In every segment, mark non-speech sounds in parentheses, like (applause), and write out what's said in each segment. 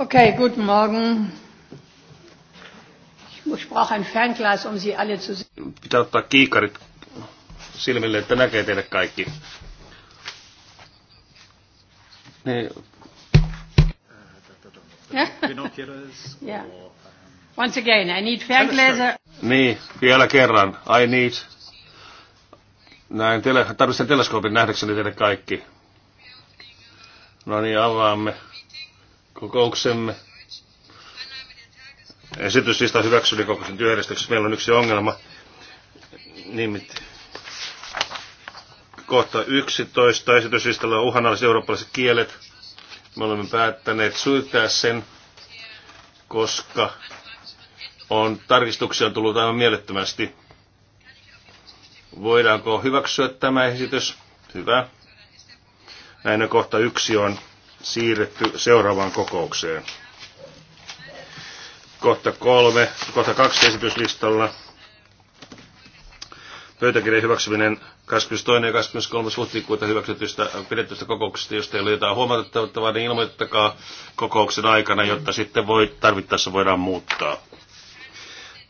Okay, guten Morgen. Ich brauche ein Fernglas, um Sie alle zu sehen. Pitää ottaa kiikarit silmille, että näkee teille kaikki. Ne. yeah. Once again, I need Fernglaser. Niin, vielä kerran. I need. Näin, tele, tarvitsen teleskoopin nähdäkseni teille kaikki. No niin, avaamme kokouksemme. Esityslistan hyväksyminen kokouksen työjärjestyksessä. Meillä on yksi ongelma. Nimittäin kohta 11 esityslistalla on uhanalaiset eurooppalaiset kielet. Me olemme päättäneet syyttää sen, koska on, tarkistuksia on tullut aivan mielettömästi. Voidaanko hyväksyä tämä esitys? Hyvä. Näin kohta yksi on siirretty seuraavaan kokoukseen. Kohta kolme, kohta kaksi esityslistalla. Pöytäkirjan hyväksyminen 22. ja 23. huhtikuuta hyväksytystä pidettystä kokouksesta, jos teillä on jotain huomautettavaa, niin ilmoittakaa kokouksen aikana, jotta sitten voi, tarvittaessa voidaan muuttaa.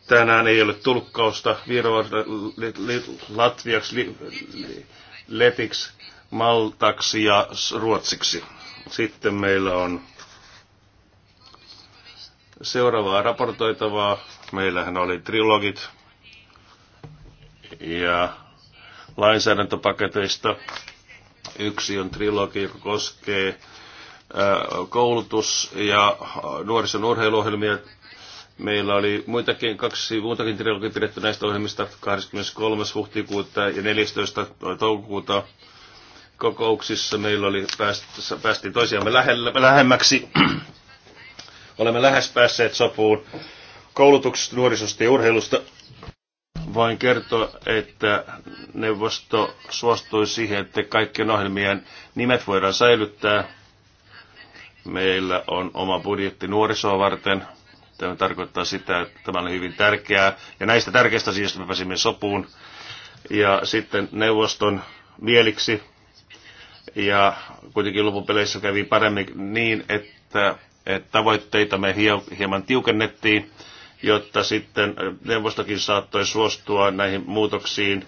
Tänään ei ole tulkkausta Viroa, Latviaksi, Letiksi, Maltaksi ja Ruotsiksi. Sitten meillä on seuraavaa raportoitavaa. Meillähän oli trilogit ja lainsäädäntöpaketeista. Yksi on trilogi, joka koskee koulutus- ja nuorison urheiluohjelmia. Meillä oli muitakin, kaksi muutakin trilogia pidetty näistä ohjelmista 23. huhtikuuta ja 14. toukokuuta kokouksissa meillä oli päästy, päästiin toisiamme lähellä, lähemmäksi. Olemme lähes päässeet sopuun koulutuksesta, nuorisosta ja urheilusta. Voin kertoa, että neuvosto suostui siihen, että kaikkien ohjelmien nimet voidaan säilyttää. Meillä on oma budjetti nuorisoa varten. Tämä tarkoittaa sitä, että tämä on hyvin tärkeää. Ja näistä tärkeistä asioista me pääsimme sopuun. Ja sitten neuvoston mieliksi ja kuitenkin lopupeleissä kävi paremmin niin, että, että tavoitteita me hieman tiukennettiin, jotta sitten neuvostokin saattoi suostua näihin muutoksiin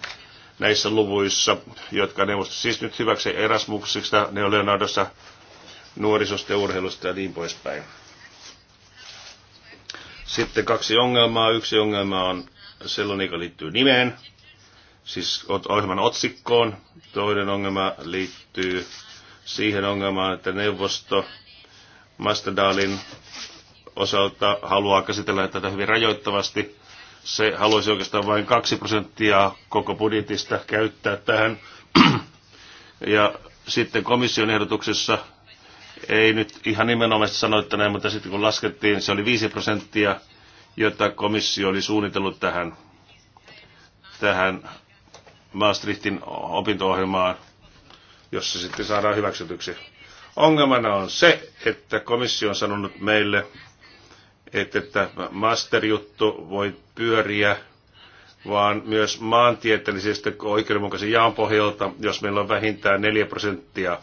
näissä luvuissa, jotka neuvosto siis nyt hyväksi Erasmuksista, ne Leonardossa nuorisosta ja urheilusta ja niin poispäin. Sitten kaksi ongelmaa. Yksi ongelma on sellainen, joka liittyy nimeen siis ohjelman otsikkoon. Toinen ongelma liittyy siihen ongelmaan, että neuvosto Mastadalin osalta haluaa käsitellä tätä hyvin rajoittavasti. Se haluaisi oikeastaan vain 2 prosenttia koko budjetista käyttää tähän. (clears throat) Ja sitten komission ehdotuksessa ei nyt ihan nimenomaisesti sanoittaneen, näin, mutta sitten kun laskettiin, se oli 5 prosenttia, jota komissio oli suunnitellut tähän, tähän Maastrichtin opinto-ohjelmaan, jossa sitten saadaan hyväksytyksi. Ongelmana on se, että komissio on sanonut meille, että, että masterjuttu voi pyöriä vaan myös maantieteellisestä oikeudenmukaisen jaan pohjalta, jos meillä on vähintään 4 prosenttia.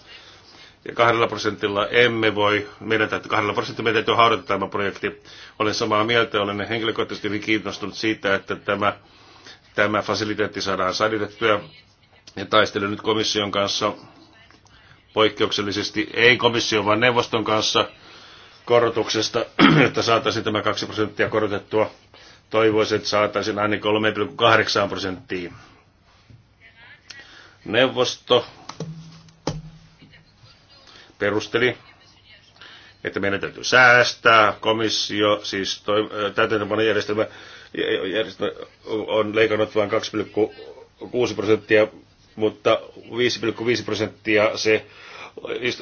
Ja kahdella prosentilla emme voi, meidän täytyy, kahdella prosentilla meidän täytyy haudata tämä projekti. Olen samaa mieltä, olen henkilökohtaisesti hyvin kiinnostunut siitä, että tämä tämä fasiliteetti saadaan säilytettyä. Ja taistelen nyt komission kanssa poikkeuksellisesti, ei komission, vaan neuvoston kanssa korotuksesta, että (clears throat) saataisiin tämä 2 prosenttia korotettua. Toivoisin, että saataisiin ainakin 3,8 prosenttia. Neuvosto perusteli, että meidän täytyy säästää komissio, siis äh, täytäntöpanojärjestelmä järjestelmä järjestö on leikannut vain 2,6 prosenttia, mutta 5,5 prosenttia se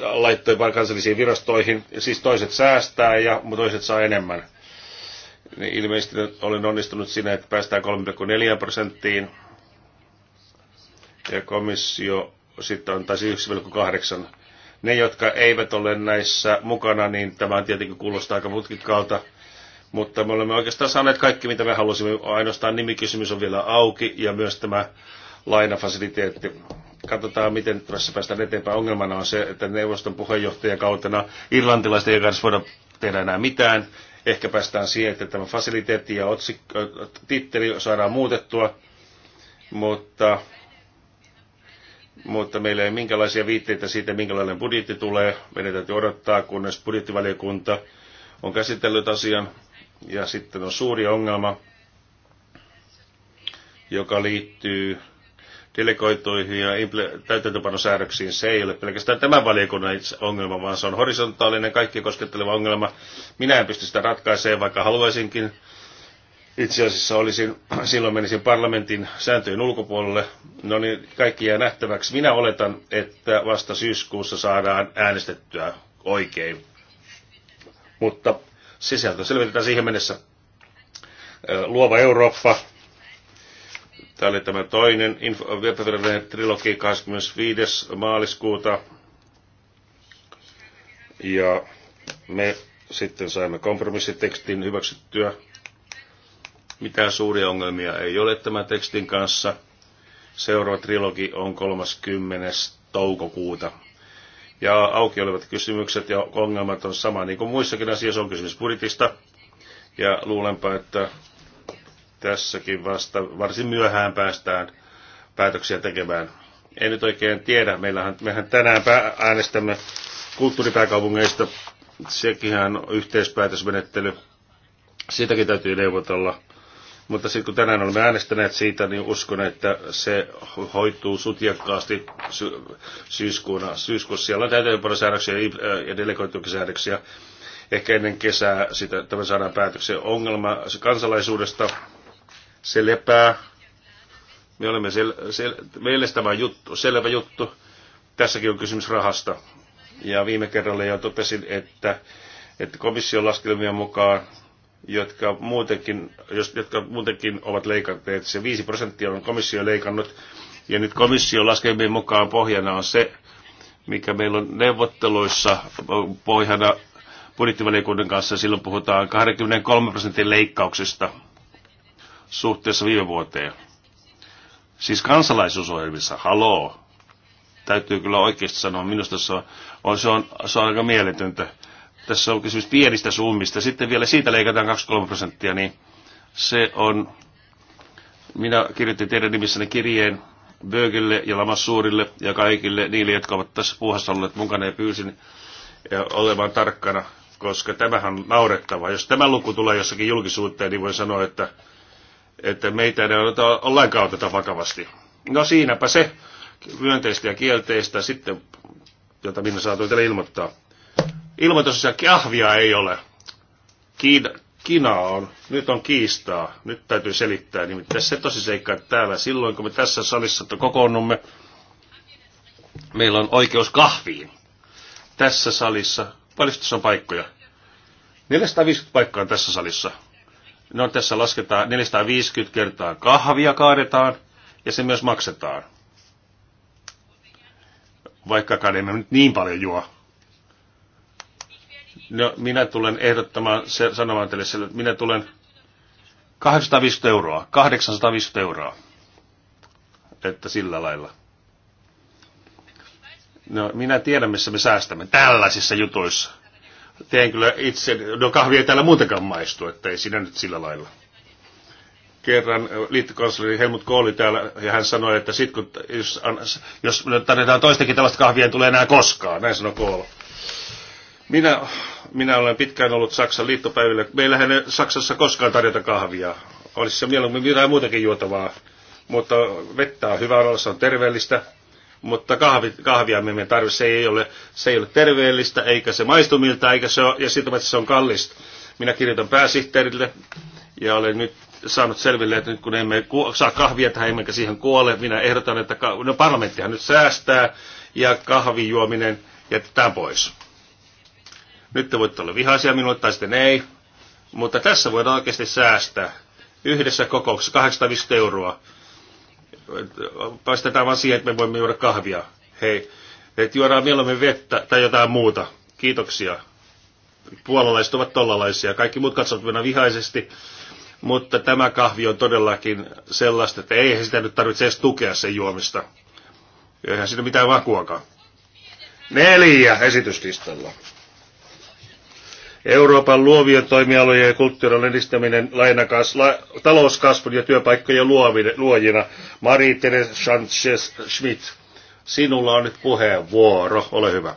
laittoi vain kansallisiin virastoihin, siis toiset säästää ja toiset saa enemmän. Niin ilmeisesti olen onnistunut siinä, että päästään 3,4 prosenttiin ja komissio sitten on taisi 1,8. Ne, jotka eivät ole näissä mukana, niin tämä tietenkin kuulostaa aika mutkikkaalta mutta me olemme oikeastaan saaneet kaikki, mitä me halusimme. Ainoastaan nimikysymys on vielä auki ja myös tämä lainafasiliteetti. Katsotaan, miten tässä päästään eteenpäin. Ongelmana on se, että neuvoston puheenjohtajan kautena irlantilaisten ei kanssa voida tehdä enää mitään. Ehkä päästään siihen, että tämä fasiliteetti ja otsikko, äh, titteli saadaan muutettua, mutta, mutta meillä ei minkälaisia viitteitä siitä, minkälainen budjetti tulee. Meidän täytyy odottaa, kunnes budjettivaliokunta on käsitellyt asian ja sitten on suuri ongelma, joka liittyy delegoituihin ja täytäntöpanosäädöksiin. Se ei ole pelkästään tämän valiokunnan ongelma, vaan se on horisontaalinen, kaikki kosketteleva ongelma. Minä en pysty sitä ratkaisemaan, vaikka haluaisinkin. Itse asiassa olisin, (clears throat) silloin menisin parlamentin sääntöjen ulkopuolelle. No niin, kaikki jää nähtäväksi. Minä oletan, että vasta syyskuussa saadaan äänestettyä oikein. Mutta sisältö selvitetään siihen mennessä. Luova Eurooppa. Tämä oli tämä toinen webvirallinen trilogi 25. maaliskuuta. Ja me sitten saimme kompromissitekstin hyväksyttyä. Mitään suuria ongelmia ei ole tämän tekstin kanssa. Seuraava trilogi on 30. toukokuuta ja auki olevat kysymykset ja ongelmat on sama, niin kuin muissakin asioissa on kysymys budjetista. Ja luulenpa, että tässäkin vasta varsin myöhään päästään päätöksiä tekemään. En nyt oikein tiedä, Meillähän, mehän tänään äänestämme kulttuuripääkaupungeista, sekinhän on yhteispäätösmenettely. Siitäkin täytyy neuvotella mutta sitten kun tänään olemme äänestäneet siitä, niin uskon, että se hoituu sutjakkaasti sy- syyskuuna. Syyskuussa siellä on säädöksiä ja äh, delegoitukin säädöksiä. Ehkä ennen kesää sitä, me saadaan päätöksen Ongelma se kansalaisuudesta, se lepää. Me olemme sel- sel- meille tämä juttu, selvä juttu. Tässäkin on kysymys rahasta. Ja viime kerralla jo totesin, että, että komission laskelmien mukaan jotka muutenkin, jos, jotka muutenkin ovat leikanneet. Se 5 prosenttia on komissio leikannut. Ja nyt komission laskelmien mukaan pohjana on se, mikä meillä on neuvotteluissa pohjana budjettivaliokunnan kanssa. Silloin puhutaan 23 prosentin leikkauksista suhteessa viime vuoteen. Siis kansalaisuusohjelmissa, haloo. Täytyy kyllä oikeasti sanoa, minusta se on, on, se on, se on aika mieletöntä tässä on kysymys pienistä summista. Sitten vielä siitä leikataan 23 prosenttia, niin se on, minä kirjoitin teidän nimissäni kirjeen Bögille ja Lamassuurille ja kaikille niille, jotka ovat tässä puuhassa olleet mukana ja pyysin ja olemaan tarkkana, koska tämähän on naurettava. Jos tämä luku tulee jossakin julkisuuteen, niin voin sanoa, että, että meitä ei ole ollenkaan oteta vakavasti. No siinäpä se myönteistä ja kielteistä sitten, jota minä saatoin teille ilmoittaa. Ilmoitusosakki kahvia ei ole. Kiina, Kina on. Nyt on kiistaa. Nyt täytyy selittää nimittäin se seikka, että täällä silloin kun me tässä salissa kokoonnumme, meillä on oikeus kahviin. Tässä salissa, paljon tässä on paikkoja? 450 paikkaa on tässä salissa. No tässä lasketaan 450 kertaa kahvia kaadetaan ja se myös maksetaan. Vaikkakaan emme nyt niin paljon juo. No, minä tulen ehdottamaan, se, sanomaan teille sille, että minä tulen 850 euroa, 850 euroa. Että sillä lailla. No, minä tiedän, missä me säästämme tällaisissa jutuissa. Teen kyllä itse, no kahvi ei täällä muutenkaan maistu, että ei siinä nyt sillä lailla. Kerran liittokansleri Helmut Kooli täällä ja hän sanoi, että sit kun, jos, jos tarjotaan toistakin tällaista kahvia, ei tule enää koskaan. Näin sanoi Kooli. Minä, minä olen pitkään ollut Saksan liittopäivillä. Meillähän ei Saksassa koskaan tarjota kahvia. Olisi se mieluummin jotain muutakin juotavaa. Mutta vettä on hyvä olla, se on terveellistä. Mutta kahvi, kahvia me emme tarvitse, se ei, ole, se ei ole terveellistä, eikä se maistu miltä, eikä se ole, ja siitä se on kallista. Minä kirjoitan pääsihteerille ja olen nyt saanut selville, että nyt kun emme saa kahvia tähän emmekä siihen kuole, minä ehdotan, että no parlamenttihan nyt säästää ja kahvijuominen jätetään pois nyt te voitte olla vihaisia minulle tai sitten ei. Mutta tässä voidaan oikeasti säästää. Yhdessä kokouksessa 850 euroa. Päästetään vaan siihen, että me voimme juoda kahvia. Hei, että juodaan mieluummin vettä tai jotain muuta. Kiitoksia. Puolalaiset ovat tollalaisia. Kaikki muut katsovat minä vihaisesti. Mutta tämä kahvi on todellakin sellaista, että ei sitä nyt tarvitse edes tukea sen juomista. Eihän siinä mitään vakuakaan. Neljä esityslistalla. Euroopan luovien toimialojen ja kulttuurin edistäminen lainakas, talouskasvun ja työpaikkojen luojina. Marie-Therese Sanchez-Schmidt, sinulla on nyt puheenvuoro. Ole hyvä.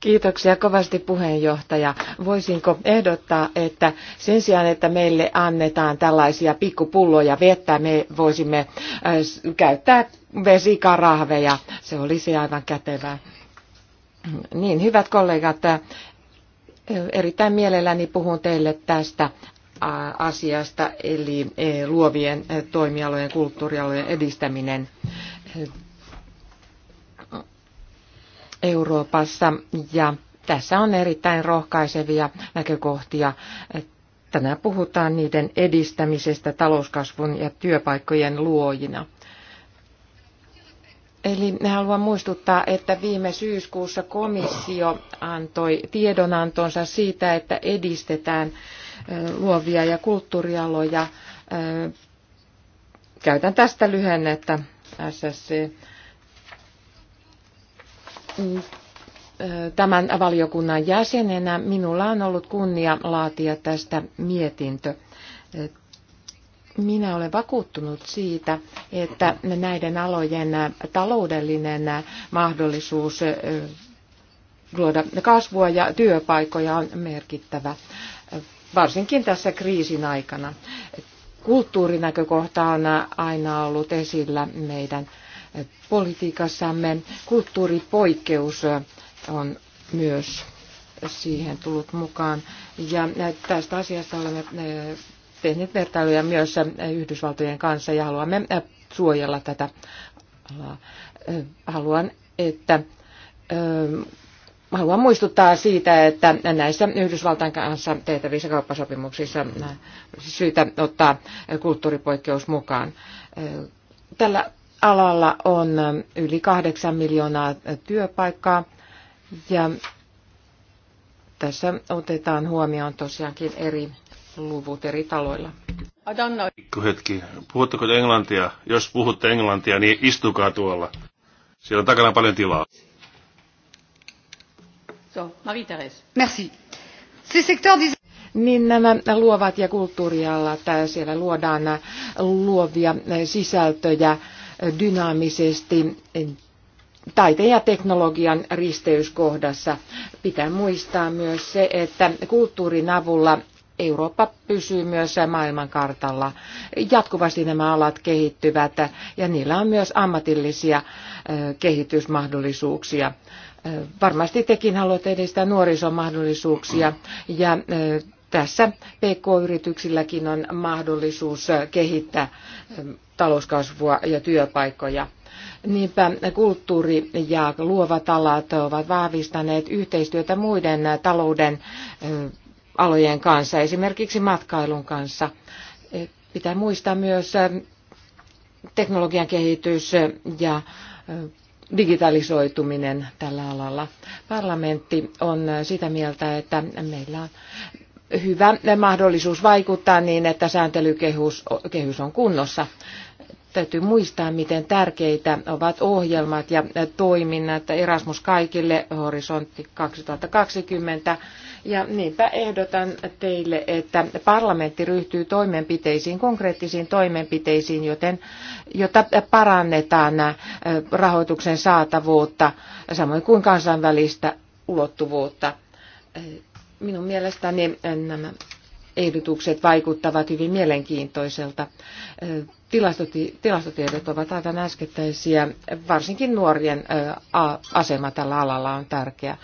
Kiitoksia kovasti puheenjohtaja. Voisinko ehdottaa, että sen sijaan, että meille annetaan tällaisia pikkupulloja vettä, me voisimme äh, käyttää vesikarahveja. Se olisi aivan kätevää. Niin, hyvät kollegat, Erittäin mielelläni puhun teille tästä asiasta, eli luovien toimialojen, kulttuurialojen edistäminen Euroopassa. Ja tässä on erittäin rohkaisevia näkökohtia. Tänään puhutaan niiden edistämisestä talouskasvun ja työpaikkojen luojina. Eli haluan muistuttaa, että viime syyskuussa komissio antoi tiedonantonsa siitä, että edistetään luovia ja kulttuurialoja. Käytän tästä lyhennettä SSC. Tämän valiokunnan jäsenenä minulla on ollut kunnia laatia tästä mietintö. Minä olen vakuuttunut siitä, että näiden alojen taloudellinen mahdollisuus luoda kasvua ja työpaikkoja on merkittävä, varsinkin tässä kriisin aikana. Kulttuurinäkökohta on aina ollut esillä meidän politiikassamme. Kulttuuripoikkeus on myös siihen tullut mukaan. Ja tästä asiasta olemme tehneet vertailuja myös Yhdysvaltojen kanssa ja haluamme suojella tätä alaa. Haluan, että haluan muistuttaa siitä, että näissä Yhdysvaltain kanssa tehtävissä kauppasopimuksissa syytä ottaa kulttuuripoikkeus mukaan. Tällä alalla on yli kahdeksan miljoonaa työpaikkaa ja tässä otetaan huomioon tosiaankin eri luvut eri taloilla. Pikku hetki. Puhutteko te englantia? Jos puhutte englantia, niin istukaa tuolla. Siellä on takana paljon tilaa. So, Marie-Thérèse. Merci. Ces secteurs niin nämä luovat ja kulttuurialat, äh, siellä luodaan äh, luovia äh, sisältöjä dynaamisesti taiteen ja teknologian risteyskohdassa. Pitää muistaa myös se, että kulttuurin avulla Eurooppa pysyy myös maailmankartalla. Jatkuvasti nämä alat kehittyvät ja niillä on myös ammatillisia kehitysmahdollisuuksia. Varmasti tekin haluatte edistää nuorison mahdollisuuksia ja tässä PK-yrityksilläkin on mahdollisuus kehittää talouskasvua ja työpaikkoja. Niinpä kulttuuri ja luovat alat ovat vahvistaneet yhteistyötä muiden talouden alojen kanssa, esimerkiksi matkailun kanssa. E, pitää muistaa myös teknologian kehitys ja digitalisoituminen tällä alalla. Parlamentti on sitä mieltä, että meillä on hyvä mahdollisuus vaikuttaa niin, että sääntelykehys kehys on kunnossa. Täytyy muistaa, miten tärkeitä ovat ohjelmat ja toiminnat Erasmus kaikille, Horisontti 2020 ja niinpä ehdotan teille, että parlamentti ryhtyy toimenpiteisiin, konkreettisiin toimenpiteisiin, joten, jotta parannetaan äh, rahoituksen saatavuutta, samoin kuin kansainvälistä ulottuvuutta. Äh, minun mielestäni äh, nämä ehdotukset vaikuttavat hyvin mielenkiintoiselta. tilastotiedot ovat aivan äskettäisiä. Varsinkin nuorien asema tällä alalla on tärkeä.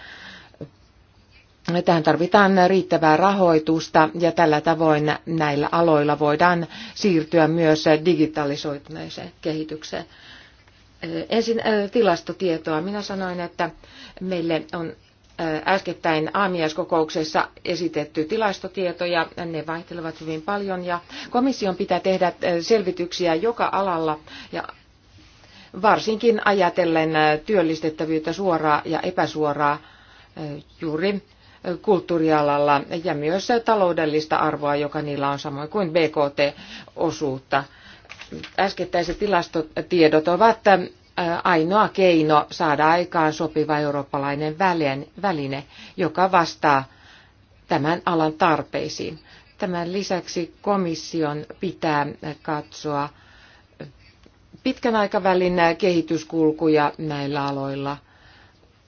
Tähän tarvitaan riittävää rahoitusta ja tällä tavoin näillä aloilla voidaan siirtyä myös digitalisoituneeseen kehitykseen. Ensin tilastotietoa. Minä sanoin, että meille on äskettäin aamiaiskokouksessa esitetty tilastotietoja. Ne vaihtelevat hyvin paljon ja komission pitää tehdä selvityksiä joka alalla ja varsinkin ajatellen työllistettävyyttä suoraa ja epäsuoraa juuri kulttuurialalla ja myös taloudellista arvoa, joka niillä on samoin kuin BKT-osuutta. Äskettäiset tilastotiedot ovat äh, ainoa keino saada aikaan sopiva eurooppalainen väline, joka vastaa tämän alan tarpeisiin. Tämän lisäksi komission pitää katsoa pitkän aikavälin kehityskulkuja näillä aloilla –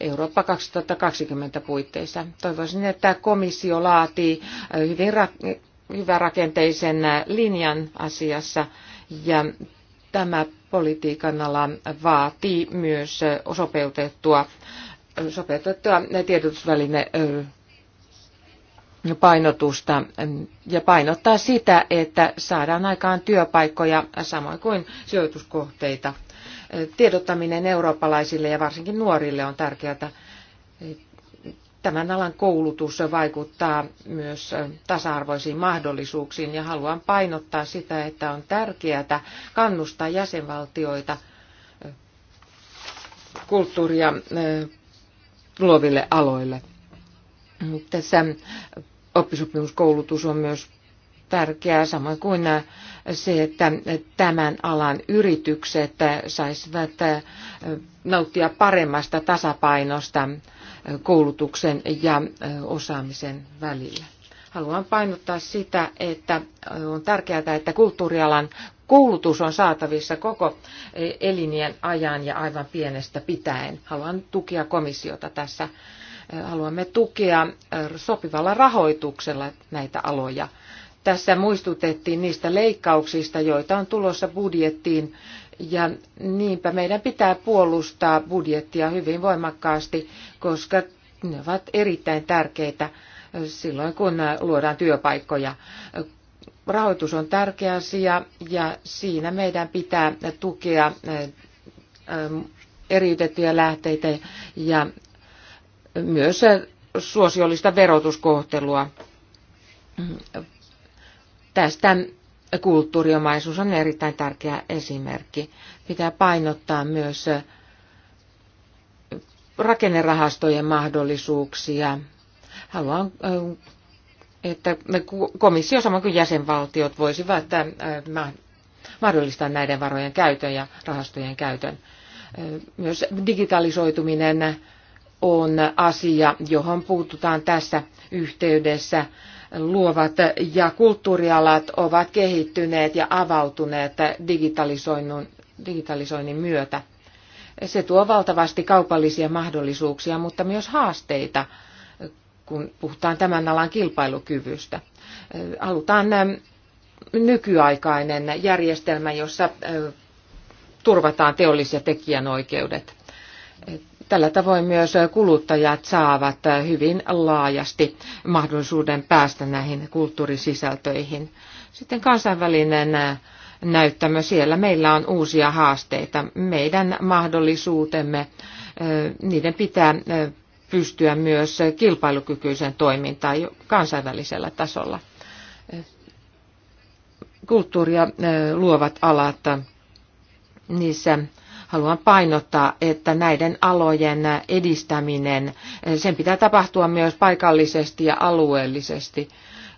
Eurooppa 2020 puitteissa. Toivoisin, että komissio laatii hyvin ra- hyvärakenteisen linjan asiassa ja tämä politiikan ala vaatii myös sopeutettua, sopeutettua tiedotusväline painotusta ja painottaa sitä, että saadaan aikaan työpaikkoja samoin kuin sijoituskohteita tiedottaminen eurooppalaisille ja varsinkin nuorille on tärkeää. Tämän alan koulutus vaikuttaa myös tasa-arvoisiin mahdollisuuksiin ja haluan painottaa sitä, että on tärkeää kannustaa jäsenvaltioita kulttuuria luoville aloille. Tässä oppisopimuskoulutus on myös tärkeää, samoin kuin se, että tämän alan yritykset saisivat nauttia paremmasta tasapainosta koulutuksen ja osaamisen välillä. Haluan painottaa sitä, että on tärkeää, että kulttuurialan koulutus on saatavissa koko elinien ajan ja aivan pienestä pitäen. Haluan tukea komissiota tässä. Haluamme tukea sopivalla rahoituksella näitä aloja tässä muistutettiin niistä leikkauksista, joita on tulossa budjettiin, ja niinpä meidän pitää puolustaa budjettia hyvin voimakkaasti, koska ne ovat erittäin tärkeitä silloin, kun luodaan työpaikkoja. Rahoitus on tärkeä asia ja siinä meidän pitää tukea ähm, eriytettyjä lähteitä ja myös suosiollista verotuskohtelua Tästä kulttuuriomaisuus on erittäin tärkeä esimerkki. Pitää painottaa myös rakennerahastojen mahdollisuuksia. Haluan, että komissio samoin kuin jäsenvaltiot voisivat äh, mahdollistaa näiden varojen käytön ja rahastojen käytön. Myös digitalisoituminen on asia, johon puututaan tässä yhteydessä luovat ja kulttuurialat ovat kehittyneet ja avautuneet digitalisoinnin, digitalisoinnin myötä. Se tuo valtavasti kaupallisia mahdollisuuksia, mutta myös haasteita, kun puhutaan tämän alan kilpailukyvystä. Halutaan nykyaikainen järjestelmä, jossa turvataan teollis- ja tekijänoikeudet. Tällä tavoin myös kuluttajat saavat hyvin laajasti mahdollisuuden päästä näihin kulttuurisisältöihin. Sitten kansainvälinen näyttämö. Siellä meillä on uusia haasteita. Meidän mahdollisuutemme, niiden pitää pystyä myös kilpailukykyisen toimintaan kansainvälisellä tasolla. Kulttuuria luovat alat, niissä haluan painottaa, että näiden alojen edistäminen, sen pitää tapahtua myös paikallisesti ja alueellisesti.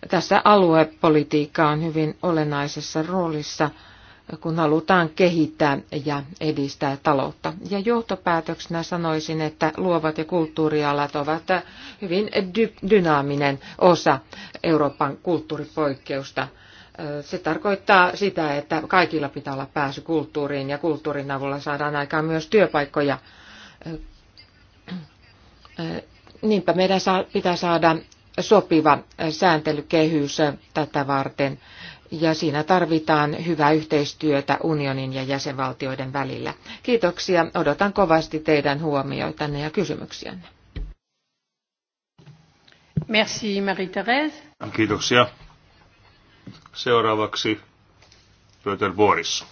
Tässä aluepolitiikka on hyvin olennaisessa roolissa, kun halutaan kehittää ja edistää taloutta. Ja johtopäätöksenä sanoisin, että luovat ja kulttuurialat ovat hyvin dy- dynaaminen osa Euroopan kulttuuripoikkeusta – se tarkoittaa sitä, että kaikilla pitää olla pääsy kulttuuriin ja kulttuurin avulla saadaan aikaan myös työpaikkoja. Niinpä meidän pitää saada sopiva sääntelykehys tätä varten ja siinä tarvitaan hyvää yhteistyötä unionin ja jäsenvaltioiden välillä. Kiitoksia. Odotan kovasti teidän huomioitanne ja kysymyksiänne. Merci Marie-Thérèse. Kiitoksia Seuraavaksi Peter Boris.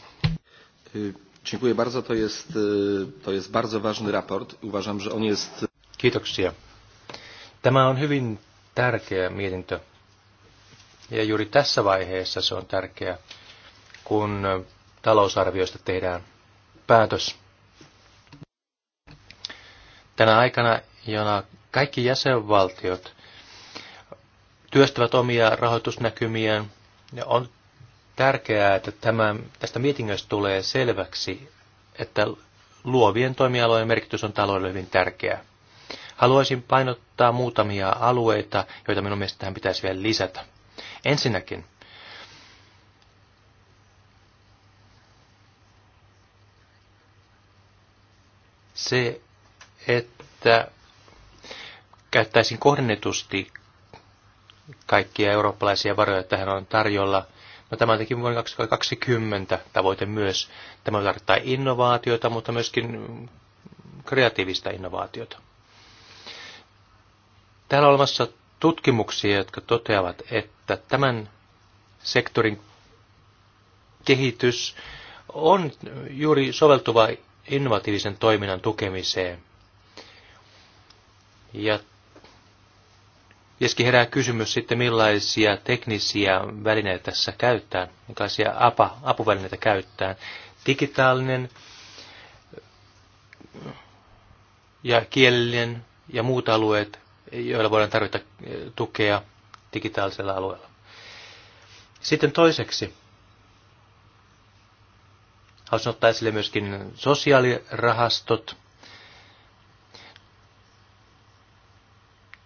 Dziękuję bardzo. To jest, to jest bardzo ważny raport. Uważam, że on jest... Kiitoksia. Tämä on hyvin tärkeä mietintö. Ja juuri tässä vaiheessa se on tärkeä, kun talousarvioista tehdään päätös. Tänä aikana, jona kaikki jäsenvaltiot työstävät omia rahoitusnäkymiään, ja on tärkeää, että tämä, tästä mietinnöstä tulee selväksi, että luovien toimialojen merkitys on taloudelle hyvin tärkeä. Haluaisin painottaa muutamia alueita, joita minun mielestä tähän pitäisi vielä lisätä. Ensinnäkin, se, että käyttäisin kohdennetusti kaikkia eurooppalaisia varoja tähän on tarjolla. No, tämä on tietenkin vuoden 2020 tavoite myös. Tämä tarkoittaa innovaatiota, mutta myöskin kreatiivista innovaatiota. Täällä on olemassa tutkimuksia, jotka toteavat, että tämän sektorin kehitys on juuri soveltuva innovatiivisen toiminnan tukemiseen. Ja Jeski herää kysymys sitten, millaisia teknisiä välineitä tässä käyttää, minkälaisia apa, apuvälineitä käyttää. Digitaalinen ja kielinen ja muut alueet, joilla voidaan tarvita eh, tukea digitaalisella alueella. Sitten toiseksi, haluaisin ottaa esille myöskin sosiaalirahastot –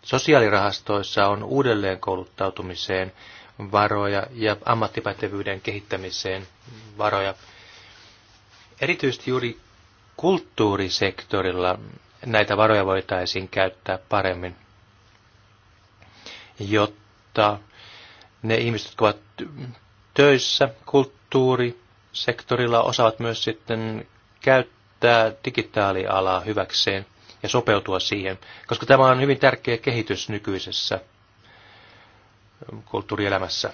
Sosiaalirahastoissa on uudelleen kouluttautumiseen varoja ja ammattipätevyyden kehittämiseen varoja. Erityisesti juuri kulttuurisektorilla näitä varoja voitaisiin käyttää paremmin, jotta ne ihmiset, jotka ovat töissä kulttuurisektorilla, osaavat myös sitten käyttää digitaalialaa hyväkseen ja sopeutua siihen, koska tämä on hyvin tärkeä kehitys nykyisessä kulttuurielämässä.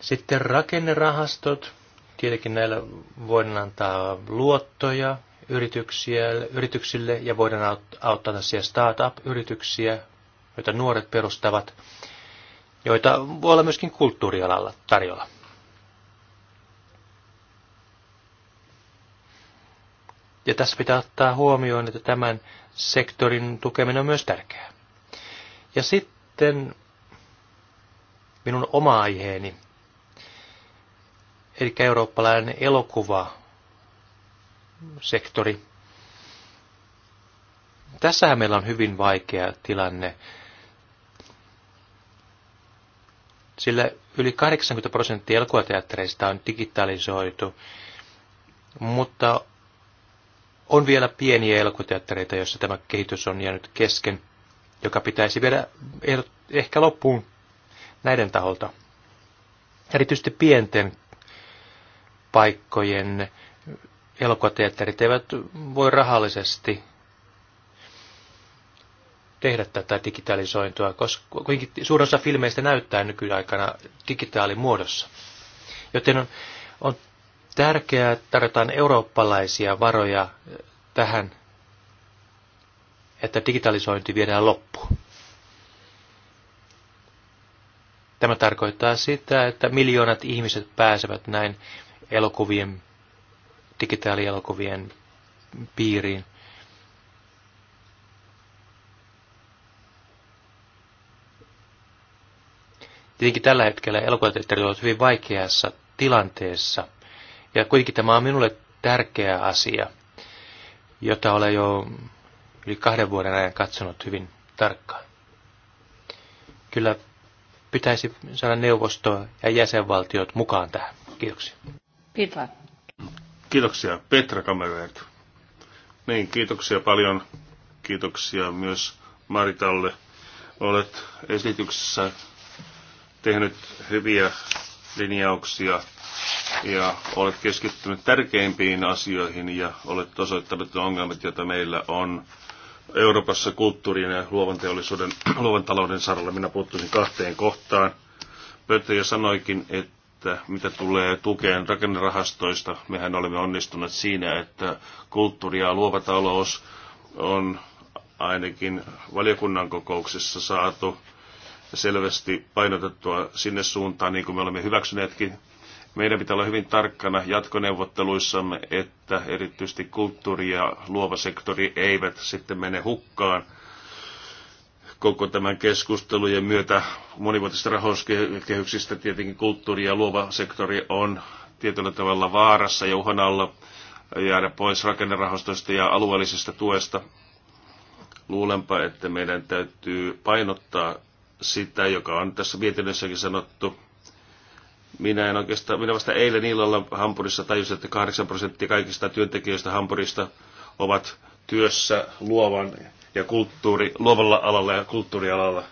Sitten rakennerahastot. Tietenkin näillä voidaan antaa luottoja yrityksille ja voidaan auttaa tällaisia startup-yrityksiä, joita nuoret perustavat, joita voi olla myöskin kulttuurialalla tarjolla. Ja tässä pitää ottaa huomioon, että tämän sektorin tukeminen on myös tärkeää. Ja sitten minun oma aiheeni, eli eurooppalainen elokuva sektori. Tässähän meillä on hyvin vaikea tilanne, sillä yli 80 prosenttia elokuvateattereista on digitalisoitu, mutta on vielä pieniä elokuteattereita, joissa tämä kehitys on jäänyt kesken, joka pitäisi viedä ehkä loppuun näiden taholta. Erityisesti pienten paikkojen elokuvateatterit eivät voi rahallisesti tehdä tätä digitalisointua, koska kuitenkin suurin osa filmeistä näyttää nykyaikana digitaalimuodossa. Joten on, on tärkeää, että tarjotaan eurooppalaisia varoja eh, tähän, että digitalisointi viedään loppuun. Tämä tarkoittaa sitä, että miljoonat ihmiset pääsevät näin elokuvien, digitaalielokuvien piiriin. Tietenkin tällä hetkellä elokuvateatterit ovat hyvin vaikeassa tilanteessa – ja kuitenkin tämä on minulle tärkeä asia, jota olen jo yli kahden vuoden ajan katsonut hyvin tarkkaan. Kyllä pitäisi saada neuvosto ja jäsenvaltiot mukaan tähän. Kiitoksia. Petra. Kiitoksia Petra Kamervert. Niin, kiitoksia paljon. Kiitoksia myös Maritalle. Olet esityksessä tehnyt hyviä linjauksia ja olet keskittynyt tärkeimpiin asioihin ja olet osoittanut ne ongelmat, joita meillä on Euroopassa kulttuurin ja luovan teollisuuden, (clears throat) luovan talouden saralla. Minä puuttuisin kahteen kohtaan. pöytä jo sanoikin, että mitä tulee tukeen rakennerahastoista, mehän olemme onnistuneet siinä, että kulttuuri ja luova talous on ainakin valiokunnan kokouksessa saatu selvästi painotettua sinne suuntaan, niin kuin me olemme hyväksyneetkin meidän pitää olla hyvin tarkkana jatkoneuvotteluissamme, että erityisesti kulttuuri ja luova sektori eivät sitten mene hukkaan koko tämän keskustelujen myötä monivuotisista rahoituskehyksistä tietenkin kulttuuri ja luova sektori on tietyllä tavalla vaarassa ja uhan alla jäädä pois rakennerahastoista ja alueellisesta tuesta. Luulenpa, että meidän täytyy painottaa sitä, joka on tässä mietinnössäkin sanottu, minä en oikeastaan, minä vasta eilen illalla Hampurissa tajusin, että 8 prosenttia kaikista työntekijöistä Hampurista ovat työssä luovan ja kulttuuri, luovalla alalla ja kulttuurialalla.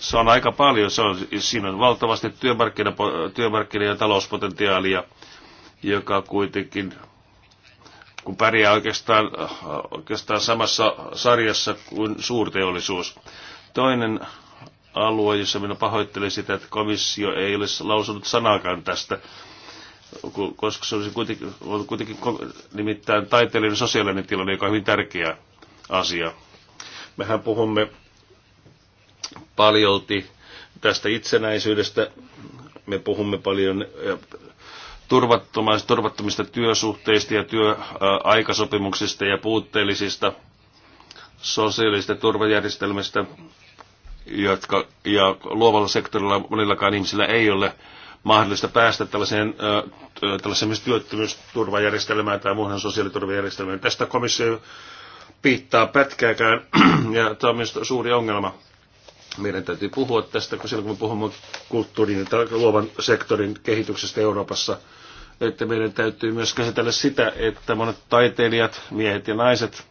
Se on aika paljon, se on, siinä on valtavasti työmarkkina, työmarkkina- ja talouspotentiaalia, joka kuitenkin, kun pärjää oikeastaan, oikeastaan samassa sarjassa kuin suurteollisuus. Toinen alue, jossa minä pahoittelen sitä, että komissio ei ole lausunut sanaakaan tästä, koska se olisi kuitenkin, on kuitenkin nimittäin taiteellinen sosiaalinen tilanne, joka on hyvin tärkeä asia. Mehän puhumme paljolti tästä itsenäisyydestä, me puhumme paljon turvattomista työsuhteista ja työaikasopimuksista ja puutteellisista sosiaalista turvajärjestelmistä jotka, ja luovalla sektorilla monillakaan ihmisillä ei ole mahdollista päästä tällaiseen, äh, tällaiseen työttömyysturvajärjestelmään tai muuhun sosiaaliturvajärjestelmään. Tästä komissio piittaa pätkääkään, (clears throat) ja tämä on myös suuri ongelma. Meidän täytyy puhua tästä, kun silloin kun me puhumme kulttuurin ja luovan sektorin kehityksestä Euroopassa, että meidän täytyy myös käsitellä sitä, että monet taiteilijat, miehet ja naiset,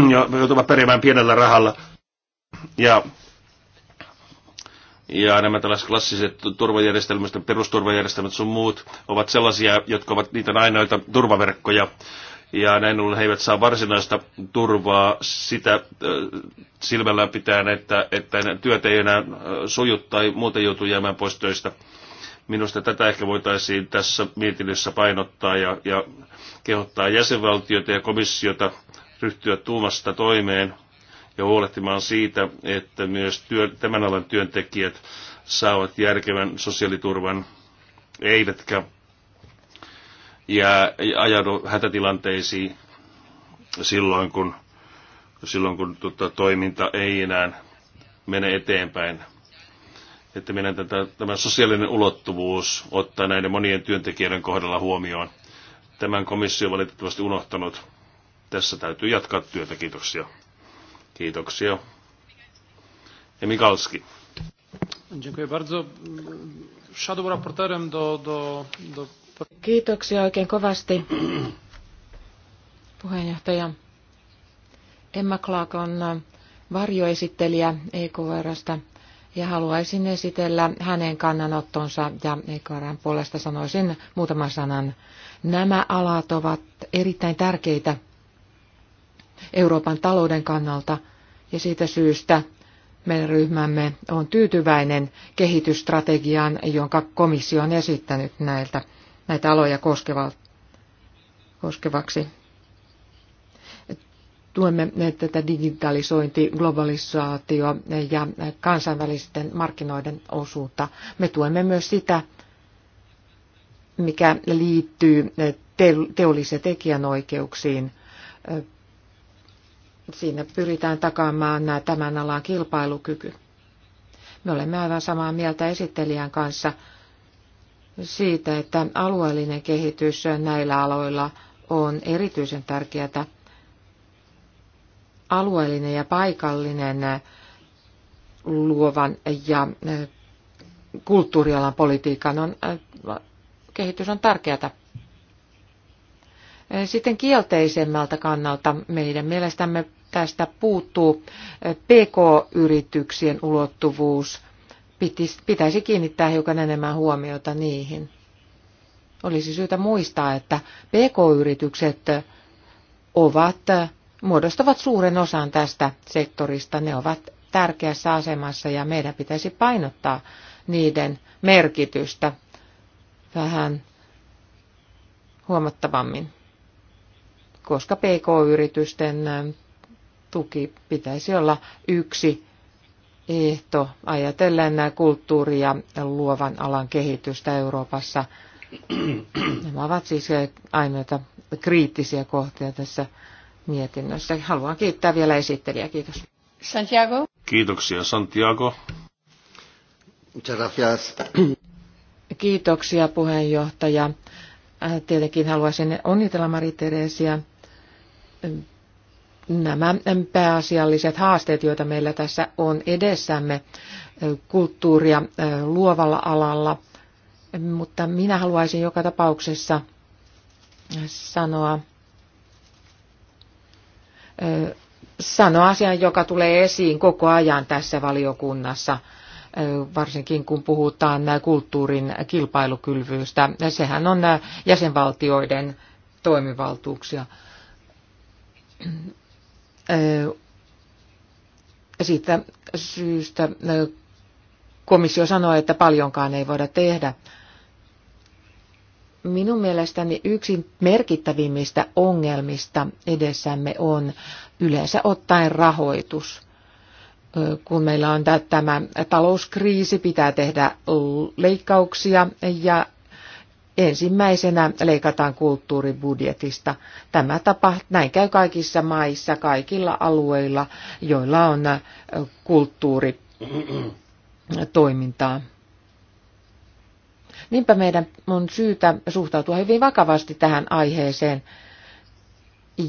(clears throat) joutuvat perimään pienellä rahalla ja, ja nämä tällaiset klassiset turvajärjestelmät, perusturvajärjestelmät sun muut ovat sellaisia, jotka ovat niitä ainoita turvaverkkoja. Ja näin ollen he eivät saa varsinaista turvaa sitä äh, silmällään pitäen, että, että työt ei enää suju tai muuten joutu jäämään pois töistä minusta tätä ehkä voitaisiin tässä mietinnössä painottaa ja, ja kehottaa jäsenvaltioita ja komissiota ryhtyä tuumasta toimeen ja huolehtimaan siitä, että myös työ, tämän alan työntekijät saavat järkevän sosiaaliturvan, eivätkä ja ajaudu hätätilanteisiin silloin, kun, silloin, kun tota, toiminta ei enää mene eteenpäin. Että meidän tätä, tämä sosiaalinen ulottuvuus ottaa näiden monien työntekijöiden kohdalla huomioon. Tämän komissio on valitettavasti unohtanut. Tässä täytyy jatkaa työtä. Kiitoksia. Kiitoksia. Ja Mikalski. Dziękuję bardzo. Shadow raporterem do, do, do... Kiitoksia oikein kovasti, puheenjohtaja. Emma Clark on varjoesittelijä EKRstä ja haluaisin esitellä hänen kannanottonsa ja EKRn puolesta sanoisin muutaman sanan. Nämä alat ovat erittäin tärkeitä Euroopan talouden kannalta ja siitä syystä meidän ryhmämme on tyytyväinen kehitysstrategiaan, jonka komissio on esittänyt näiltä, näitä aloja koskevaksi. Tuemme tätä digitalisointi, globalisaatio ja kansainvälisten markkinoiden osuutta. Me tuemme myös sitä, mikä liittyy teollisen tekijänoikeuksiin Siinä pyritään takaamaan tämän alan kilpailukyky. Me olemme aivan samaa mieltä esittelijän kanssa siitä, että alueellinen kehitys näillä aloilla on erityisen tärkeää. Alueellinen ja paikallinen luovan ja kulttuurialan politiikan on, kehitys on tärkeää. Sitten kielteisemmältä kannalta meidän mielestämme tästä puuttuu PK-yrityksien ulottuvuus. Pitäisi kiinnittää hiukan enemmän huomiota niihin. Olisi syytä muistaa, että PK-yritykset ovat, muodostavat suuren osan tästä sektorista. Ne ovat tärkeässä asemassa ja meidän pitäisi painottaa niiden merkitystä vähän huomattavammin, koska PK-yritysten tuki pitäisi olla yksi ehto ajatellen nämä kulttuuri- ja luovan alan kehitystä Euroopassa. Nämä ovat siis ainoita kriittisiä kohtia tässä mietinnössä. Haluan kiittää vielä esittelijä. Kiitos. Santiago. Kiitoksia Santiago. Kiitoksia puheenjohtaja. Äh, tietenkin haluaisin onnitella Mari Teresia nämä pääasialliset haasteet, joita meillä tässä on edessämme kulttuuria luovalla alalla. Mutta minä haluaisin joka tapauksessa sanoa, sanoa asian, joka tulee esiin koko ajan tässä valiokunnassa, varsinkin kun puhutaan kulttuurin kilpailukylvyystä. Sehän on jäsenvaltioiden toimivaltuuksia siitä syystä komissio sanoi, että paljonkaan ei voida tehdä. Minun mielestäni yksi merkittävimmistä ongelmista edessämme on yleensä ottaen rahoitus. Kun meillä on tämä talouskriisi, pitää tehdä leikkauksia ja Ensimmäisenä leikataan kulttuuribudjetista. Tämä tapa, näin käy kaikissa maissa, kaikilla alueilla, joilla on kulttuuritoimintaa. Niinpä meidän on syytä suhtautua hyvin vakavasti tähän aiheeseen.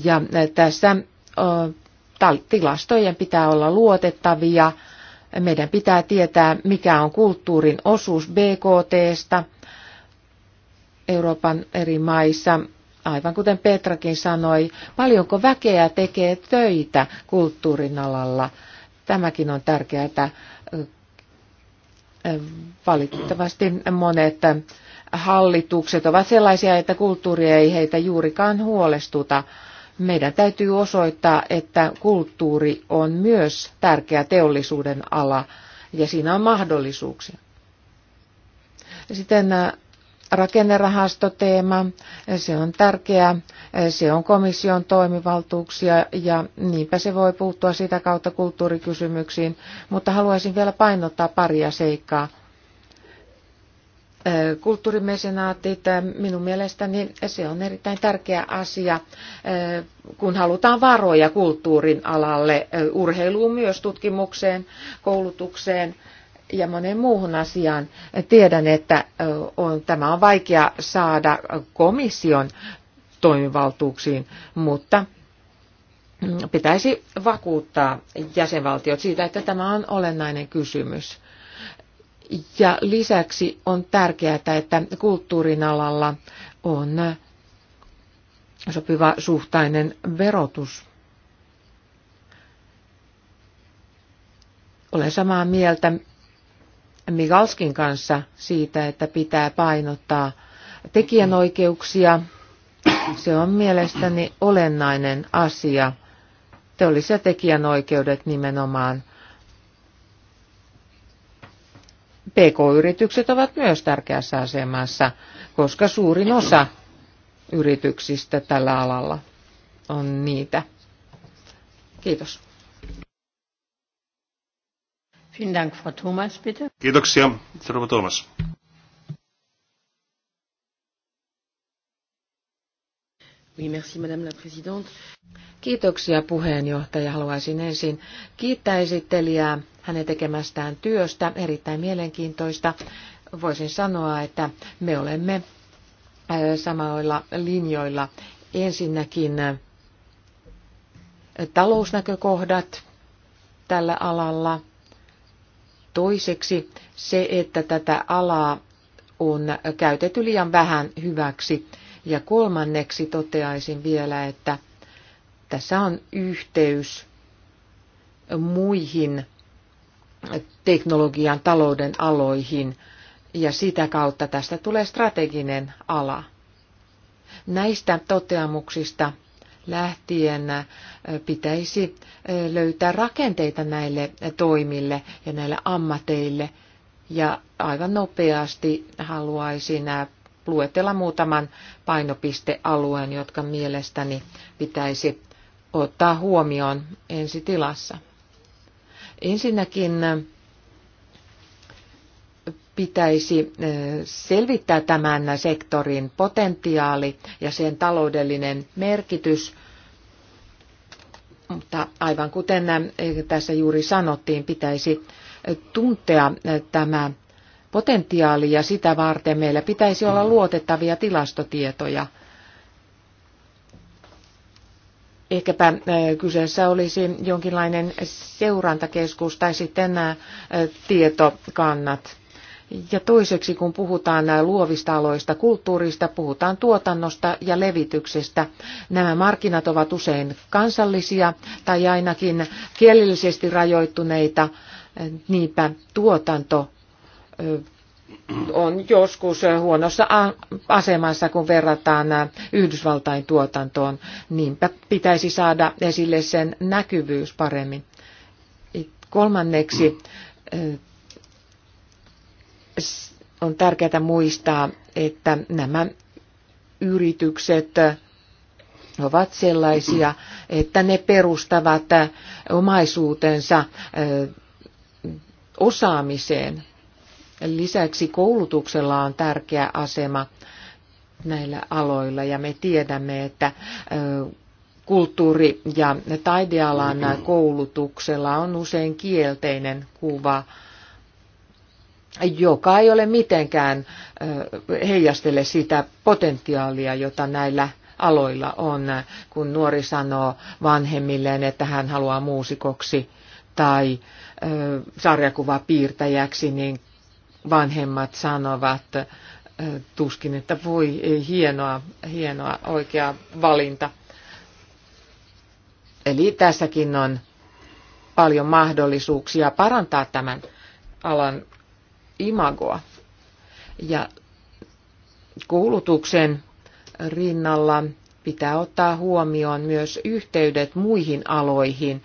Ja tässä tilastojen pitää olla luotettavia. Meidän pitää tietää, mikä on kulttuurin osuus BKTstä – Euroopan eri maissa, aivan kuten Petrakin sanoi, paljonko väkeä tekee töitä kulttuurin alalla. Tämäkin on tärkeää. Valitettavasti monet hallitukset ovat sellaisia, että kulttuuri ei heitä juurikaan huolestuta. Meidän täytyy osoittaa, että kulttuuri on myös tärkeä teollisuuden ala ja siinä on mahdollisuuksia. Sitten rakennerahastoteema, se on tärkeä, se on komission toimivaltuuksia ja niinpä se voi puuttua sitä kautta kulttuurikysymyksiin, mutta haluaisin vielä painottaa paria seikkaa. Kulttuurimesenaatit, minun mielestäni se on erittäin tärkeä asia, kun halutaan varoja kulttuurin alalle, urheiluun myös, tutkimukseen, koulutukseen – ja moneen muuhun asiaan. Tiedän, että on, tämä on vaikea saada komission toimivaltuuksiin, mutta pitäisi vakuuttaa jäsenvaltiot siitä, että tämä on olennainen kysymys. Ja lisäksi on tärkeää, että kulttuurin alalla on sopiva suhtainen verotus. Olen samaa mieltä Migalskin kanssa siitä, että pitää painottaa tekijänoikeuksia. Se on mielestäni olennainen asia. Teollis- tekijänoikeudet nimenomaan. PK-yritykset ovat myös tärkeässä asemassa, koska suurin osa yrityksistä tällä alalla on niitä. Kiitos. Vielen Dank, Frau Thomas, bitte. Kiitoksia, Rouva Thomas. Kiitoksia puheenjohtaja. Haluaisin ensin kiittää esittelijää hänen tekemästään työstä, erittäin mielenkiintoista. Voisin sanoa, että me olemme äh, samoilla linjoilla. Ensinnäkin äh, talousnäkökohdat tällä alalla Toiseksi se, että tätä alaa on käytetty liian vähän hyväksi. Ja kolmanneksi toteaisin vielä, että tässä on yhteys muihin teknologian talouden aloihin ja sitä kautta tästä tulee strateginen ala. Näistä toteamuksista lähtien pitäisi löytää rakenteita näille toimille ja näille ammateille. Ja aivan nopeasti haluaisin luetella muutaman painopistealueen, jotka mielestäni pitäisi ottaa huomioon ensi tilassa. Ensinnäkin pitäisi eh, selvittää tämän sektorin potentiaali ja sen taloudellinen merkitys. Mutta aivan kuten eh, tässä juuri sanottiin, pitäisi eh, tuntea tämä potentiaali ja sitä varten meillä pitäisi olla luotettavia tilastotietoja. Ehkäpä kyseessä olisi jonkinlainen seurantakeskus tai sitten nämä tietokannat ja toiseksi, kun puhutaan luovista aloista, kulttuurista, puhutaan tuotannosta ja levityksestä. Nämä markkinat ovat usein kansallisia tai ainakin kielellisesti rajoittuneita. Niinpä tuotanto on joskus huonossa asemassa, kun verrataan Yhdysvaltain tuotantoon. Niinpä pitäisi saada esille sen näkyvyys paremmin. Kolmanneksi on tärkeää muistaa, että nämä yritykset ovat sellaisia, että ne perustavat omaisuutensa osaamiseen. Lisäksi koulutuksella on tärkeä asema näillä aloilla ja me tiedämme, että kulttuuri- ja taidealan koulutuksella on usein kielteinen kuva joka ei ole mitenkään heijastele sitä potentiaalia, jota näillä aloilla on, kun nuori sanoo vanhemmilleen, että hän haluaa muusikoksi tai sarjakuvapiirtäjäksi, niin vanhemmat sanovat tuskin, että voi hienoa, hienoa oikea valinta. Eli tässäkin on paljon mahdollisuuksia parantaa tämän alan imagoa. Ja koulutuksen rinnalla pitää ottaa huomioon myös yhteydet muihin aloihin.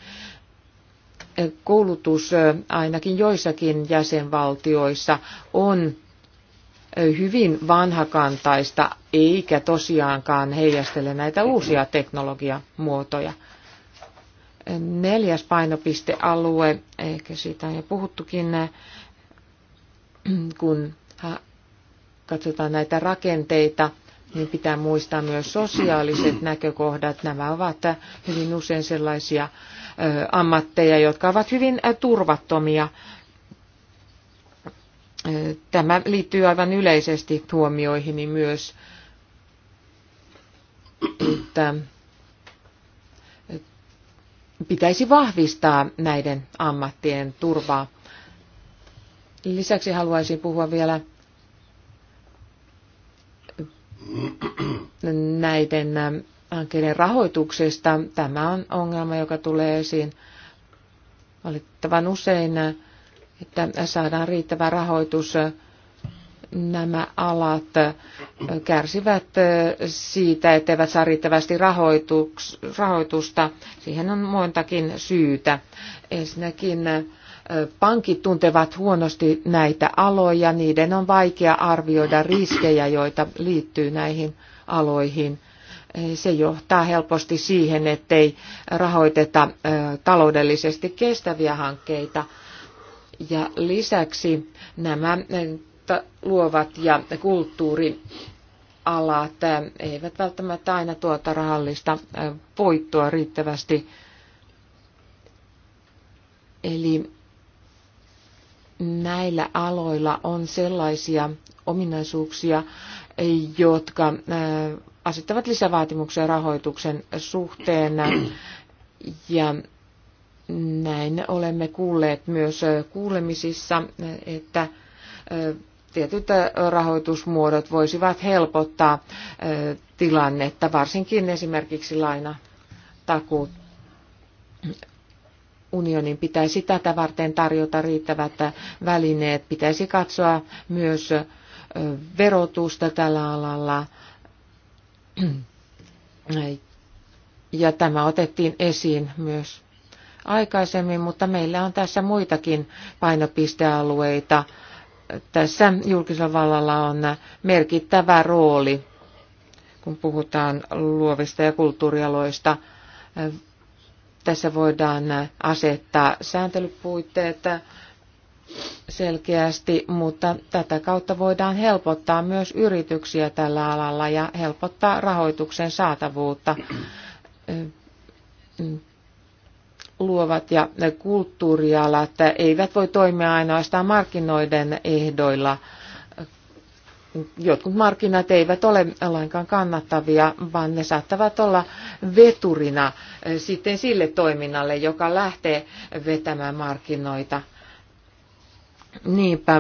Koulutus ainakin joissakin jäsenvaltioissa on hyvin vanhakantaista, eikä tosiaankaan heijastele näitä uusia teknologiamuotoja. Neljäs painopistealue, ehkä siitä on jo puhuttukin, (clears throat) kun katsotaan näitä rakenteita, niin pitää muistaa myös sosiaaliset (clears throat) näkökohdat. Nämä ovat äh, hyvin usein sellaisia äh, ammatteja, jotka ovat hyvin äh, turvattomia. Tämä liittyy aivan yleisesti huomioihin myös, (clears throat) että pitäisi vahvistaa näiden ammattien turvaa Lisäksi haluaisin puhua vielä näiden äh, hankkeiden rahoituksesta. Tämä on ongelma, joka tulee esiin valitettavan usein, äh, että saadaan riittävä rahoitus. Äh, nämä alat kärsivät siitä, etteivät saa riittävästi rahoitusta. Siihen on montakin syytä. Ensinnäkin Pankit tuntevat huonosti näitä aloja, niiden on vaikea arvioida riskejä, joita liittyy näihin aloihin. Se johtaa helposti siihen, ettei rahoiteta taloudellisesti kestäviä hankkeita. Ja lisäksi nämä luovat ja kulttuuri eivät välttämättä aina tuota rahallista voittoa riittävästi. Eli näillä aloilla on sellaisia ominaisuuksia, jotka äh, asettavat lisävaatimuksia rahoituksen suhteen. Ja näin olemme kuulleet myös äh, kuulemisissa, että äh, tietyt rahoitusmuodot voisivat helpottaa tilannetta, varsinkin esimerkiksi laina takuut unionin pitäisi tätä varten tarjota riittävät välineet. Pitäisi katsoa myös verotusta tällä alalla. Ja tämä otettiin esiin myös aikaisemmin, mutta meillä on tässä muitakin painopistealueita. Tässä julkisella vallalla on merkittävä rooli, kun puhutaan luovista ja kulttuurialoista tässä voidaan asettaa sääntelypuitteet selkeästi, mutta tätä kautta voidaan helpottaa myös yrityksiä tällä alalla ja helpottaa rahoituksen saatavuutta. Luovat ja kulttuurialat eivät voi toimia ainoastaan markkinoiden ehdoilla, jotkut markkinat eivät ole lainkaan kannattavia, vaan ne saattavat olla veturina eh, sitten sille toiminnalle, joka lähtee vetämään markkinoita. Niinpä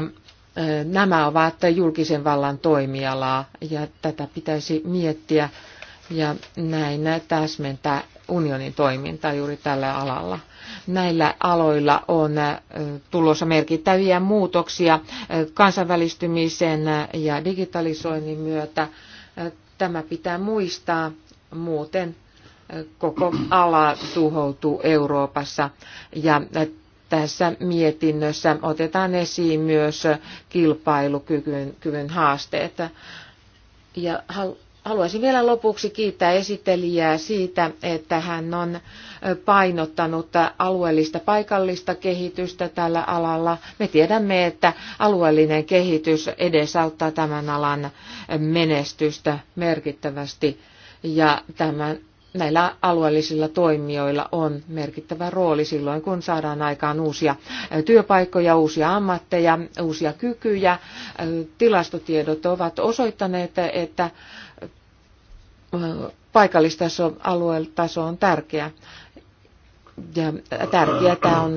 eh, nämä ovat julkisen vallan toimialaa ja tätä pitäisi miettiä ja näin täsmentää unionin toimintaa juuri tällä alalla näillä aloilla on tulossa merkittäviä muutoksia kansainvälistymisen ja digitalisoinnin myötä. Tämä pitää muistaa, muuten koko ala tuhoutuu Euroopassa. Ja tässä mietinnössä otetaan esiin myös kilpailukyvyn haasteet. Ja Haluaisin vielä lopuksi kiittää esittelijää siitä, että hän on painottanut alueellista paikallista kehitystä tällä alalla. Me tiedämme, että alueellinen kehitys edesauttaa tämän alan menestystä merkittävästi ja tämän näillä alueellisilla toimijoilla on merkittävä rooli silloin, kun saadaan aikaan uusia työpaikkoja, uusia ammatteja, uusia kykyjä. Tilastotiedot ovat osoittaneet, että paikallistaso, alueeltaso on tärkeä. Ja tärkeää on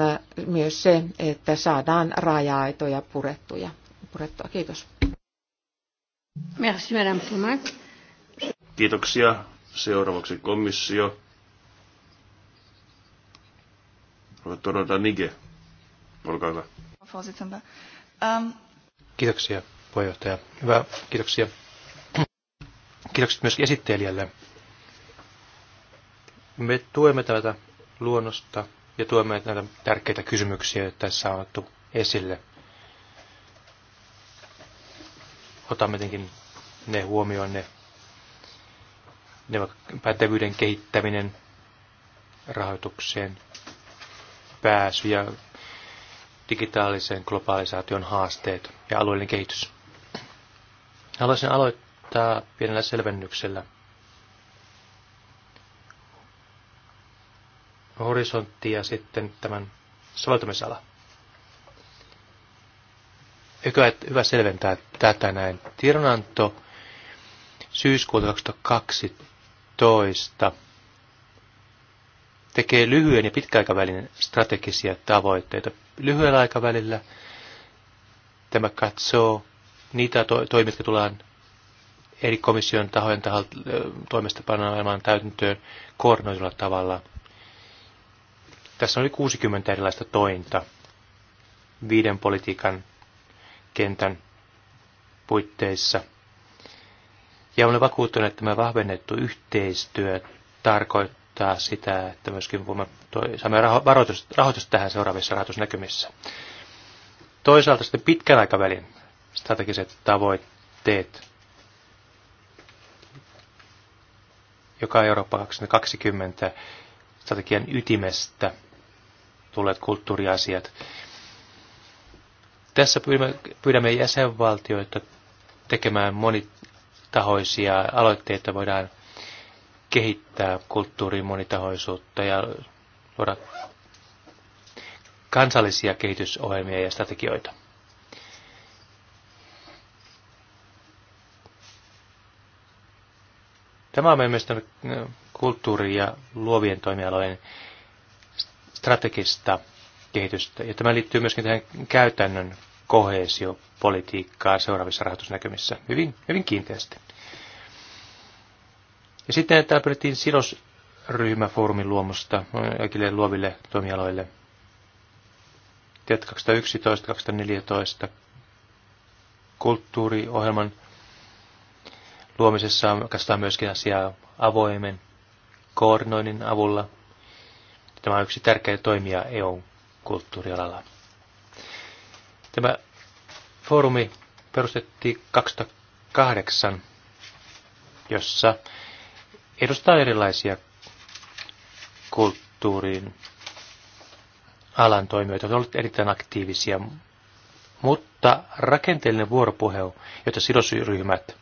myös se, että saadaan raja-aitoja purettuja. purettua. Kiitos. Merci, Madame Kiitoksia. Seuraavaksi komissio. Todeta Nige. Olkaa hyvä. Ehm, kiitoksia puheenjohtaja. Hyvä, kiitoksia. Kiitokset myös esittelijälle. Me tuemme tätä luonnosta ja tuemme näitä tärkeitä kysymyksiä, joita tässä on otettu esille. Otamme tietenkin ne huomioon, ne pätevyyden kehittäminen, rahoitukseen pääsy ja digitaalisen globaalisaation haasteet ja alueellinen kehitys. Haluaisin aloittaa pienellä selvennyksellä. Horisontti ja sitten tämän soveltamisala. Hyvä, hyvä selventää tätä näin. Tiedonanto syyskuuta 2012 toista tekee lyhyen ja pitkäaikavälin strategisia tavoitteita. Lyhyellä aikavälillä tämä katsoo niitä to- toimia, jotka tullaan eri komission tahojen tahalta, toimesta panemaan täytäntöön koordinoidulla tavalla. Tässä oli 60 erilaista tointa viiden politiikan kentän puitteissa – ja olen vakuuttunut, että tämä vahvennettu yhteistyö tarkoittaa sitä, että myöskin voimme toi, saamme rahoitus, rahoitus tähän seuraavissa rahoitusnäkymissä. Toisaalta sitten pitkän aikavälin strategiset tavoitteet, joka Eurooppa 2020 strategian ytimestä tulleet kulttuuriasiat. Tässä pyydämme jäsenvaltioita tekemään moni monitahoisia aloitteita voidaan kehittää kulttuurin monitahoisuutta ja luoda kansallisia kehitysohjelmia ja strategioita. Tämä on mielestäni äh, kulttuuri- ja luovien toimialojen strategista kehitystä. Ja tämä liittyy myöskin tähän käytännön kohesiopolitiikkaa seuraavissa rahoitusnäkymissä hyvin, hyvin kiinteästi. Ja sitten täällä pyrittiin sidosryhmäfoorumin luomusta kaikille luoville toimialoille. Tiet 2011-2014 kulttuuriohjelman luomisessa katsotaan myöskin asiaa avoimen koordinoinnin avulla. Tämä on yksi tärkeä toimija EUn kulttuurialalla. Tämä foorumi perustettiin 2008, jossa edustaa erilaisia kulttuurin alan toimijoita, ovat olleet erittäin aktiivisia, mutta rakenteellinen vuoropuhelu, jota sidosryhmät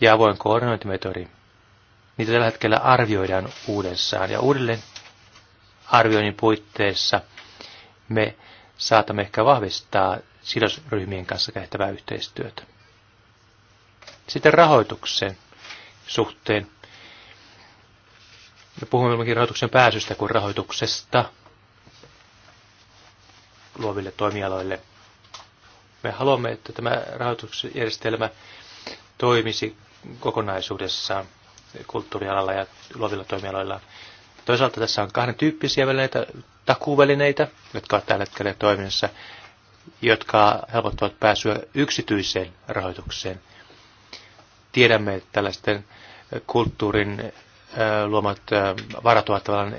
ja avoin koordinointimetodi, niitä tällä hetkellä arvioidaan uudessaan ja uudelleen arvioinnin puitteissa me saatamme ehkä vahvistaa sidosryhmien kanssa tehtävää yhteistyötä. Sitten rahoitukseen suhteen. Me puhumme rahoituksen pääsystä kuin rahoituksesta luoville toimialoille. Me haluamme, että tämä rahoitusjärjestelmä toimisi kokonaisuudessaan kulttuurialalla ja luovilla toimialoilla. Toisaalta tässä on kahden tyyppisiä välineitä, takuvälineitä, jotka ovat tällä hetkellä toiminnassa, jotka helpottavat pääsyä yksityiseen rahoitukseen tiedämme, että tällaisten kulttuurin luomat varat ovat tavallaan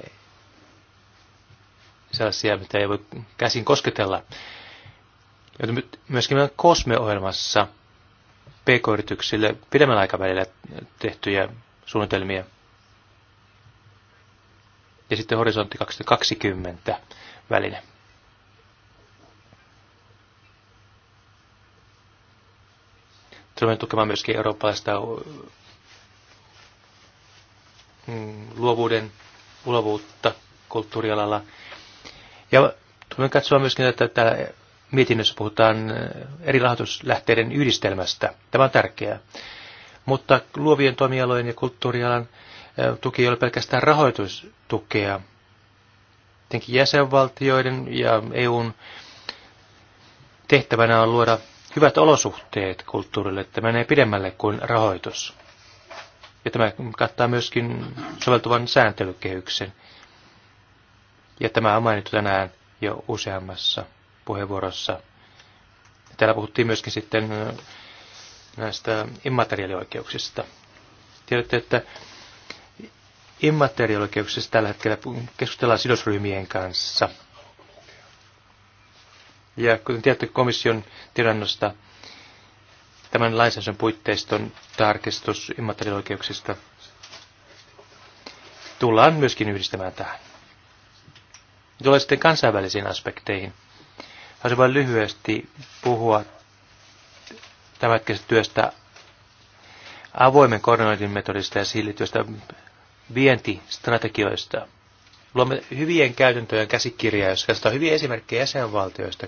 sellaisia, mitä ei voi käsin kosketella. Joten myöskin meidän Kosme-ohjelmassa pk-yrityksille pidemmällä aikavälillä tehtyjä suunnitelmia. Ja sitten horisontti 2020 väline. Tulemme tukemaan myöskin eurooppalaista mm, luovuuden ulovuutta kulttuurialalla. Ja tulemme katsoa myöskin, että täällä mietinnössä puhutaan eh, eri rahoituslähteiden yhdistelmästä. Tämä on tärkeää. Mutta luovien toimialojen ja kulttuurialan eh, tuki ei ole pelkästään rahoitustukea. Tietenkin jäsenvaltioiden ja EUn tehtävänä on luoda hyvät olosuhteet kulttuurille, että menee pidemmälle kuin rahoitus. Ja tämä kattaa myöskin soveltuvan sääntelykehyksen. Ja tämä on mainittu tänään jo useammassa puheenvuorossa. Ja täällä puhuttiin myöskin sitten näistä immateriaalioikeuksista. Tiedätte, että immateriaalioikeuksista tällä hetkellä keskustellaan sidosryhmien kanssa – ja kuten tietty komission tilannosta, tämän lainsäädännön puitteiston tarkistus immateriaalioikeuksista tullaan myöskin yhdistämään tähän. Tulee sitten kansainvälisiin aspekteihin. Haluaisin vain lyhyesti puhua tämänhetkisestä työstä avoimen koordinointin metodista ja liittyvistä vientistrategioista luomme hyvien käytäntöjen käsikirjaa, jossa katsotaan hyviä esimerkkejä jäsenvaltioista,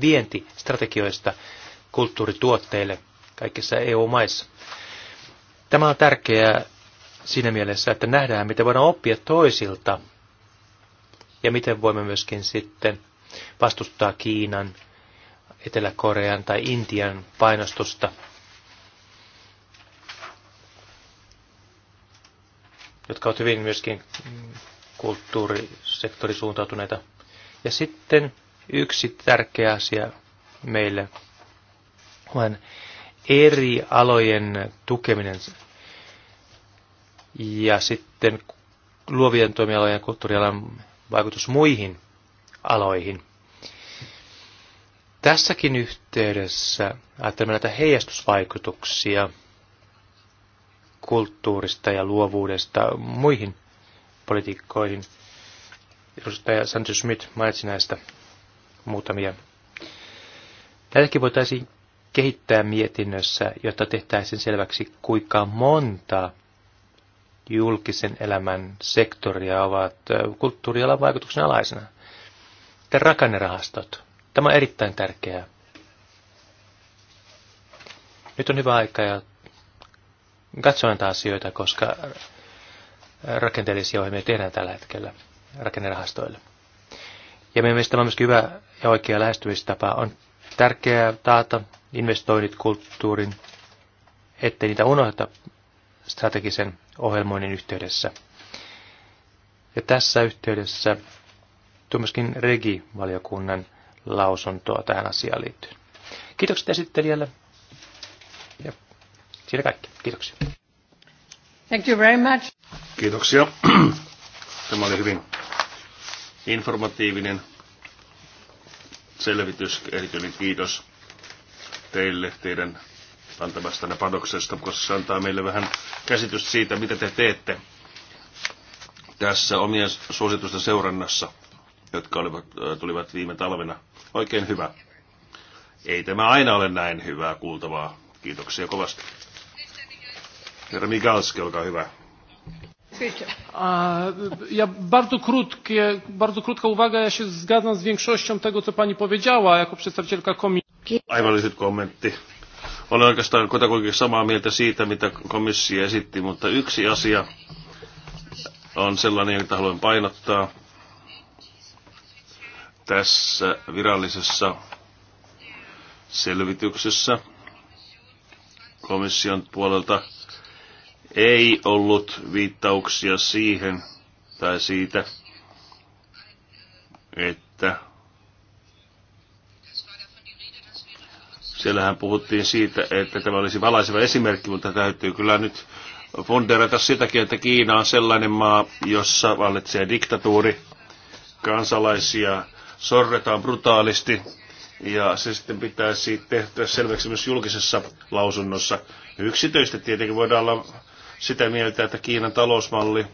vientistrategioista kulttuurituotteille kaikissa EU-maissa. Tämä on tärkeää siinä mielessä, että nähdään, miten voidaan oppia toisilta ja miten voimme myöskin sitten vastustaa Kiinan, Etelä-Korean tai Intian painostusta. jotka ovat hyvin myöskin kulttuurisektori suuntautuneita. Ja sitten yksi tärkeä asia meille on eri alojen tukeminen ja sitten luovien toimialojen ja kulttuurialan vaikutus muihin aloihin. Tässäkin yhteydessä ajattelemme näitä heijastusvaikutuksia kulttuurista ja luovuudesta muihin politiikkoihin. Edustaja Sanchez Schmidt mainitsi näistä muutamia. Näitäkin voitaisiin kehittää mietinnössä, jotta tehtäisiin selväksi, kuinka monta julkisen elämän sektoria ovat kulttuurialan vaikutuksen alaisena. Tämä rakennerahastot. Tämä on erittäin tärkeää. Nyt on hyvä aika ja katsoa näitä asioita, koska rakenteellisia ohjelmia tehdään tällä hetkellä rakennerahastoille. Ja meidän mielestä tämä on myöskin hyvä ja oikea lähestymistapa. On tärkeää taata investoinnit kulttuurin, ettei niitä unohda strategisen ohjelmoinnin yhteydessä. Ja tässä yhteydessä tuu myöskin Regi-valiokunnan lausuntoa tähän asiaan liittyen. Kiitokset esittelijälle ja siinä kaikki. Kiitoksia. Thank you very much. Kiitoksia. (clears throat) Tämä oli hyvin informatiivinen selvitys. Erityinen kiitos teille teidän antamastanne panoksesta, koska se antaa meille vähän käsitystä siitä, mitä te teette tässä omien suositusten seurannassa, jotka olivat, tulivat viime talvena. Oikein hyvä. Ei tämä aina ole näin hyvää kuultavaa. Kiitoksia kovasti. Herra Migalski, olkaa hyvä. Ja bardzo, krótkie, bardzo krótka uwaga, ja się zgadzam z większością tego, co pani powiedziała jako przedstawicielka komisji. Aivan lyhyt kommentti. Olen oikeastaan kutakuinkin samaa mieltä siitä, mitä komissio esitti, mutta yksi asia on sellainen, jota haluan painottaa tässä virallisessa selvityksessä komission puolelta – ei ollut viittauksia siihen tai siitä, että siellähän puhuttiin siitä, että tämä olisi valaiseva esimerkki, mutta täytyy kyllä nyt ponderata sitäkin, että Kiina on sellainen maa, jossa vallitsee diktatuuri, kansalaisia sorretaan brutaalisti, ja se sitten pitäisi tehtyä selväksi myös julkisessa lausunnossa. Yksityistä tietenkin voidaan olla sitä mieltä, että Kiinan talousmalli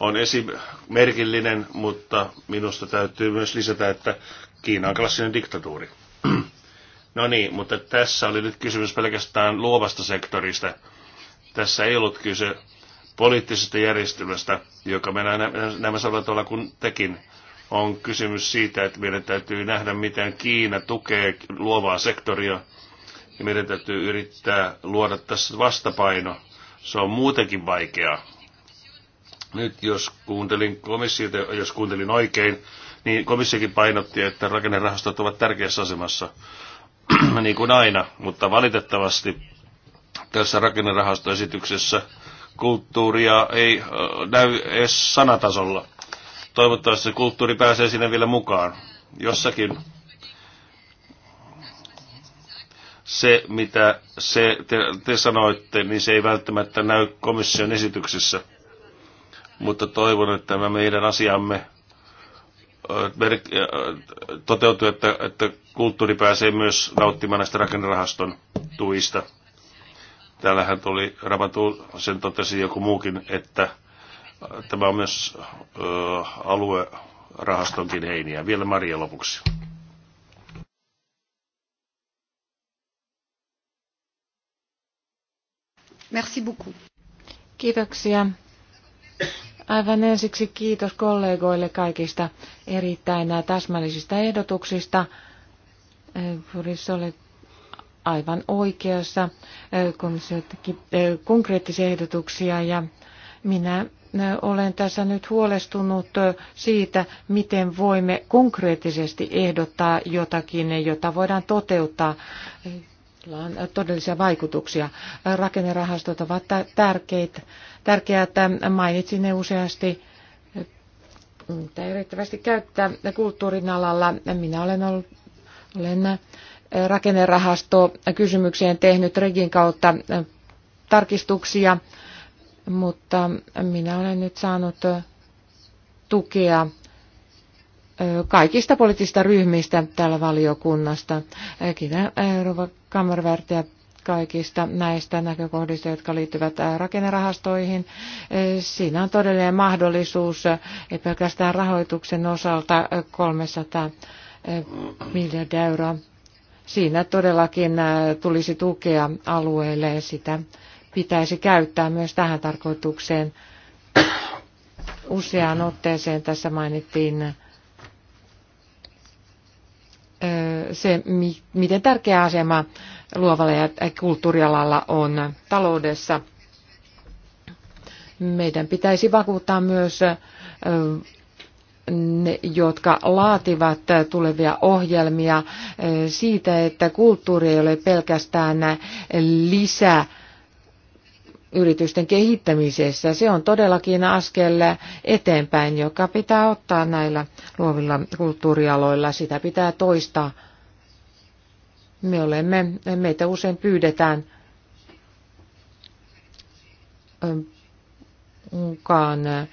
on esimerkillinen, mutta minusta täytyy myös lisätä, että Kiina on klassinen diktatuuri. (clears throat) No niin, mutta tässä oli nyt kysymys pelkästään luovasta sektorista. Tässä ei ollut kyse poliittisesta järjestelmästä, joka me näemme samalla tavalla kuin tekin. On kysymys siitä, että meidän täytyy nähdä, miten Kiina tukee luovaa sektoria, ja meidän täytyy yrittää luoda tässä vastapaino se on muutenkin vaikeaa. Nyt jos kuuntelin komissiota, jos kuuntelin oikein, niin komissiokin painotti, että rakennerahastot ovat tärkeässä asemassa, (clears throat) niin kuin aina, mutta valitettavasti tässä rakennerahastoesityksessä kulttuuria ei näy edes sanatasolla. Toivottavasti se kulttuuri pääsee sinne vielä mukaan. Jossakin se, mitä se, te, te sanoitte, niin se ei välttämättä näy komission esityksessä. Mutta toivon, että tämä meidän asiamme toteutuu, että, että kulttuuri pääsee myös nauttimaan näistä rakennerahaston tuista. Täällähän tuli, Rabatul sen totesi joku muukin, että tämä on myös ö, aluerahastonkin heiniä. Vielä Maria lopuksi. Merci beaucoup. Kiitoksia. Aivan ensiksi kiitos kollegoille kaikista erittäin täsmällisistä ehdotuksista. Puris olet aivan oikeassa, komissio teki eh, konkreettisia ehdotuksia ja minä eh, olen tässä nyt huolestunut eh, siitä, miten voimme konkreettisesti ehdottaa jotakin, jota voidaan toteuttaa on todellisia vaikutuksia. Rakennerahastot ovat tärkeitä. Tärkeää, että mainitsin ne useasti. Tämä riittävästi käyttää kulttuurin alalla. Minä olen, ollut, olen rakennerahasto kysymykseen tehnyt Regin kautta tarkistuksia, mutta minä olen nyt saanut tukea kaikista poliittisista ryhmistä täällä valiokunnasta. Kiitän eh, Rova kammervärtiä kaikista näistä näkökohdista, jotka liittyvät äh, rakennerahastoihin. Äh, siinä on todellinen mahdollisuus, äh, ei pelkästään rahoituksen osalta 300 miljardia euroa. Siinä todellakin tulisi tukea alueelle ja sitä pitäisi käyttää myös tähän tarkoitukseen. Useaan otteeseen tässä mainittiin se, miten tärkeä asema luovalla ja kulttuurialalla on taloudessa. Meidän pitäisi vakuuttaa myös ne, jotka laativat tulevia ohjelmia siitä, että kulttuuri ei ole pelkästään lisää yritysten kehittämisessä. Se on todellakin askel eteenpäin, joka pitää ottaa näillä luovilla kulttuurialoilla. Sitä pitää toistaa. Me olemme, meitä usein pyydetään ähm, mukaan äh,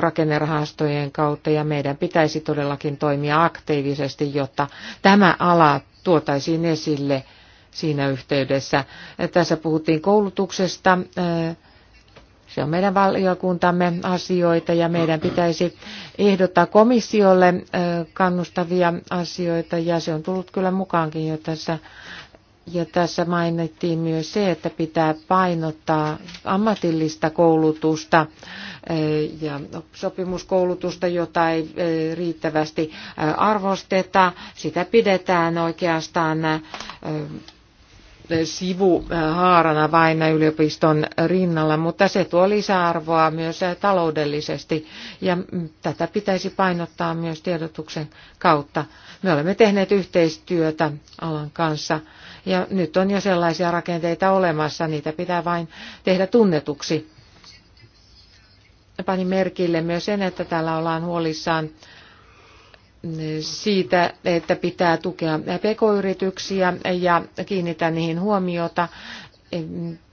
rakennerahastojen kautta ja meidän pitäisi todellakin toimia aktiivisesti, jotta tämä ala tuotaisiin esille – siinä yhteydessä. Tässä puhuttiin koulutuksesta. Se on meidän valiokuntamme asioita ja meidän pitäisi ehdottaa komissiolle kannustavia asioita ja se on tullut kyllä mukaankin jo tässä. Ja tässä mainittiin myös se, että pitää painottaa ammatillista koulutusta ja sopimuskoulutusta, jota ei riittävästi arvosteta. Sitä pidetään oikeastaan sivuhaarana äh, vain yliopiston rinnalla, mutta se tuo lisäarvoa myös äh, taloudellisesti ja mm, tätä pitäisi painottaa myös tiedotuksen kautta. Me olemme tehneet yhteistyötä alan kanssa ja nyt on jo sellaisia rakenteita olemassa, niitä pitää vain tehdä tunnetuksi. Panin merkille myös sen, että täällä ollaan huolissaan siitä, että pitää tukea pk-yrityksiä ja kiinnittää niihin huomiota.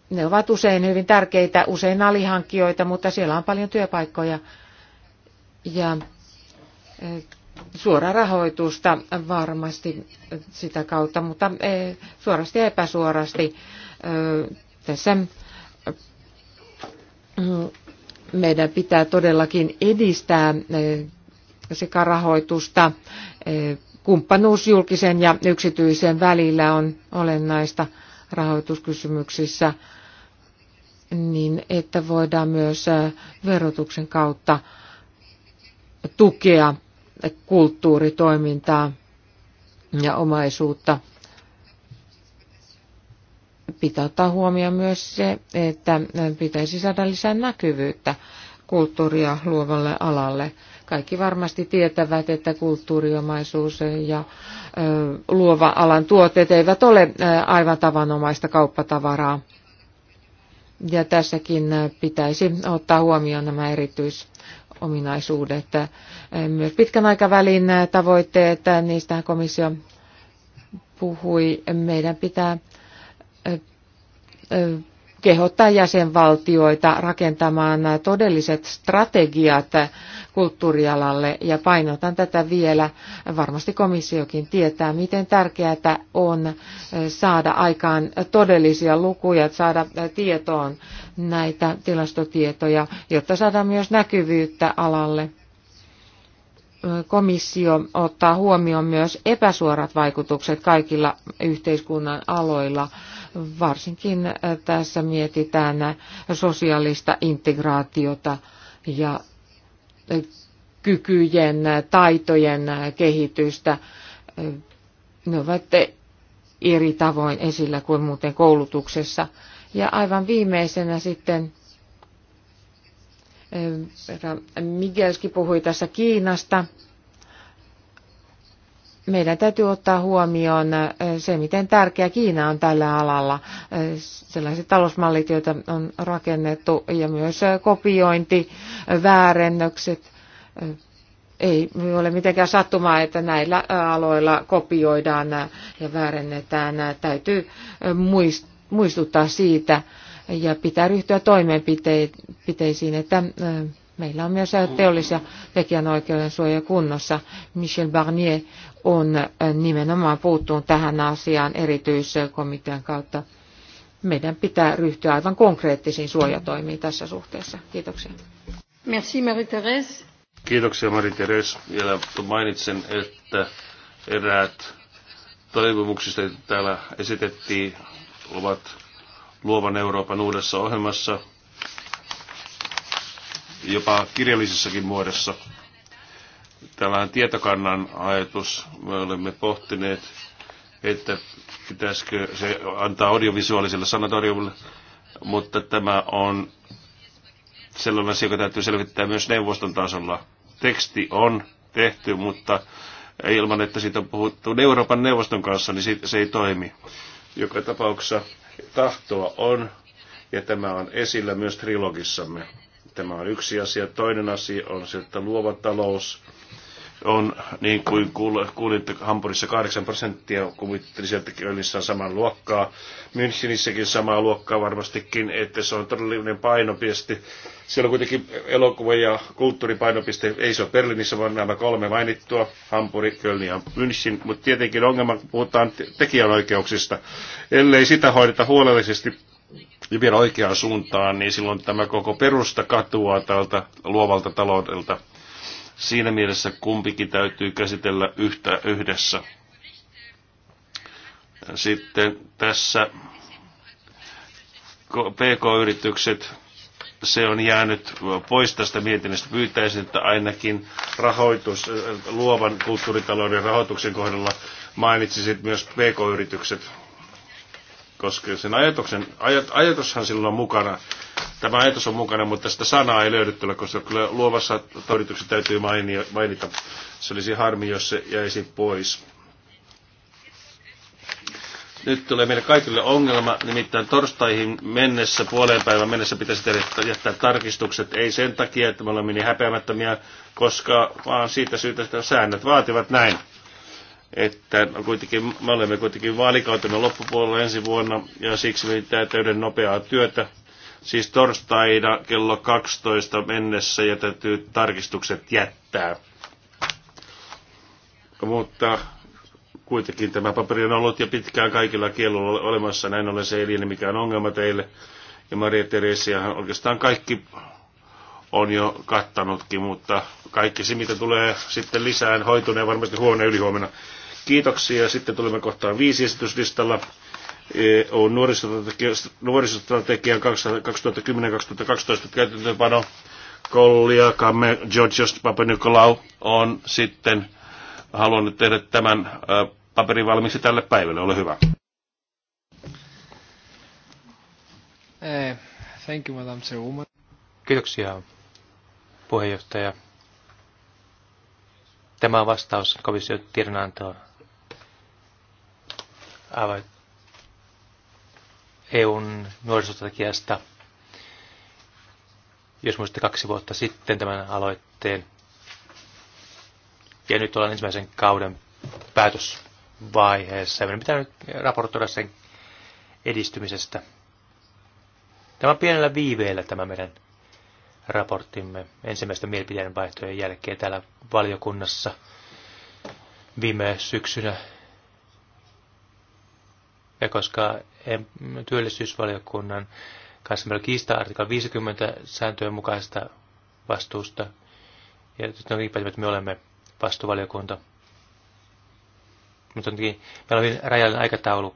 Ne ovat usein hyvin tärkeitä, usein alihankkijoita, mutta siellä on paljon työpaikkoja ja e, suora rahoitusta varmasti sitä kautta, mutta e, suorasti ja epäsuorasti e, tässä mm, meidän pitää todellakin edistää sekä rahoitusta. E, kumppanuus julkisen ja yksityisen välillä on olennaista rahoituskysymyksissä, niin että voidaan myös e, verotuksen kautta tukea kulttuuritoimintaa ja omaisuutta. Pitää ottaa huomioon myös se, että pitäisi saada lisää näkyvyyttä kulttuuria luovalle alalle. Kaikki varmasti tietävät, että kulttuuriomaisuus ja luova alan tuotteet eivät ole aivan tavanomaista kauppatavaraa. Ja tässäkin pitäisi ottaa huomioon nämä erityisominaisuudet. Myös pitkän aikavälin tavoitteet, niistä komissio puhui, meidän pitää kehottaa jäsenvaltioita rakentamaan todelliset strategiat kulttuurialalle ja painotan tätä vielä. Varmasti komissiokin tietää, miten tärkeää on saada aikaan todellisia lukuja, saada tietoon näitä tilastotietoja, jotta saadaan myös näkyvyyttä alalle. Komissio ottaa huomioon myös epäsuorat vaikutukset kaikilla yhteiskunnan aloilla Varsinkin äh, tässä mietitään äh, sosiaalista integraatiota ja äh, kykyjen, taitojen kehitystä. Ne ovat eri tavoin esillä kuin muuten koulutuksessa. Ja aivan viimeisenä sitten Miguelski puhui tässä Kiinasta meidän täytyy ottaa huomioon se, miten tärkeä Kiina on tällä alalla, sellaiset talousmallit, joita on rakennettu, ja myös kopiointi, väärennökset. Ei ole mitenkään sattumaa, että näillä aloilla kopioidaan ja väärennetään. Täytyy muistuttaa siitä ja pitää ryhtyä toimenpiteisiin, että Meillä on myös teollisia tekijänoikeuden suoja kunnossa. Michel Barnier on äh, nimenomaan puuttunut tähän asiaan erityiskomitean kautta. Meidän pitää ryhtyä aivan konkreettisiin suojatoimiin tässä suhteessa. Kiitoksia. Merci Marie-Thérèse. Kiitoksia Marie-Thérèse. Vielä mainitsen, että eräät toivomuksista, joita täällä esitettiin, ovat Luovan Euroopan uudessa ohjelmassa, jopa kirjallisessakin muodossa. Tällainen tietokannan ajatus, me olemme pohtineet, että pitäisikö se antaa audiovisuaaliselle sanatoriolle, mutta tämä on sellainen asia, joka täytyy selvittää myös neuvoston tasolla. Teksti on tehty, mutta ilman, että siitä on puhuttu Euroopan neuvoston kanssa, niin se ei toimi. Joka tapauksessa tahtoa on, ja tämä on esillä myös trilogissamme. Tämä on yksi asia. Toinen asia on se, että luova talous on, niin kuin kuulitte, Hampurissa 8 prosenttia, kuvittelisijakin öljyssä on samaa luokkaa. Münchenissäkin samaa luokkaa varmastikin, että se on todellinen painopiste. Siellä on kuitenkin elokuva- ja kulttuuripainopiste, ei se ole Berliinissä, vaan nämä kolme mainittua, Hampuri, Köln ja München, mutta tietenkin ongelma, kun puhutaan tekijänoikeuksista. Ellei sitä hoideta huolellisesti, ja vielä oikeaan suuntaan, niin silloin tämä koko perusta katuaa tältä luovalta taloudelta. Siinä mielessä kumpikin täytyy käsitellä yhtä yhdessä. Sitten tässä PK-yritykset, se on jäänyt pois tästä mietinnöstä. Pyytäisin, että ainakin rahoitus, luovan kulttuuritalouden rahoituksen kohdalla mainitsisit myös PK-yritykset koska sen ajatuksen, ajat, ajatushan silloin on mukana, tämä ajatus on mukana, mutta sitä sanaa ei löydy tuolla, koska kyllä luovassa todistuksessa täytyy mainita. Se olisi harmi, jos se jäisi pois. Nyt tulee meille kaikille ongelma, nimittäin torstaihin mennessä, puoleen päivän mennessä pitäisi tehdä, jättää tarkistukset. Ei sen takia, että me olemme niin häpeämättömiä, koska vaan siitä syytä, että säännöt vaativat näin että kuitenkin, me olemme kuitenkin vaalikautemme loppupuolella ensi vuonna ja siksi meitä täyden nopeaa työtä. Siis torstaina kello 12 mennessä ja täytyy tarkistukset jättää. Mutta kuitenkin tämä paperi on ollut jo pitkään kaikilla kielillä olemassa, näin ollen se ei liene mikään ongelma teille. Ja Maria Teresia oikeastaan kaikki on jo kattanutkin, mutta kaikki se, mitä tulee sitten lisään, hoituneen varmasti huomenna ylihuomenna. Kiitoksia. Sitten tulemme kohtaan viisi esityslistalla. E on nuorisostrategian 2010-2012 käytäntöpano. Kamme, Georgios Papenikolau on sitten halunnut tehdä tämän paperin valmiiksi tälle päivälle. Ole hyvä. E, thank you, Madam Chairwoman. Kiitoksia, puheenjohtaja. Tämä on vastaus komission tiedonantoon EUn nuorisostrategiasta. Jos muistatte kaksi vuotta sitten tämän aloitteen. Ja nyt ollaan ensimmäisen kauden päätösvaiheessa. meidän pitää nyt raportoida sen edistymisestä. Tämä on pienellä viiveellä tämä meidän raporttimme ensimmäisten mielipiteiden vaihtojen jälkeen täällä valiokunnassa viime syksynä ja koska työllisyysvaliokunnan kanssa meillä kiistaa artikla 50 sääntöjen mukaista vastuusta, ja nyt on riippaat, että me olemme vastuvaliokunta. Mutta meillä on rajallinen aikataulu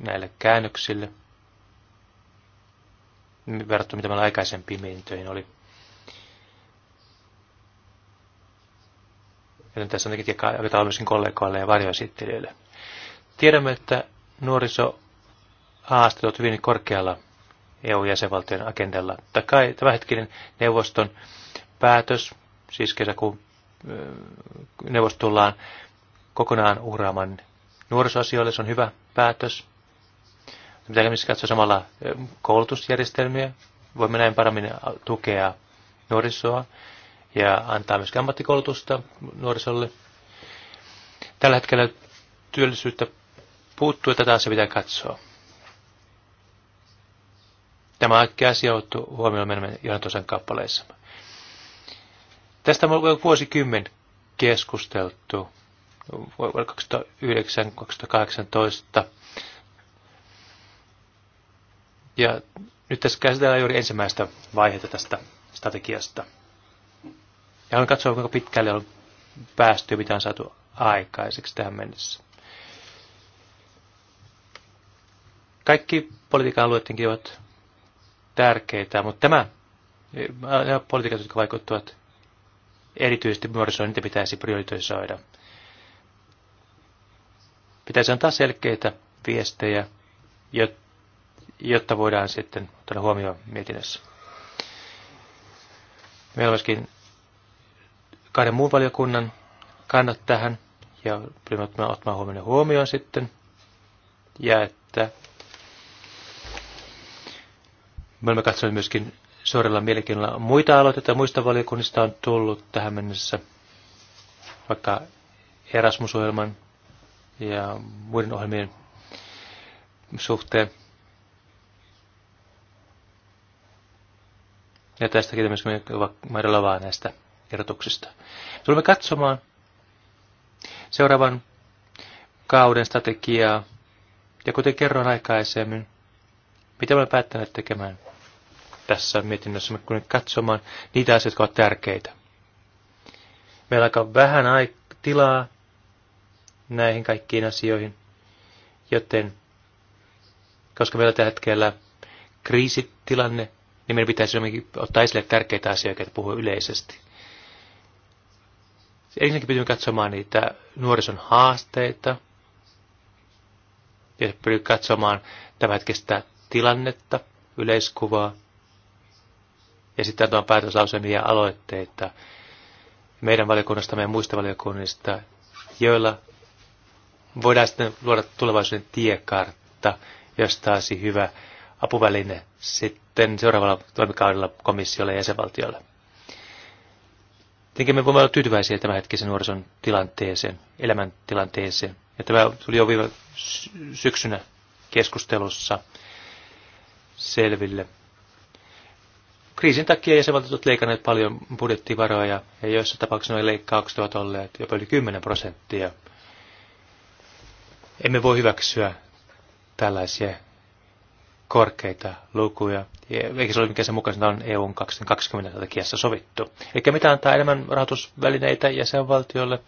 näille käännöksille, verrattuna mitä meillä aikaisempiin mietintöihin oli. Joten tässä on tietenkin aikataulu myöskin kollegoille ja varjoesittelijöille. Tiedämme, että nuorisohaasteet ovat hyvin korkealla EU-jäsenvaltion agendalla. Takai tämänhetkinen neuvoston päätös, siis kesäkuun neuvostollaan kokonaan uhraamaan nuorisoasioille, se on hyvä päätös. Pitää missä katsoa samalla koulutusjärjestelmiä. Voimme näin paremmin tukea nuorisoa ja antaa myös ammattikoulutusta nuorisolle. Tällä hetkellä työllisyyttä puuttuu että taas se pitää katsoa. Tämä kaikki asia ottu huomioon meidän Jonatosan kappaleissa. Tästä on jo vuosikymmen keskusteltu vuonna 2009-2018. Ja nyt tässä käsitellään juuri ensimmäistä vaihetta tästä strategiasta. Ja on katsoa, kuinka pitkälle on päästy ja mitä on saatu aikaiseksi tähän mennessä. Kaikki politiikan alueetkin ovat tärkeitä, mutta tämä, nämä politiikat, jotka vaikuttavat erityisesti nuorisoon, niitä pitäisi prioritisoida. Pitäisi antaa selkeitä viestejä, jotta voidaan sitten ottaa huomioon mietinnössä. Meillä on myöskin kahden muun valiokunnan kannat tähän ja pyrimme ottamaan huomioon huomioon sitten. Ja että me olemme katsoneet myöskin suorella mielenkiinnolla muita aloitteita muista valiokunnista on tullut tähän mennessä, vaikka Erasmus-ohjelman ja muiden ohjelmien suhteen. Ja tästäkin myös meidän lavaa näistä erotuksista. Tulemme katsomaan seuraavan kauden strategiaa. Ja kuten kerroin aikaisemmin, mitä olemme päättäneet tekemään tässä mietinnössä kun katsomaan niitä asioita, jotka ovat tärkeitä. Meillä on aika vähän tilaa näihin kaikkiin asioihin, joten koska meillä on tällä hetkellä kriisitilanne, niin meidän pitäisi ottaa esille tärkeitä asioita, joita puhua yleisesti. Ensinnäkin pitää katsomaan niitä nuorison haasteita, ja pyrimme katsomaan tämänhetkistä tilannetta, yleiskuvaa, ja sitten tuon päätöslauselmia aloitteita meidän valiokunnasta meidän muista valiokunnista, joilla voidaan sitten luoda tulevaisuuden tiekartta, josta olisi hyvä apuväline sitten seuraavalla toimikaudella komissiolle ja jäsenvaltiolle. Tietenkin me voimme olla tyytyväisiä tämänhetkisen nuorison tilanteeseen, elämäntilanteeseen. Ja tämä tuli jo viime syksynä keskustelussa selville kriisin takia jäsenvaltiot ovat leikanneet paljon budjettivaroja, ja joissa tapauksissa noin leikkaukset ovat olleet jopa yli 10 prosenttia. Emme voi hyväksyä tällaisia korkeita lukuja. Eikä se ole mikään se mukaisena on EUn 2020 strategiassa sovittu. Eikä mitä antaa enemmän rahoitusvälineitä jäsenvaltioille,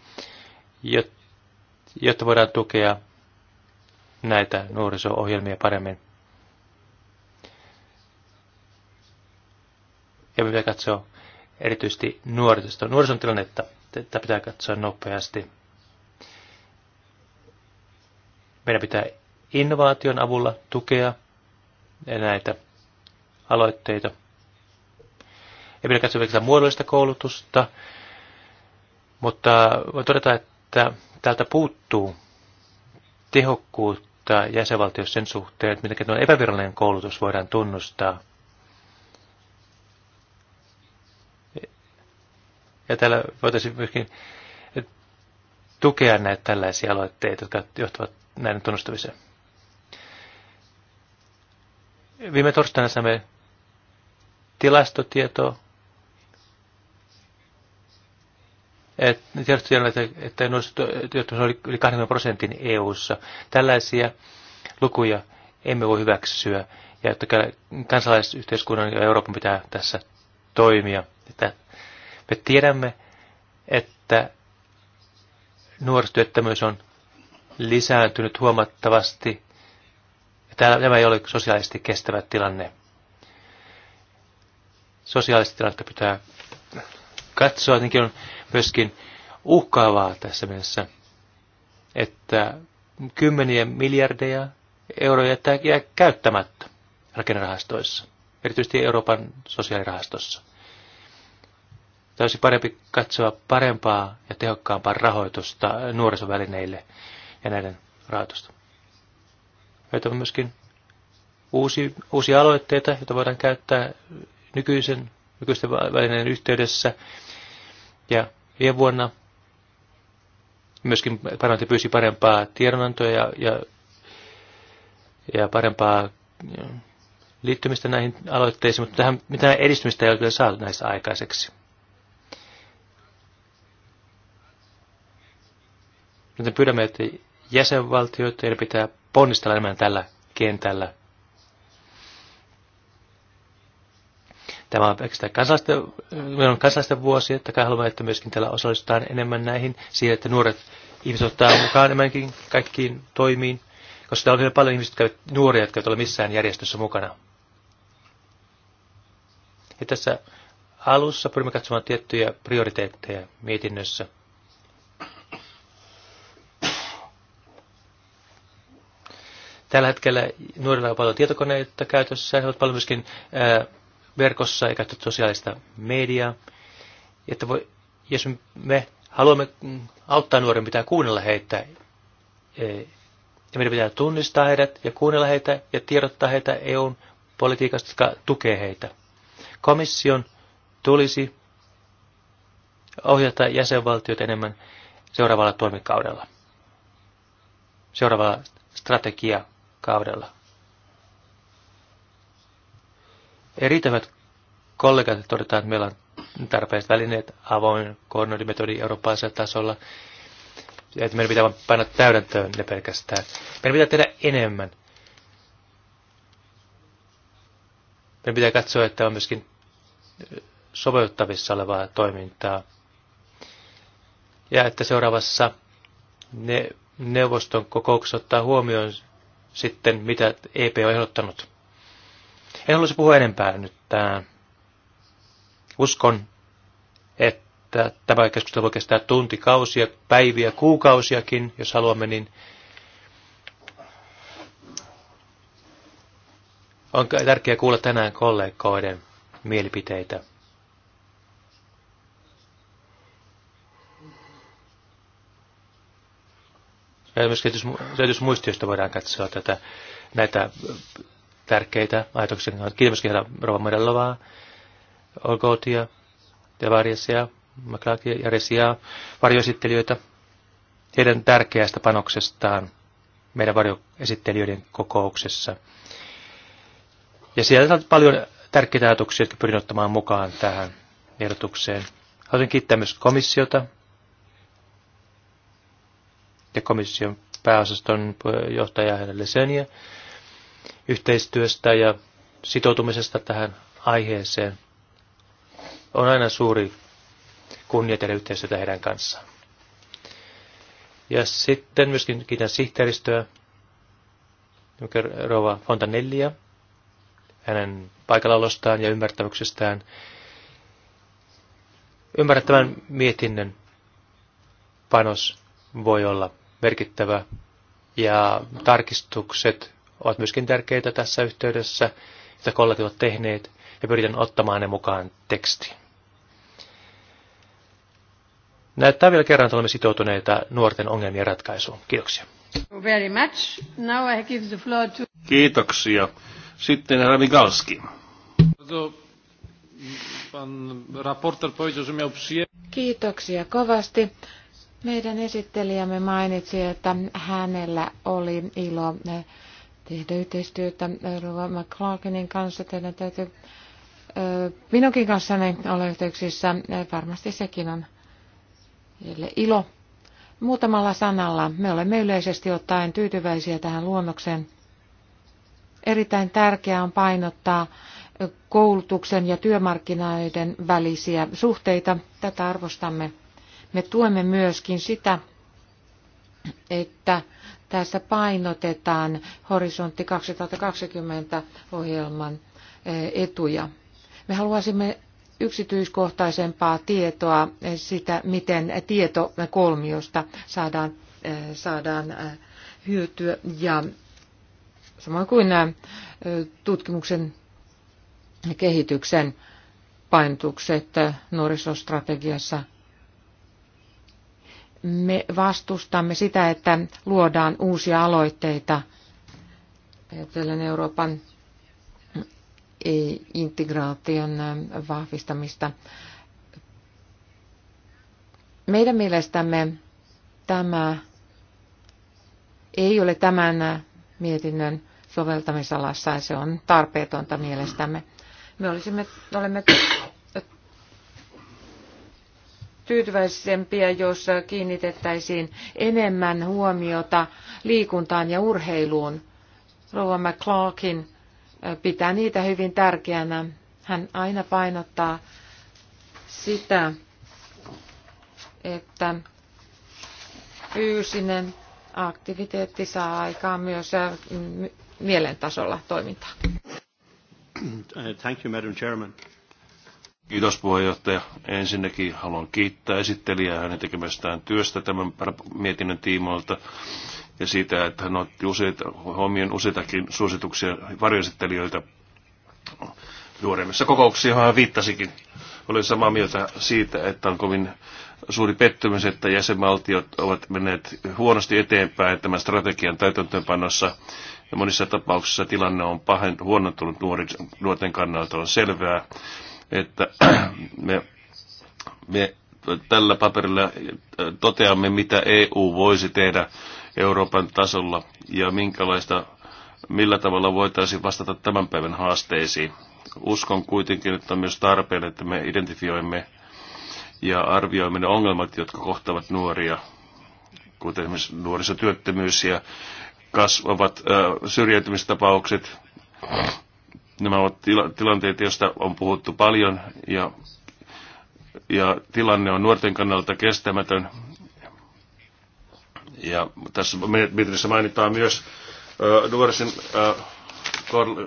jotta voidaan tukea näitä nuoriso-ohjelmia paremmin. ja me pitää katsoa erityisesti nuorisosta. Nuorison tilannetta tätä pitää katsoa nopeasti. Meidän pitää innovaation avulla tukea näitä aloitteita. Ei pidä katsoa vielä muodollista koulutusta, mutta voi todeta, että täältä puuttuu tehokkuutta jäsenvaltiossa sen suhteen, että miten tuo epävirallinen koulutus voidaan tunnustaa – Ja täällä voitaisiin myöskin tukea näitä tällaisia aloitteita, jotka johtavat näiden tunnustamiseen. Viime torstaina saimme tilastotietoa, että tiedostotiedon, että, että nuorisotyöttömyys oli yli 20 prosentin EU-ssa. Tällaisia lukuja emme voi hyväksyä, ja että kansalaisyhteiskunnan ja Euroopan pitää tässä toimia, että me tiedämme, että nuorisotyöttömyys on lisääntynyt huomattavasti. Tämä ei ole sosiaalisesti kestävä tilanne. Sosiaalista tilannetta pitää katsoa. niinkin on myöskin uhkaavaa tässä mielessä, että kymmeniä miljardeja euroja jää käyttämättä rakennerahastoissa, erityisesti Euroopan sosiaalirahastossa. Tämä olisi parempi katsoa parempaa ja tehokkaampaa rahoitusta nuorisovälineille ja näiden rahoitusta. Meitä on myöskin uusi, uusia aloitteita, joita voidaan käyttää nykyisen, nykyisten välineiden yhteydessä. Ja viime vuonna myöskin parantti pyysi parempaa tiedonantoa ja, ja, ja parempaa mm, liittymistä näihin aloitteisiin, mutta tähän mitään edistymistä ei ole kyllä saatu näissä aikaiseksi. Joten pyydämme, että jäsenvaltioita ja pitää ponnistella enemmän tällä kentällä. Tämä on kansalaisten, on kansalaisten vuosi, että haluamme, että myöskin täällä osallistutaan enemmän näihin, siihen, että nuoret ihmiset ottaa mukaan enemmänkin kaikkiin toimiin, koska täällä on vielä paljon ihmisiä, jotka eivät, nuoria, jotka eivät ole missään järjestössä mukana. Ja tässä alussa pyrimme katsomaan tiettyjä prioriteetteja mietinnössä – Tällä hetkellä nuorilla on paljon tietokoneita käytössä, he ovat paljon myöskin verkossa ja käyttävät sosiaalista mediaa. Että voi, jos me haluamme mm, auttaa nuoria, pitää kuunnella heitä. Ja meidän pitää tunnistaa heidät ja kuunnella heitä ja tiedottaa heitä EUn politiikasta, joka tukee heitä. Komission tulisi ohjata jäsenvaltiot enemmän seuraavalla toimikaudella, seuraavalla strategia kaudella. Eritävät kollegat todetaan, että meillä on tarpeelliset välineet, avoin koordinointimetodi eurooppalaisella tasolla, että meidän pitää panna täydentöön ne pelkästään. Meidän pitää tehdä enemmän. Meidän pitää katsoa, että on myöskin sopeuttavissa olevaa toimintaa. Ja että seuraavassa ne neuvoston kokouksessa ottaa huomioon sitten, mitä EP on ehdottanut. En haluaisi puhua enempää nyt tämän Uskon, että tämä keskustelu voi kestää tuntikausia, päiviä, kuukausiakin, jos haluamme, niin on tärkeää kuulla tänään kollegoiden mielipiteitä. Ja myös muistioista voidaan katsoa tätä, näitä tärkeitä ajatuksia. Kiitos myöskin herra Rova Modellovaa, Olgotia, Devariasia, Maklakia ja Resia, varjoesittelijöitä, heidän tärkeästä panoksestaan meidän varjoesittelijöiden kokouksessa. Ja siellä on paljon tärkeitä ajatuksia, jotka pyrin ottamaan mukaan tähän ehdotukseen. Haluan kiittää myös komissiota ja komission pääosaston johtaja Helle yhteistyöstä ja sitoutumisesta tähän aiheeseen. On aina suuri kunnia tehdä yhteistyötä heidän kanssaan. Ja sitten myöskin kiitän sihteeristöä, Rova Fontanellia, hänen paikallaolostaan ja ymmärtämyksestään. Ymmärrettävän mietinnön panos voi olla merkittävä ja tarkistukset ovat myöskin tärkeitä tässä yhteydessä, että kollegat ovat tehneet ja pyritän ottamaan ne mukaan teksti. Näyttää vielä kerran, että olemme sitoutuneita nuorten ongelmien ratkaisuun. Kiitoksia. Very much. Now I give the floor to... Kiitoksia. Sitten Rami Galski. Kiitoksia kovasti. Meidän esittelijämme mainitsi, että hänellä oli ilo eh, tehdä yhteistyötä eh, Rova McClarkinin kanssa. Teidän täytyy eh, minunkin kanssani olla yhteyksissä. Varmasti sekin on ilo. Muutamalla sanalla. Me olemme yleisesti ottaen tyytyväisiä tähän luonnokseen. Erittäin tärkeää on painottaa koulutuksen ja työmarkkinoiden välisiä suhteita. Tätä arvostamme. Me tuemme myöskin sitä, että tässä painotetaan horisontti 2020 ohjelman eh, etuja. Me haluaisimme yksityiskohtaisempaa tietoa eh, sitä, miten tieto kolmiosta saadaan, eh, saadaan hyötyä ja samoin kuin tutkimuksen kehityksen painotukset nuorisostrategiassa – me vastustamme sitä, että luodaan uusia aloitteita ajatellen Euroopan integraation vahvistamista. Meidän mielestämme tämä ei ole tämän mietinnön soveltamisalassa ja se on tarpeetonta mielestämme. Me olisimme, olemme tyytyväisempiä, jos kiinnitettäisiin enemmän huomiota liikuntaan ja urheiluun. Rouva McClarkin pitää niitä hyvin tärkeänä. Hän aina painottaa sitä, että fyysinen aktiviteetti saa aikaan myös mielentasolla toimintaa. Thank you, Madam Chairman. Kiitos puheenjohtaja. Ensinnäkin haluan kiittää esittelijää hänen tekemästään työstä tämän mietinnön tiimoilta ja siitä, että hän otti useita, huomioon useitakin suosituksia varjoesittelijöiltä juoremmissa kokouksissa, johon hän viittasikin. Olen samaa mieltä siitä, että on kovin suuri pettymys, että jäsenvaltiot ovat menneet huonosti eteenpäin tämän strategian täytäntöönpanossa. Ja monissa tapauksissa tilanne on pahen, huonontunut nuorten kannalta on selvää, että (clears throat) me, me tällä paperilla äh, toteamme, mitä EU voisi tehdä Euroopan tasolla ja minkälaista, millä tavalla voitaisiin vastata tämän päivän haasteisiin. Uskon kuitenkin, että on myös tarpeen, että me identifioimme ja arvioimme ne ongelmat, jotka kohtavat nuoria, kuten esimerkiksi nuorisotyöttömyys ja kasvavat äh, syrjäytymistapaukset Nämä ovat tila- tilanteet, joista on puhuttu paljon ja, ja tilanne on nuorten kannalta kestämätön. Ja tässä mietinnössä mainitaan myös ö, nuorisen, ö,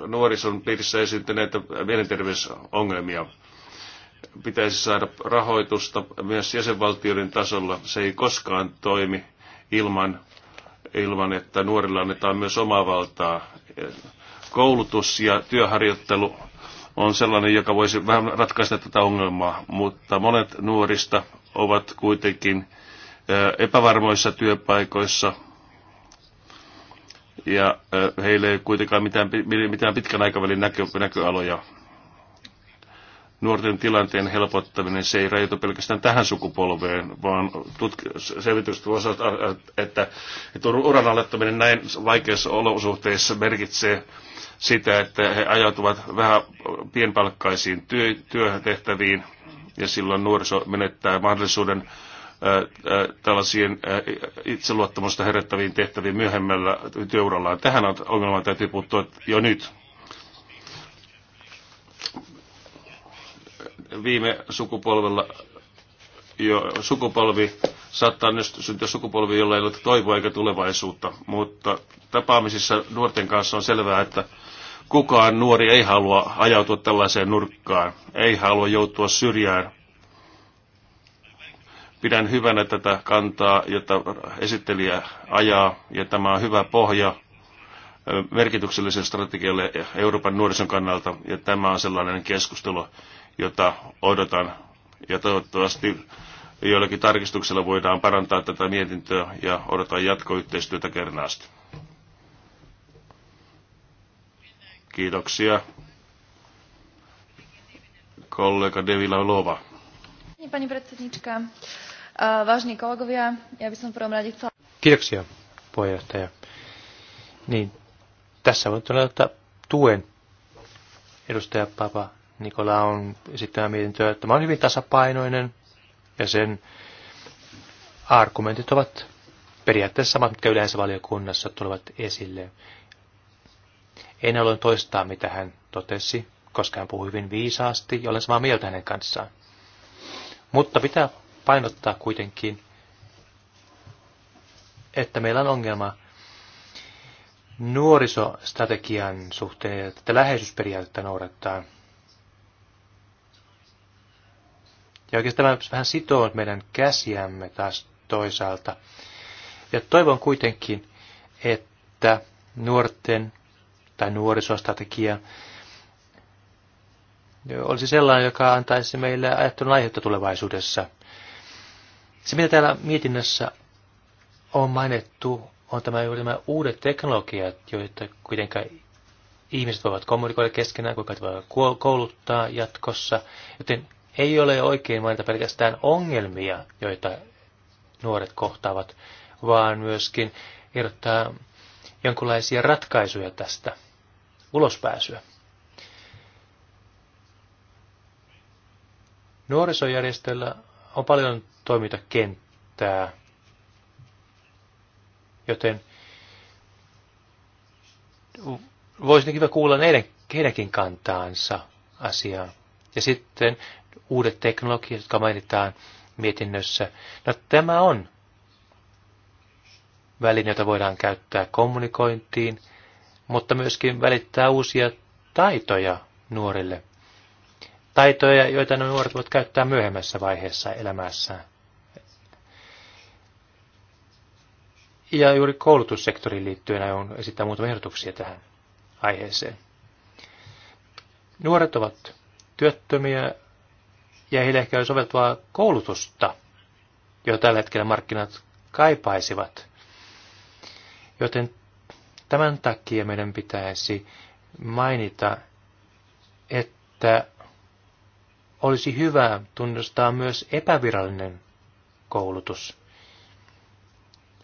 nuorison piirissä esiintyneitä mielenterveysongelmia pitäisi saada rahoitusta myös jäsenvaltioiden tasolla. Se ei koskaan toimi ilman, ilman että nuorilla annetaan myös omaa valtaa koulutus ja työharjoittelu on sellainen, joka voisi vähän ratkaista tätä ongelmaa, mutta monet nuorista ovat kuitenkin epävarmoissa työpaikoissa ja heillä ei kuitenkaan mitään, mitään pitkän aikavälin näkö, näköaloja. Nuorten tilanteen helpottaminen se ei rajoitu pelkästään tähän sukupolveen, vaan tutk- selvitykset osoittavat, että, että uran alettaminen näin vaikeissa olosuhteissa merkitsee sitä, että he ajautuvat vähän pienpalkkaisiin työ, työtehtäviin ja silloin nuoriso menettää mahdollisuuden tällaisiin itseluottamusta herättäviin tehtäviin myöhemmällä työurallaan. Tähän ongelmaan täytyy puuttua jo nyt. Viime sukupolvella jo sukupolvi, saattaa nyt syntyä sukupolvi, jolla ei ole toivoa eikä tulevaisuutta, mutta tapaamisissa nuorten kanssa on selvää, että Kukaan nuori ei halua ajautua tällaiseen nurkkaan, ei halua joutua syrjään. Pidän hyvänä tätä kantaa, jota esittelijä ajaa, ja tämä on hyvä pohja merkitykselliselle strategialle Euroopan nuorison kannalta, ja tämä on sellainen keskustelu, jota odotan, ja toivottavasti joillakin tarkistuksella voidaan parantaa tätä mietintöä, ja odotan jatkoyhteistyötä kernaasti. Kiitoksia. Kollega Devila Lova. Pani predsednička, vážni kolegovia, ja by som prvom rade chcela... Kiitoksia, puheenjohtaja. Niin, tässä voin todeta tuen edustaja Papa Nikola on esittämä mietintöä. Tämä on hyvin tasapainoinen ja sen argumentit ovat periaatteessa samat, mitkä yleensä valiokunnassa tulevat esille. En ole toistaa, mitä hän totesi, koska hän puhui hyvin viisaasti ja olen samaa mieltä hänen kanssaan. Mutta pitää painottaa kuitenkin, että meillä on ongelma nuorisostrategian suhteen, että läheisyysperiaatetta noudattaa. Ja oikeastaan tämä vähän sitoo meidän käsiämme taas toisaalta. Ja toivon kuitenkin, että nuorten tai nuorisostrategia olisi sellainen, joka antaisi meille ajattelun aihetta tulevaisuudessa. Se, mitä täällä mietinnössä on mainittu, on tämä, nämä uudet teknologiat, joita kuitenkaan ihmiset voivat kommunikoida keskenään, kuinka voivat kouluttaa jatkossa. Joten ei ole oikein mainita pelkästään ongelmia, joita nuoret kohtaavat, vaan myöskin irrottaa jonkinlaisia ratkaisuja tästä ulospääsyä. Nuorisojärjestöllä on paljon toimintakenttää, joten voisi kiva kuulla heidän, heidänkin kantaansa asiaa. Ja sitten uudet teknologiat, jotka mainitaan mietinnössä. No tämä on väline, jota voidaan käyttää kommunikointiin – mutta myöskin välittää uusia taitoja nuorille. Taitoja, joita ne nuoret voivat käyttää myöhemmässä vaiheessa elämässään. Ja juuri koulutussektoriin liittyen on esittää muutamia ehdotuksia tähän aiheeseen. Nuoret ovat työttömiä ja heille ehkä soveltuvaa koulutusta, jota tällä hetkellä markkinat kaipaisivat. Joten Tämän takia meidän pitäisi mainita, että olisi hyvä tunnustaa myös epävirallinen koulutus.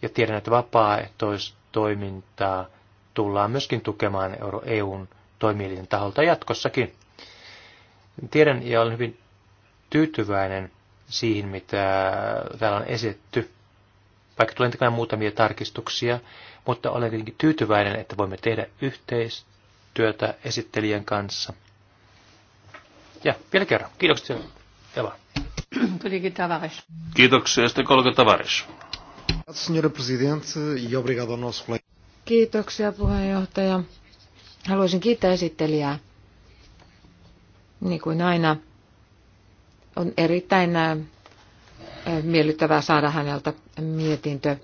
Ja tiedän, että vapaaehtoistoimintaa tullaan myöskin tukemaan EUn toimielinen taholta jatkossakin. Tiedän ja olen hyvin tyytyväinen siihen, mitä täällä on esitetty vaikka tulen tekemään muutamia tarkistuksia, mutta olen kuitenkin tyytyväinen, että voimme tehdä yhteistyötä esittelijän kanssa. Ja vielä kerran, kiitoksia Eva. Kollega Tavares. Kiitoksia sitten kolme tavarissa. E kiitoksia puheenjohtaja. Haluaisin kiittää esittelijää. Niin kuin aina, on erittäin äh, miellyttävää saada häneltä mietintö.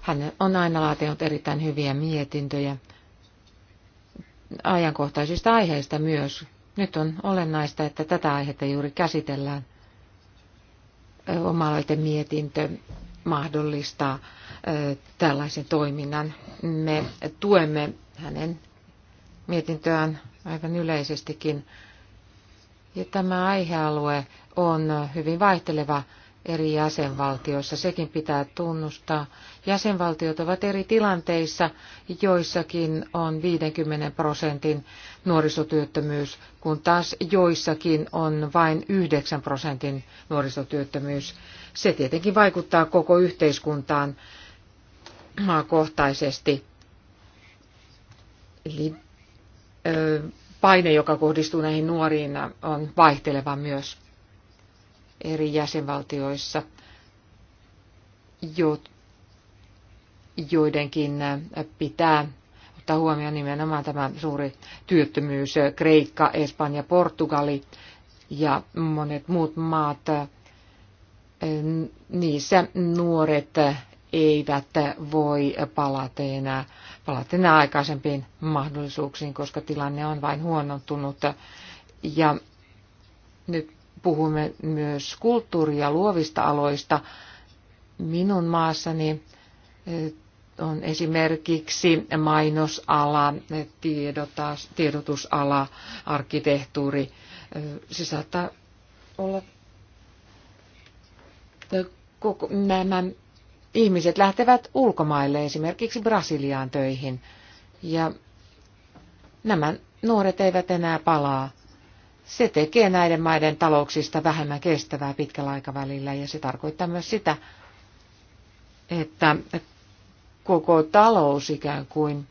Hän on aina laatinut erittäin hyviä mietintöjä ajankohtaisista aiheista myös. Nyt on olennaista, että tätä aihetta juuri käsitellään. oma mietintö mahdollistaa tällaisen toiminnan. Me tuemme hänen mietintöään aivan yleisestikin. Ja tämä aihealue on hyvin vaihteleva eri jäsenvaltioissa. Sekin pitää tunnustaa. Jäsenvaltiot ovat eri tilanteissa. Joissakin on 50 prosentin nuorisotyöttömyys, kun taas joissakin on vain 9 prosentin nuorisotyöttömyys. Se tietenkin vaikuttaa koko yhteiskuntaan maakohtaisesti. Eli paine, joka kohdistuu näihin nuoriin, on vaihteleva myös eri jäsenvaltioissa jo joidenkin pitää ottaa huomioon nimenomaan tämä suuri työttömyys, Kreikka, Espanja, Portugali ja monet muut maat. Niissä nuoret eivät voi palata enää, palata enää aikaisempiin mahdollisuuksiin, koska tilanne on vain huonontunut. Ja nyt puhumme myös kulttuuri- ja luovista aloista. Minun maassani eh, on esimerkiksi mainosala, eh, tiedotusala, arkkitehtuuri. Eh, se saattaa olla koko, nämä ihmiset lähtevät ulkomaille, esimerkiksi Brasiliaan töihin. Ja nämä nuoret eivät enää palaa se tekee näiden maiden talouksista vähemmän kestävää pitkällä aikavälillä ja se tarkoittaa myös sitä, että koko talous ikään kuin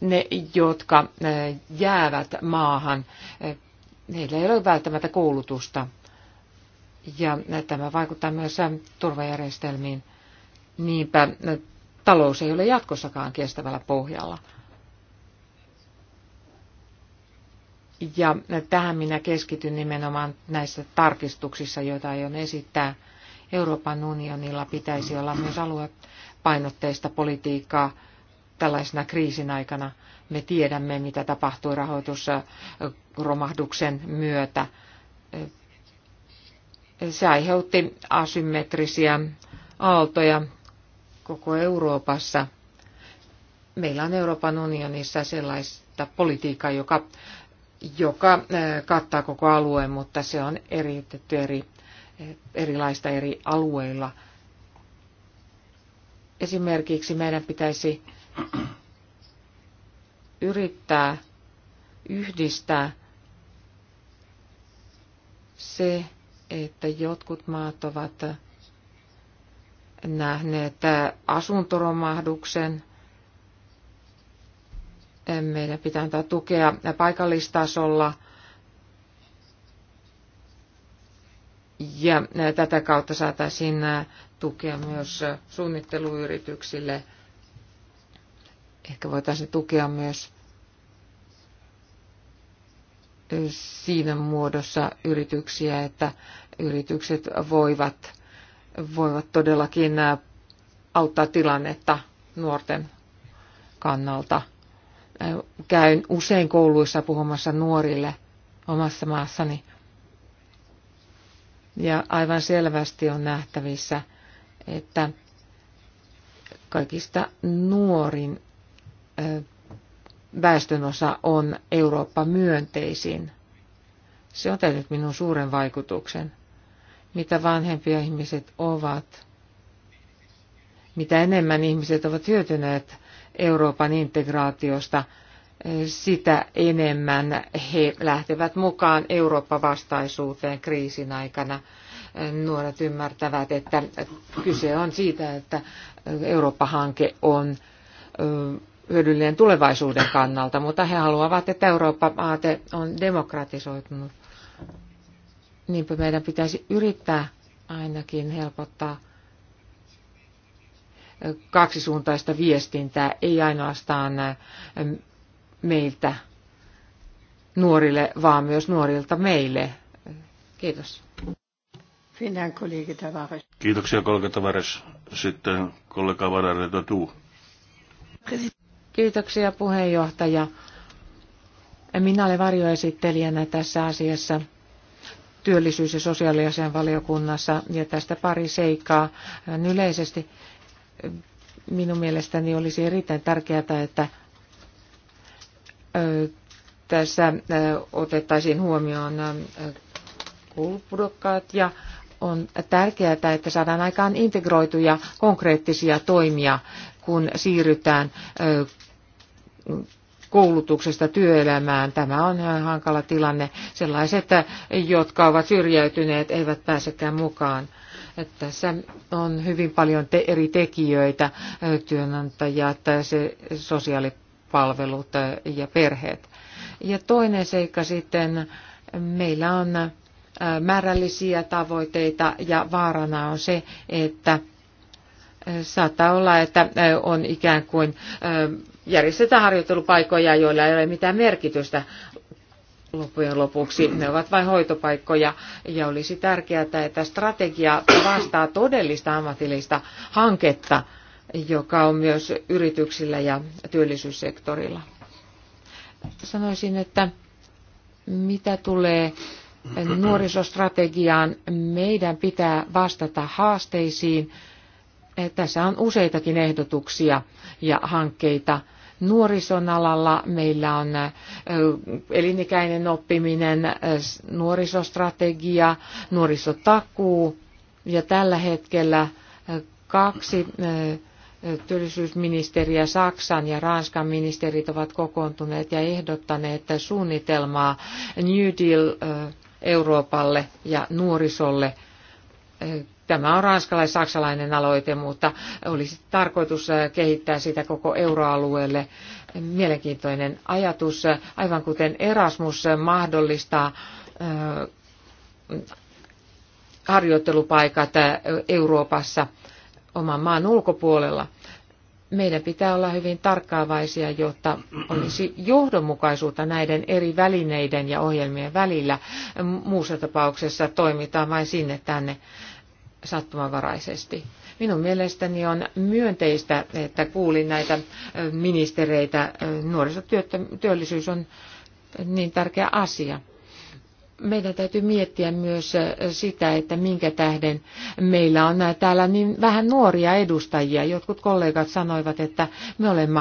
ne, jotka jäävät maahan, heillä ei ole välttämättä koulutusta. Ja tämä vaikuttaa myös turvajärjestelmiin. Niinpä talous ei ole jatkossakaan kestävällä pohjalla. Ja tähän minä keskityn nimenomaan näissä tarkistuksissa, joita aion esittää. Euroopan unionilla pitäisi olla myös aluepainotteista politiikkaa tällaisena kriisin aikana. Me tiedämme, mitä tapahtui rahoitusromahduksen myötä. Se aiheutti asymmetrisiä aaltoja koko Euroopassa. Meillä on Euroopan unionissa sellaista politiikkaa, joka joka eh, kattaa koko alueen, mutta se on eriytetty eri, eh, erilaista eri alueilla. Esimerkiksi meidän pitäisi yrittää yhdistää se, että jotkut maat ovat nähneet eh, asuntoromahduksen, meidän pitää antaa tukea paikallistasolla ja tätä kautta saataisiin tukea myös suunnitteluyrityksille. Ehkä voitaisiin tukea myös siinä muodossa yrityksiä, että yritykset voivat, voivat todellakin auttaa tilannetta nuorten kannalta – Äh, käyn usein kouluissa puhumassa nuorille omassa maassani. Ja aivan selvästi on nähtävissä, että kaikista nuorin äh, väestönosa on Eurooppa myönteisin. Se on tehnyt minun suuren vaikutuksen. Mitä vanhempia ihmiset ovat, mitä enemmän ihmiset ovat hyötyneet Euroopan integraatiosta, sitä enemmän he lähtevät mukaan Eurooppa-vastaisuuteen kriisin aikana. Nuoret ymmärtävät, että kyse on siitä, että Eurooppa-hanke on hyödyllinen tulevaisuuden kannalta, mutta he haluavat, että Eurooppa-aate on demokratisoitunut. Niinpä meidän pitäisi yrittää ainakin helpottaa kaksisuuntaista viestintää, ei ainoastaan meiltä nuorille, vaan myös nuorilta meille. Kiitos. Kiitoksia kollega Tavares. Sitten kollega Varare Totu. Kiitoksia puheenjohtaja. Minä olen varjoesittelijänä tässä asiassa työllisyys- ja sosiaaliasian valiokunnassa ja tästä pari seikkaa yleisesti minun mielestäni olisi erittäin tärkeää, että tässä otettaisiin huomioon koulupudokkaat ja on tärkeää, että saadaan aikaan integroituja konkreettisia toimia, kun siirrytään koulutuksesta työelämään. Tämä on hankala tilanne. Sellaiset, jotka ovat syrjäytyneet, eivät pääsekään mukaan tässä on hyvin paljon te- eri tekijöitä, työnantajat, se sosiaalipalvelut ja perheet. Ja toinen seikka sitten, meillä on määrällisiä tavoitteita ja vaarana on se, että saattaa olla, että on ikään kuin järjestetään harjoittelupaikkoja, joilla ei ole mitään merkitystä loppujen lopuksi. Ne ovat vain hoitopaikkoja ja olisi tärkeää, että strategia vastaa todellista ammatillista hanketta, joka on myös yrityksillä ja työllisyyssektorilla. Sanoisin, että mitä tulee nuorisostrategiaan, meidän pitää vastata haasteisiin. Tässä on useitakin ehdotuksia ja hankkeita Nuorison alalla meillä on elinikäinen oppiminen, nuorisostrategia, nuorisotakuu ja tällä hetkellä kaksi työllisyysministeriä Saksan ja Ranskan ministerit ovat kokoontuneet ja ehdottaneet suunnitelmaa New Deal Euroopalle ja nuorisolle Tämä on ranskalais-saksalainen aloite, mutta olisi tarkoitus äh, kehittää sitä koko euroalueelle. Mielenkiintoinen ajatus, aivan kuten Erasmus mahdollistaa äh, harjoittelupaikat äh, Euroopassa oman maan ulkopuolella. Meidän pitää olla hyvin tarkkaavaisia, jotta olisi johdonmukaisuutta näiden eri välineiden ja ohjelmien välillä. Muussa tapauksessa toimitaan vain sinne tänne sattumanvaraisesti. Minun mielestäni on myönteistä, että kuulin näitä ministereitä. Nuorisotyöllisyys on niin tärkeä asia. Meidän täytyy miettiä myös sitä, että minkä tähden meillä on täällä niin vähän nuoria edustajia. Jotkut kollegat sanoivat, että me olemme,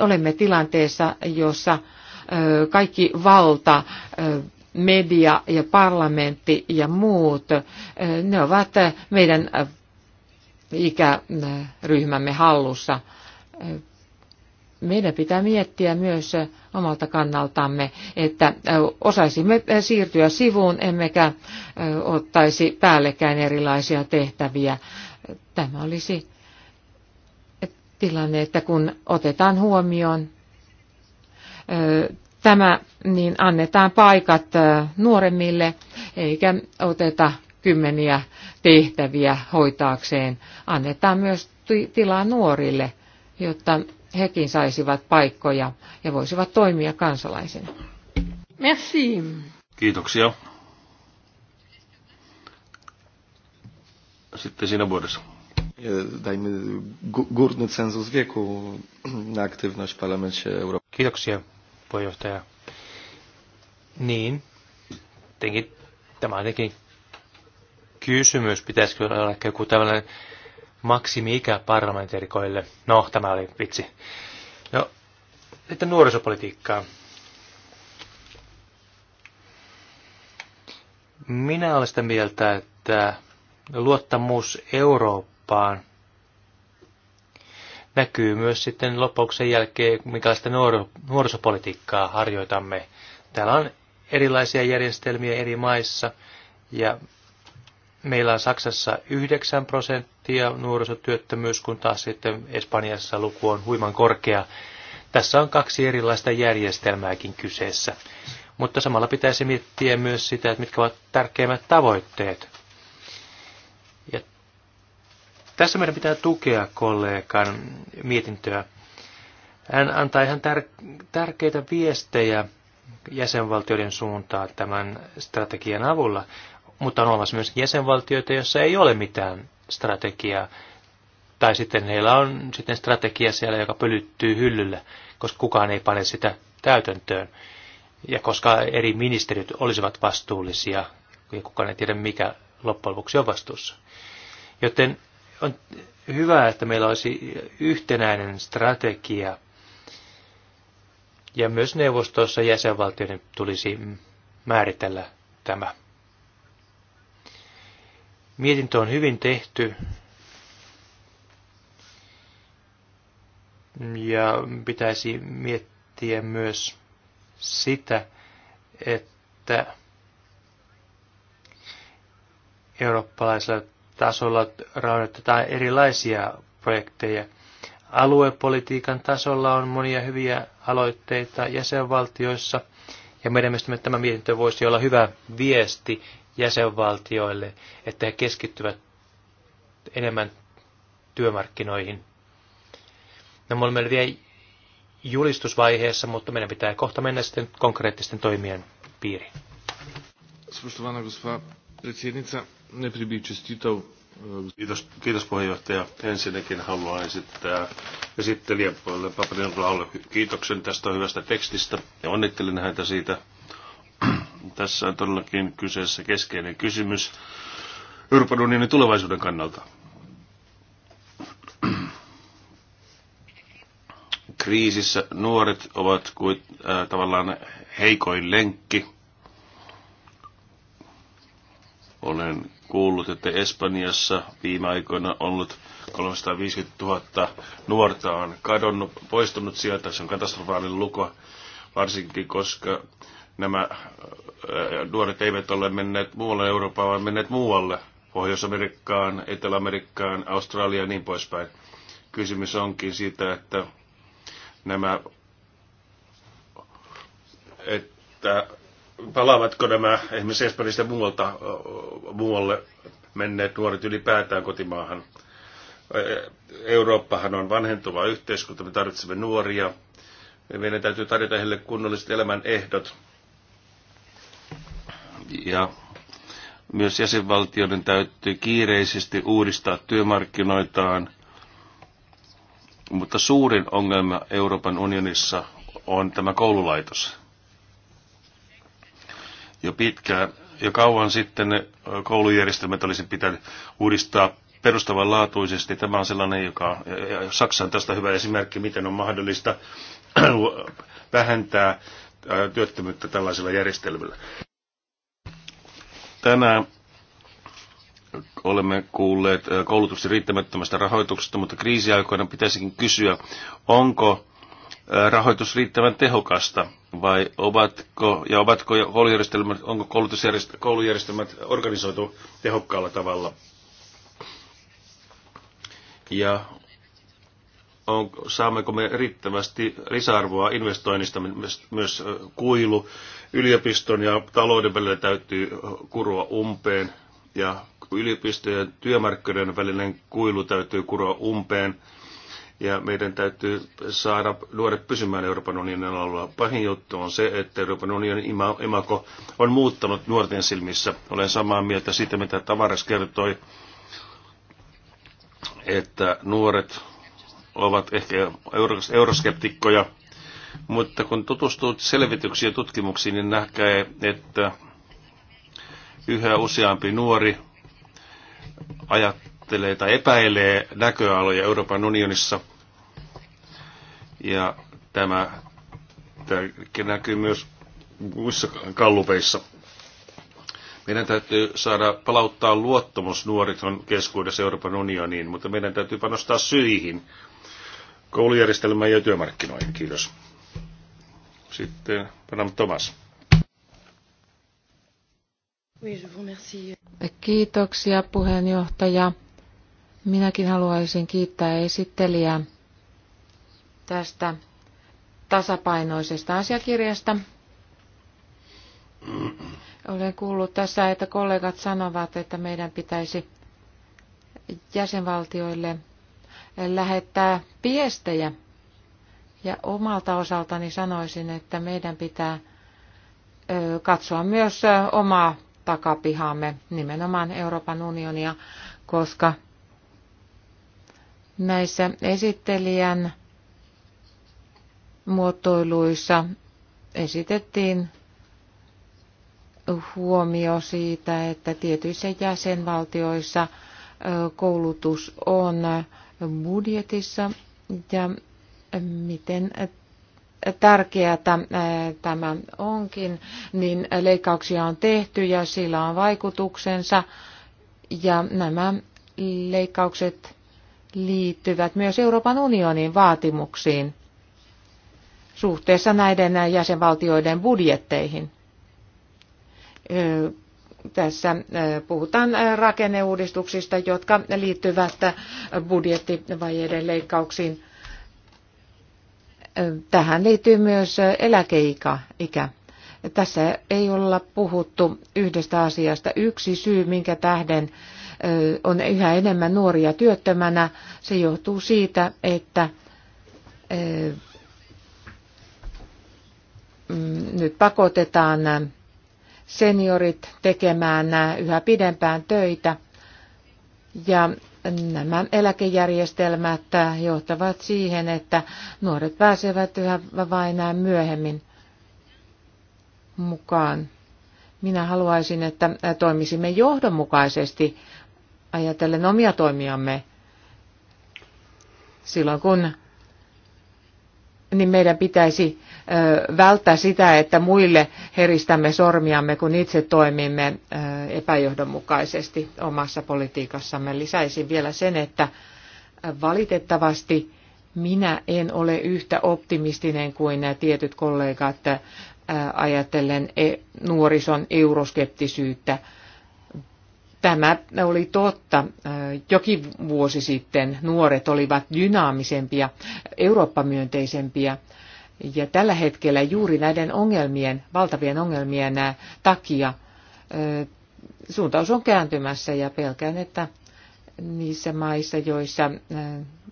olemme tilanteessa, jossa kaikki valta media ja parlamentti ja muut, eh, ne ovat meidän eh, ikäryhmämme hallussa. Eh, meidän pitää miettiä myös omalta kannaltamme, että osaisimme siirtyä sivuun, emmekä ottaisi päällekään erilaisia tehtäviä. Tämä olisi tilanne, että kun otetaan huomioon tämä, niin annetaan paikat nuoremmille eikä oteta kymmeniä tehtäviä hoitaakseen. Annetaan myös tilaa nuorille, jotta hekin saisivat paikkoja ja voisivat toimia kansalaisina. Merci. Kiitoksia. Sitten sinä vuodessa. E, dajmy górny cenzus wieku na aktywność w parlamencie Europejskim. Kiitoksia puheenjohtaja. Niin, tietenkin, tämä on tietenkin kysymys, pitäisikö olla joku tällainen maksimi-ikä parlamentaarikoille. No, tämä oli vitsi. No, sitten nuorisopolitiikkaa. Minä olen sitä mieltä, että luottamus Eurooppaan – näkyy myös sitten loppauksen jälkeen, minkälaista nuorisopolitiikkaa harjoitamme. Täällä on erilaisia järjestelmiä eri maissa ja meillä on Saksassa 9 prosenttia nuorisotyöttömyys, kun taas sitten Espanjassa luku on huiman korkea. Tässä on kaksi erilaista järjestelmääkin kyseessä. Mutta samalla pitäisi miettiä myös sitä, että mitkä ovat tärkeimmät tavoitteet tässä meidän pitää tukea kollegan mietintöä. Hän antaa ihan tär- tärkeitä viestejä jäsenvaltioiden suuntaan tämän strategian avulla, mutta on olemassa myös jäsenvaltioita, joissa ei ole mitään strategiaa. Tai sitten heillä on sitten strategia siellä, joka pölyttyy hyllyllä, koska kukaan ei pane sitä täytäntöön. Ja koska eri ministerit olisivat vastuullisia, ja kukaan ei tiedä mikä loppujen lopuksi on vastuussa. Joten on hyvä, että meillä olisi yhtenäinen strategia. Ja myös neuvostossa jäsenvaltioiden tulisi määritellä tämä. Mietintö on hyvin tehty. Ja pitäisi miettiä myös sitä, että eurooppalaisella tasolla rahoitetaan erilaisia projekteja. Aluepolitiikan tasolla on monia hyviä aloitteita jäsenvaltioissa, ja meidän mielestämme tämä mietintö voisi olla hyvä viesti jäsenvaltioille, että he keskittyvät enemmän työmarkkinoihin. No, me olemme vielä julistusvaiheessa, mutta meidän pitää kohta mennä sitten konkreettisten toimien piiriin. Eh, kiitos, kiitos puheenjohtaja. Ensinnäkin haluan esittää esittelijä Papadillalle kiitoksen tästä hyvästä tekstistä ja onnittelen häntä siitä. (clears throat) Tässä on todellakin kyseessä keskeinen kysymys Euroopan unionin tulevaisuuden kannalta. (clears throat) Kriisissä nuoret ovat kuin, äh, tavallaan heikoin lenkki. Olen kuullut, että Espanjassa viime aikoina ollut 350 000 nuorta on kadonnut, poistunut sieltä. Se on katastrofaalinen luku, varsinkin koska nämä äh, nuoret eivät ole menneet muualle Eurooppaan, vaan menneet muualle. Pohjois-Amerikkaan, Etelä-Amerikkaan, Australiaan ja niin poispäin. Kysymys onkin siitä, että nämä, että palaavatko nämä esimerkiksi Espanjasta muualta, muualle menneet nuoret ylipäätään kotimaahan? Eurooppahan on vanhentuva yhteiskunta, me tarvitsemme nuoria. Meidän täytyy tarjota heille kunnolliset elämän ehdot. Ja myös jäsenvaltioiden täytyy kiireisesti uudistaa työmarkkinoitaan, mutta suurin ongelma Euroopan unionissa on tämä koululaitos jo pitkään. Jo kauan sitten koulujärjestelmät olisi pitänyt uudistaa perustavanlaatuisesti. Tämä on sellainen, joka, Saksa on tästä hyvä esimerkki, miten on mahdollista (clears throat) vähentää työttömyyttä tällaisilla järjestelmillä. Tänään olemme kuulleet koulutuksen riittämättömästä rahoituksesta, mutta kriisiaikoina pitäisikin kysyä, onko rahoitus riittävän tehokasta vai ovatko, ja ovatko koulujärjestelmät, onko koulujärjestelmät organisoitu tehokkaalla tavalla? Ja on, saammeko me riittävästi lisäarvoa investoinnista, myös, kuilu yliopiston ja talouden välillä täytyy kurua umpeen ja yliopistojen työmarkkinoiden välinen kuilu täytyy kuroa umpeen ja meidän täytyy saada nuoret pysymään Euroopan unionin alueella. Pahin juttu on se, että Euroopan unionin imako on muuttanut nuorten silmissä. Olen samaa mieltä siitä, mitä Tavares kertoi, että nuoret ovat ehkä euroskeptikkoja, mutta kun tutustuu selvityksiin ja tutkimuksiin, niin näkee, että yhä useampi nuori ajattelee, ajattelee tai epäilee näköaloja Euroopan unionissa. Ja tämä, tämä näkyy myös muissa kallupeissa. Meidän täytyy saada palauttaa luottamus nuorison keskuudessa Euroopan unioniin, mutta meidän täytyy panostaa syihin, koulujärjestelmään ja työmarkkinoihin. Kiitos. Sitten Panam Thomas. Kiitoksia puheenjohtaja. Minäkin haluaisin kiittää esittelijää tästä tasapainoisesta asiakirjasta. Olen kuullut tässä, että kollegat sanovat, että meidän pitäisi jäsenvaltioille lähettää viestejä. Ja omalta osaltani sanoisin, että meidän pitää katsoa myös omaa takapihaamme, nimenomaan Euroopan unionia, koska näissä esittelijän muotoiluissa esitettiin huomio siitä, että tietyissä jäsenvaltioissa koulutus on budjetissa ja miten tärkeää tämä onkin, niin leikkauksia on tehty ja sillä on vaikutuksensa ja nämä leikkaukset liittyvät myös Euroopan unionin vaatimuksiin suhteessa näiden jäsenvaltioiden budjetteihin. Tässä puhutaan rakenneuudistuksista, jotka liittyvät budjettivajeiden leikkauksiin. Tähän liittyy myös eläkeikä. Ikä. Tässä ei olla puhuttu yhdestä asiasta. Yksi syy, minkä tähden on yhä enemmän nuoria työttömänä. Se johtuu siitä, että mm, nyt pakotetaan seniorit tekemään yhä pidempään töitä. Ja nämä eläkejärjestelmät johtavat siihen, että nuoret pääsevät yhä vain myöhemmin mukaan. Minä haluaisin, että toimisimme johdonmukaisesti ajatellen omia toimiamme silloin, kun niin meidän pitäisi välttää sitä, että muille heristämme sormiamme, kun itse toimimme epäjohdonmukaisesti omassa politiikassamme. Lisäisin vielä sen, että valitettavasti minä en ole yhtä optimistinen kuin nämä tietyt kollegat ajatellen e, nuorison euroskeptisyyttä Tämä oli totta. Jokin vuosi sitten nuoret olivat dynaamisempia, eurooppamyönteisempiä. Ja tällä hetkellä juuri näiden ongelmien, valtavien ongelmien takia suuntaus on kääntymässä ja pelkään, että niissä maissa, joissa,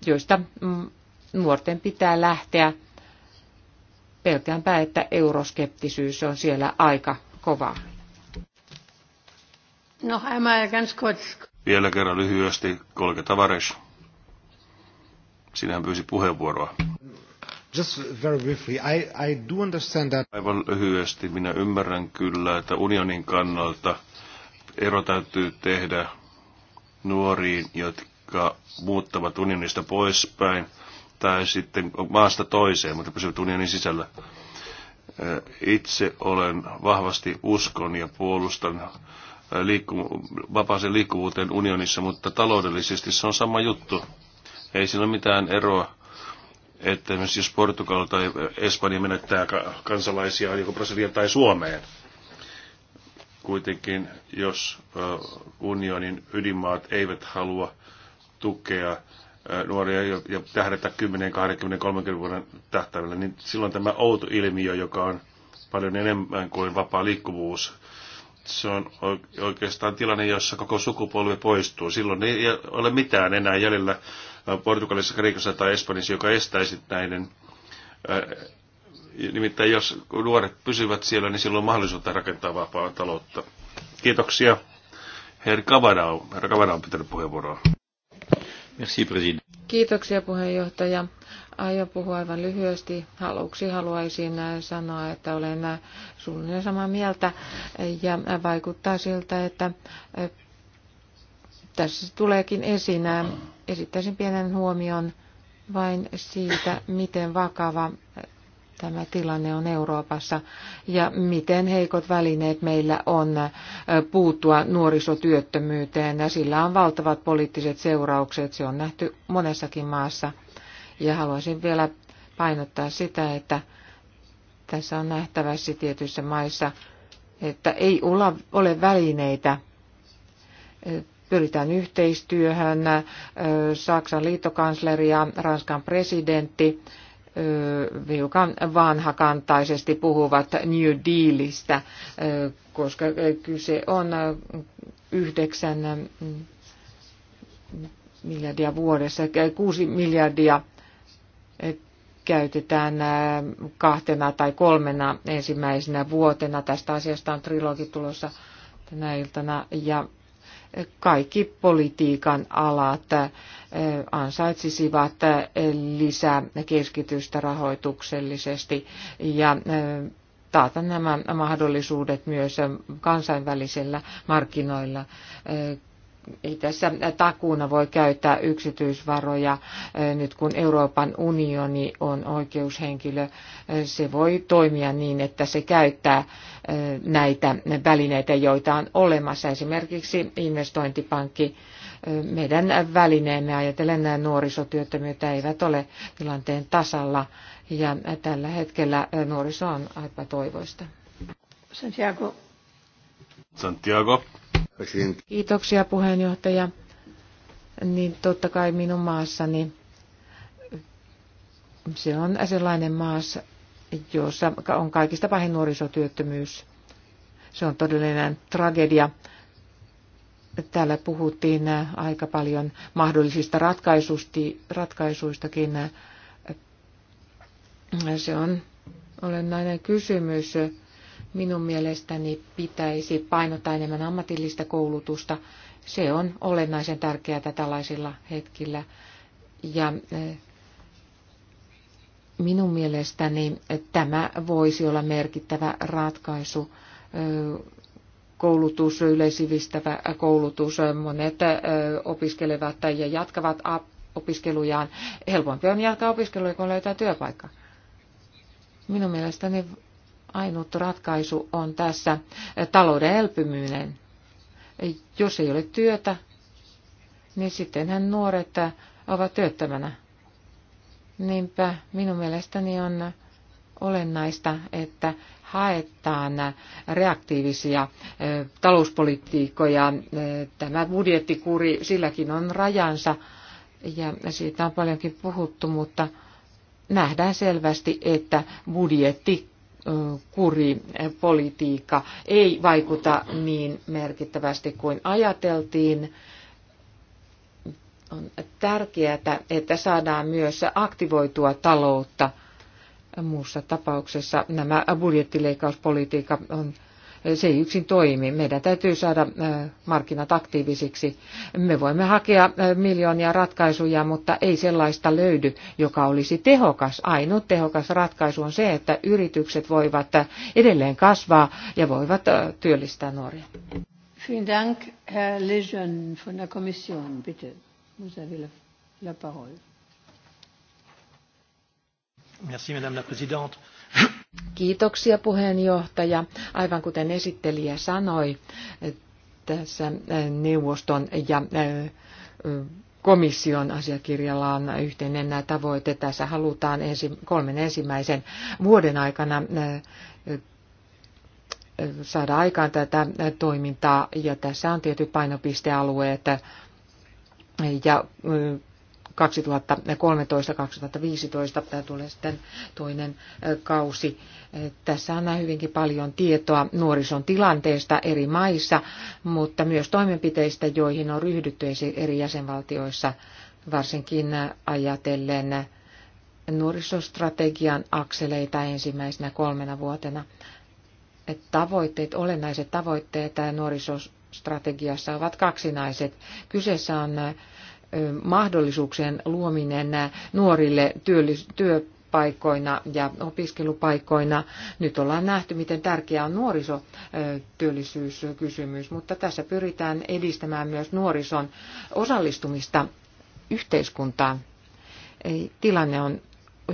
joista mm, nuorten pitää lähteä, pelkäänpä, että euroskeptisyys on siellä aika kovaa. No, einmal ganz kurz. Vielä kerran lyhyesti, Kolke Tavares. Sinähän pyysi puheenvuoroa. Just very briefly, I, I do understand that... Aivan lyhyesti, minä ymmärrän kyllä, että unionin kannalta ero täytyy tehdä nuoriin, jotka muuttavat unionista poispäin, tai sitten maasta toiseen, mutta pysyvät unionin sisällä. Itse olen vahvasti uskon ja puolustan liikku, vapaaseen liikkuvuuteen unionissa, mutta taloudellisesti se on sama juttu. Ei siinä ole mitään eroa, että esimerkiksi jos Portugal tai Espanja menettää kansalaisia joko Brasilian tai Suomeen. Kuitenkin, jos unionin ydinmaat eivät halua tukea nuoria ja tähdätä 10, 20, 30 vuoden tähtäimellä, niin silloin tämä outo ilmiö, joka on paljon enemmän kuin vapaa liikkuvuus, se on oikeastaan tilanne, jossa koko sukupolvi poistuu. Silloin ei ole mitään enää jäljellä Portugalissa, Kreikassa tai Espanjassa, joka estäisi näiden. Nimittäin jos nuoret pysyvät siellä, niin silloin on mahdollisuutta rakentaa vapaa taloutta. Kiitoksia. Herra Kavadau. herra Kavadau, on pitänyt puheenvuoroa. Merci, president. Kiitoksia puheenjohtaja. Aion puhua aivan lyhyesti. Aluksi haluaisin sanoa, että olen suunnilleen samaa mieltä ja vaikuttaa siltä, että tässä tuleekin esiin. Esittäisin pienen huomion vain siitä, miten vakava tämä tilanne on Euroopassa ja miten heikot välineet meillä on puuttua nuorisotyöttömyyteen. Sillä on valtavat poliittiset seuraukset, se on nähty monessakin maassa. Ja haluaisin vielä painottaa sitä, että tässä on nähtävästi tietyissä maissa, että ei ole välineitä. Pyritään yhteistyöhön. Saksan liittokansleri ja Ranskan presidentti hiukan vanhakantaisesti puhuvat New Dealista, koska kyse on yhdeksän mm, miljardia vuodessa, kuusi miljardia käytetään kahtena tai kolmena ensimmäisenä vuotena. Tästä asiasta on trilogi tulossa tänä iltana. Ja kaikki politiikan alat ansaitsisivat lisää keskitystä rahoituksellisesti ja taata nämä mahdollisuudet myös kansainvälisillä markkinoilla ei tässä takuuna voi käyttää yksityisvaroja eh, nyt kun Euroopan unioni on oikeushenkilö. Eh, se voi toimia niin, että se käyttää eh, näitä välineitä, joita on olemassa. Esimerkiksi investointipankki meidän välineemme ajatellen nämä nuorisotyöttömyyttä eivät ole tilanteen tasalla ja tällä hetkellä nuoriso on toivoista. Santiago. Santiago. Kiitoksia puheenjohtaja. Niin totta kai minun maassani se on sellainen maassa, jossa on kaikista pahin nuorisotyöttömyys. Se on todellinen tragedia. Täällä puhuttiin aika paljon mahdollisista ratkaisuistakin. Se on olennainen kysymys Minun mielestäni pitäisi painottaa enemmän ammatillista koulutusta. Se on olennaisen tärkeää tällaisilla hetkillä. Ja e, minun mielestäni tämä voisi olla merkittävä ratkaisu. E, koulutus, yleisivistävä koulutus, monet e, opiskelevat tai jatkavat opiskelujaan. Helpompi on jatkaa opiskeluja, kun löytää työpaikka. Minun mielestäni ainut ratkaisu on tässä talouden elpyminen. Jos ei ole työtä, niin sittenhän nuoret ovat työttömänä. Niinpä minun mielestäni on olennaista, että haetaan reaktiivisia talouspolitiikkoja. Tämä budjettikuri, silläkin on rajansa ja siitä on paljonkin puhuttu, mutta nähdään selvästi, että budjetti kuripolitiikka ei vaikuta niin merkittävästi kuin ajateltiin. On tärkeää, että saadaan myös aktivoitua taloutta. Muussa tapauksessa nämä budjettileikkauspolitiikka on se ei yksin toimi. Meidän täytyy saada äh, markkinat aktiivisiksi. Me voimme hakea äh, miljoonia ratkaisuja, mutta ei sellaista löydy, joka olisi tehokas. Ainut tehokas ratkaisu on se, että yritykset voivat äh, edelleen kasvaa ja voivat työllistää nuoria. Vielen Dank, Herr Lejeune von der Kommission. Bitte, vous avez la, la parole. Merci, Madame la Présidente. Kiitoksia puheenjohtaja. Aivan kuten esittelijä sanoi, tässä neuvoston ja komission asiakirjalla on yhteinen tavoite. Tässä halutaan ensi, kolmen ensimmäisen vuoden aikana saada aikaan tätä toimintaa ja tässä on tietyt painopistealueet ja 2013-2015 tämä tulee sitten toinen kausi. Tässä on hyvinkin paljon tietoa nuorison tilanteesta eri maissa, mutta myös toimenpiteistä, joihin on ryhdytty eri jäsenvaltioissa, varsinkin ajatellen nuorisostrategian akseleita ensimmäisenä kolmena vuotena. Tavoitteet, olennaiset tavoitteet nuorisostrategiassa ovat kaksinaiset. Kyseessä on mahdollisuuksien luominen nuorille työpaikkoina ja opiskelupaikkoina. Nyt ollaan nähty, miten tärkeä on nuorisotyöllisyyskysymys, mutta tässä pyritään edistämään myös nuorison osallistumista yhteiskuntaan. Tilanne on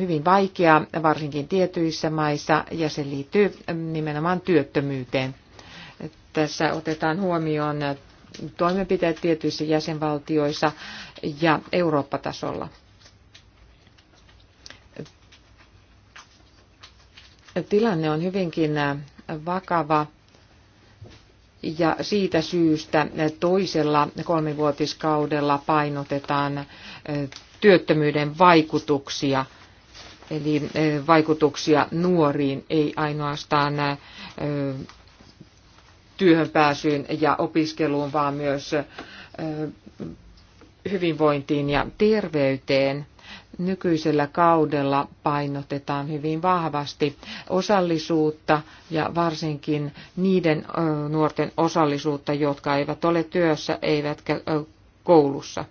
hyvin vaikea, varsinkin tietyissä maissa, ja se liittyy nimenomaan työttömyyteen. Tässä otetaan huomioon toimenpiteet tietyissä jäsenvaltioissa ja Eurooppa-tasolla. Tilanne on hyvinkin äh, vakava ja siitä syystä äh, toisella kolmivuotiskaudella painotetaan äh, työttömyyden vaikutuksia, eli vaikutuksia nuoriin, ei ainoastaan työhön pääsyyn ja opiskeluun, vaan myös hyvinvointiin ja terveyteen. Nykyisellä kaudella painotetaan hyvin vahvasti osallisuutta ja varsinkin niiden nuorten osallisuutta, jotka eivät ole työssä eivätkä koulussa.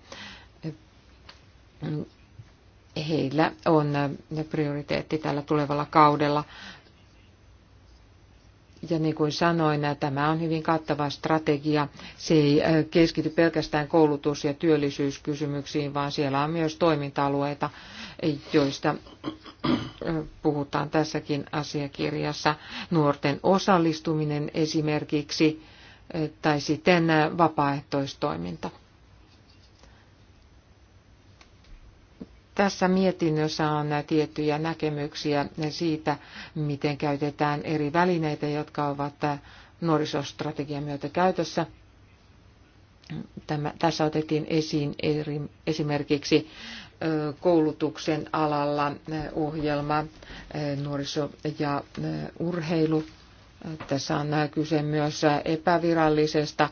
Heillä on prioriteetti tällä tulevalla kaudella ja niin kuin sanoin, tämä on hyvin kattava strategia. Se ei äh, keskity pelkästään koulutus- ja työllisyyskysymyksiin, vaan siellä on myös toiminta-alueita, joista äh, puhutaan tässäkin asiakirjassa. Nuorten osallistuminen esimerkiksi äh, tai sitten vapaaehtoistoiminta. Tässä mietinnössä on tiettyjä näkemyksiä siitä, miten käytetään eri välineitä, jotka ovat nuorisostrategian myötä käytössä. Tämä, tässä otettiin esiin eri, esimerkiksi koulutuksen alalla ohjelma nuoriso ja urheilu. Tässä on kyse myös epävirallisesta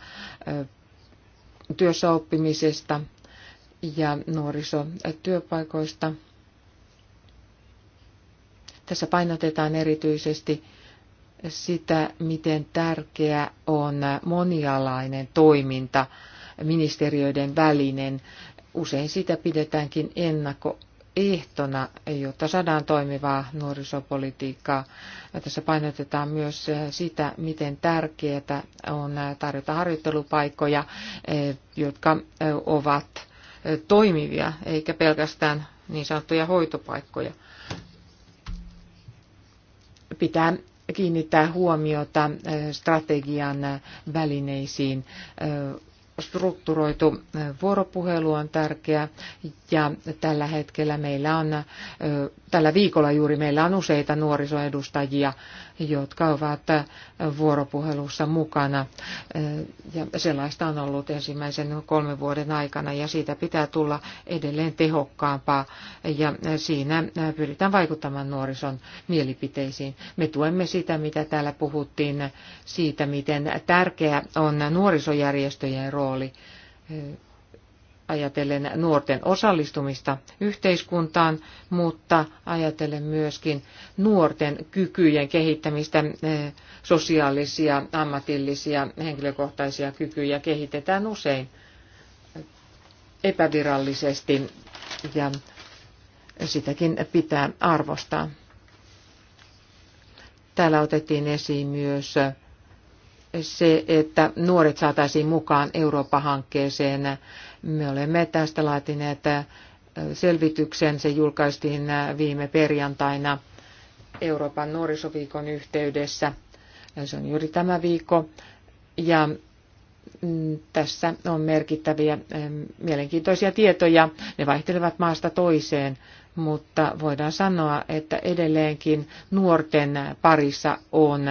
työssäoppimisesta ja nuorisotyöpaikoista. Tässä painotetaan erityisesti sitä, miten tärkeä on monialainen toiminta ministeriöiden välinen. Usein sitä pidetäänkin ennakko, ehtona, jotta saadaan toimivaa nuorisopolitiikkaa. Tässä painotetaan myös sitä, miten tärkeää on tarjota harjoittelupaikkoja, jotka ovat toimivia, eikä pelkästään niin sanottuja hoitopaikkoja. Pitää kiinnittää huomiota strategian välineisiin. Strukturoitu vuoropuhelu on tärkeä ja tällä hetkellä meillä on, tällä viikolla juuri meillä on useita nuorisoedustajia jotka ovat vuoropuhelussa mukana. Ja sellaista on ollut ensimmäisen kolmen vuoden aikana ja siitä pitää tulla edelleen tehokkaampaa ja siinä pyritään vaikuttamaan nuorison mielipiteisiin. Me tuemme sitä, mitä täällä puhuttiin siitä, miten tärkeä on nuorisojärjestöjen rooli ajatellen nuorten osallistumista yhteiskuntaan, mutta ajatellen myöskin nuorten kykyjen kehittämistä, eh, sosiaalisia, ammatillisia, henkilökohtaisia kykyjä kehitetään usein epävirallisesti ja sitäkin pitää arvostaa. Täällä otettiin esiin myös se, että nuoret saataisiin mukaan Eurooppa-hankkeeseen me olemme tästä laatineet äh, selvityksen. Se julkaistiin äh, viime perjantaina Euroopan nuorisoviikon yhteydessä. Se on juuri tämä viikko. Ja mm, tässä on merkittäviä äh, mielenkiintoisia tietoja. Ne vaihtelevat maasta toiseen, mutta voidaan sanoa, että edelleenkin nuorten parissa on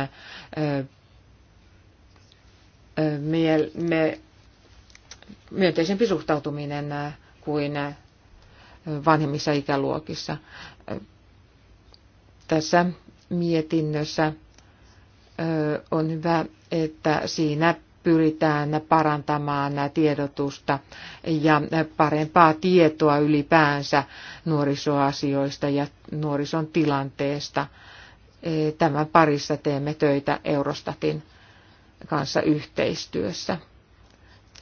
me, myönteisempi suhtautuminen kuin vanhemmissa ikäluokissa. Tässä mietinnössä on hyvä, että siinä pyritään parantamaan tiedotusta ja parempaa tietoa ylipäänsä nuorisoasioista ja nuorison tilanteesta. E, tämän parissa teemme töitä Eurostatin kanssa yhteistyössä.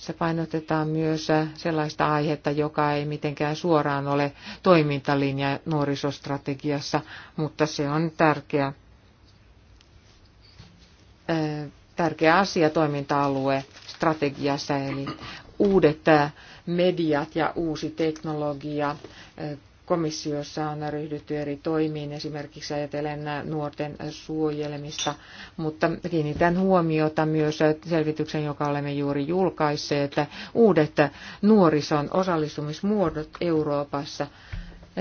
Tässä painotetaan myös äh, sellaista aihetta, joka ei mitenkään suoraan ole toimintalinja nuorisostrategiassa, mutta se on tärkeä, äh, tärkeä asia toiminta-alue strategiassa, eli uudet äh, mediat ja uusi teknologia komissiossa on ryhdytty eri toimiin, esimerkiksi ajatellen nuorten suojelemista, mutta kiinnitän huomiota myös selvityksen, joka olemme juuri julkaisseet, että uudet nuorison osallistumismuodot Euroopassa.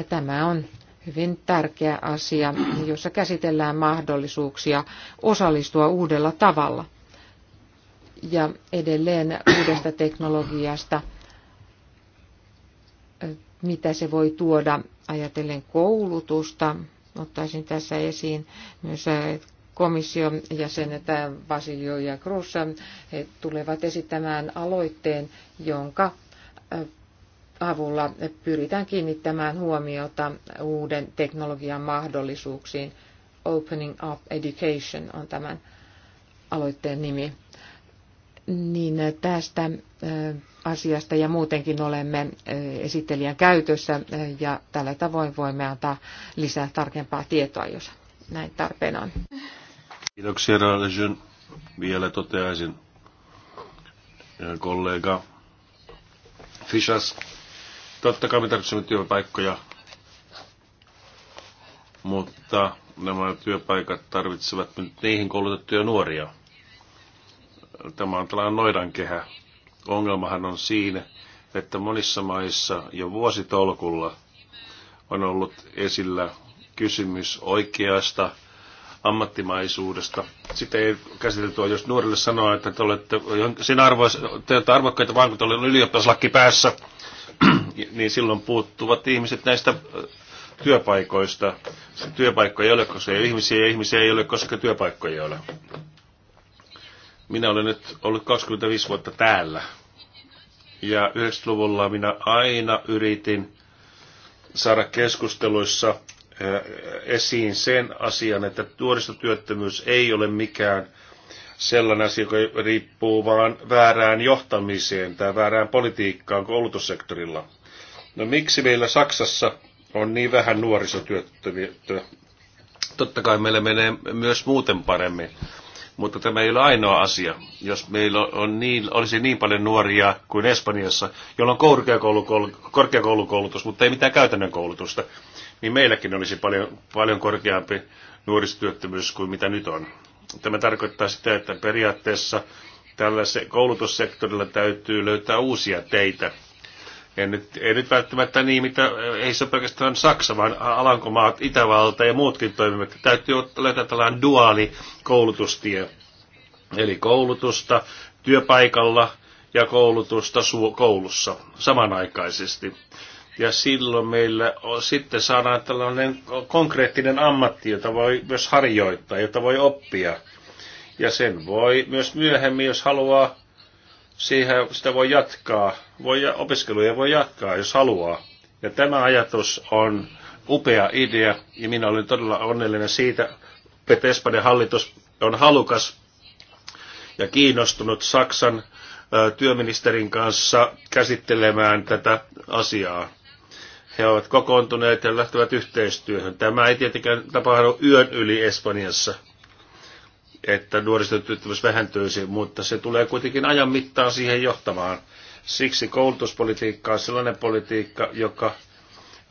Tämä on hyvin tärkeä asia, jossa käsitellään mahdollisuuksia osallistua uudella tavalla. Ja edelleen uudesta teknologiasta mitä se voi tuoda ajatellen koulutusta. Ottaisin tässä esiin myös äh, komission jäsenet äh, Vasilio ja Grossa äh, he tulevat esittämään aloitteen, jonka avulla pyritään kiinnittämään huomiota uuden teknologian mahdollisuuksiin. Opening Up Education on tämän aloitteen nimi. Niin tästä asiasta ja muutenkin olemme esittelijän käytössä ja tällä tavoin voimme antaa lisää tarkempaa tietoa, jos näin tarpeen on. Kiitoksia Raalejön. Vielä toteaisin kollega Fischas. Totta kai me tarvitsemme työpaikkoja, mutta nämä työpaikat tarvitsevat nyt niihin koulutettuja nuoria. Tämä on tällainen noidankehä Ongelmahan on siinä, että monissa maissa jo vuositolkulla on ollut esillä kysymys oikeasta ammattimaisuudesta. Sitä ei käsitelty, jos nuorille sanoo, että te olette, sen arvois, te olette arvokkaita vaan, kun te olette ylioppilaslaki päässä, (clears throat) niin silloin puuttuvat ihmiset näistä työpaikoista. Työpaikkoja ei ole, koska ei ihmisiä ja ihmisiä ei ole, koska työpaikkoja ei ole. Minä olen nyt ollut 25 vuotta täällä. Ja 90-luvulla minä aina yritin saada keskusteluissa eh, esiin sen asian, että nuorisotyöttömyys ei ole mikään sellainen asia, joka riippuu vaan väärään johtamiseen tai väärään politiikkaan koulutussektorilla. No miksi meillä Saksassa on niin vähän nuorisotyöttömyyttä? Totta kai meillä menee myös muuten paremmin mutta tämä ei ole ainoa asia. Jos meillä on niin, olisi niin paljon nuoria kuin Espanjassa, jolla on korkeakoulukoulutus, mutta ei mitään käytännön koulutusta, niin meilläkin olisi paljon, paljon korkeampi nuorisotyöttömyys kuin mitä nyt on. Tämä tarkoittaa sitä, että periaatteessa tällä koulutussektorilla täytyy löytää uusia teitä ei nyt, ei nyt välttämättä niin, mitä ei se ole pelkästään Saksa, vaan Alankomaat, Itävalta ja muutkin toimivat. Täytyy löytää tällainen duaali koulutustie. Eli koulutusta työpaikalla ja koulutusta koulussa samanaikaisesti. Ja silloin meillä on, sitten saadaan tällainen konkreettinen ammatti, jota voi myös harjoittaa, jota voi oppia. Ja sen voi myös myöhemmin, jos haluaa siihen sitä voi jatkaa, voi, opiskeluja voi jatkaa, jos haluaa. Ja tämä ajatus on upea idea, ja minä olen todella onnellinen siitä. että Espanjan hallitus on halukas ja kiinnostunut Saksan työministerin kanssa käsittelemään tätä asiaa. He ovat kokoontuneet ja lähtevät yhteistyöhön. Tämä ei tietenkään tapahdu yön yli Espanjassa, että nuorisotyöttömyys vähentyisi, mutta se tulee kuitenkin ajan mittaan siihen johtamaan. Siksi koulutuspolitiikka on sellainen politiikka, joka,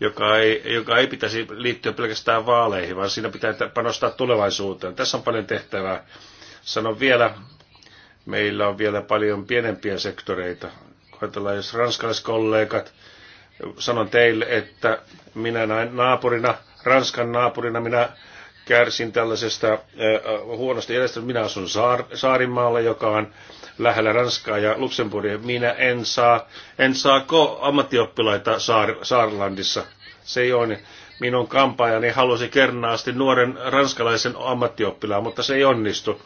joka, ei, joka ei pitäisi liittyä pelkästään vaaleihin, vaan siinä pitää panostaa tulevaisuuteen. Tässä on paljon tehtävää. Sanon vielä, meillä on vielä paljon pienempiä sektoreita. Ajatellaan, jos ranskalaiskollegat, sanon teille, että minä näin naapurina, Ranskan naapurina, minä kärsin tällaisesta äh, äh, huonosta edestä. Minä asun saar, Saarimaalla, joka on lähellä Ranskaa ja Luxemburgia. Minä en saa, en ko- ammattioppilaita saar, Saarlandissa. Se ei ole. Minun kampaajani halusi kernaasti nuoren ranskalaisen ammattioppilaan, mutta se ei onnistu.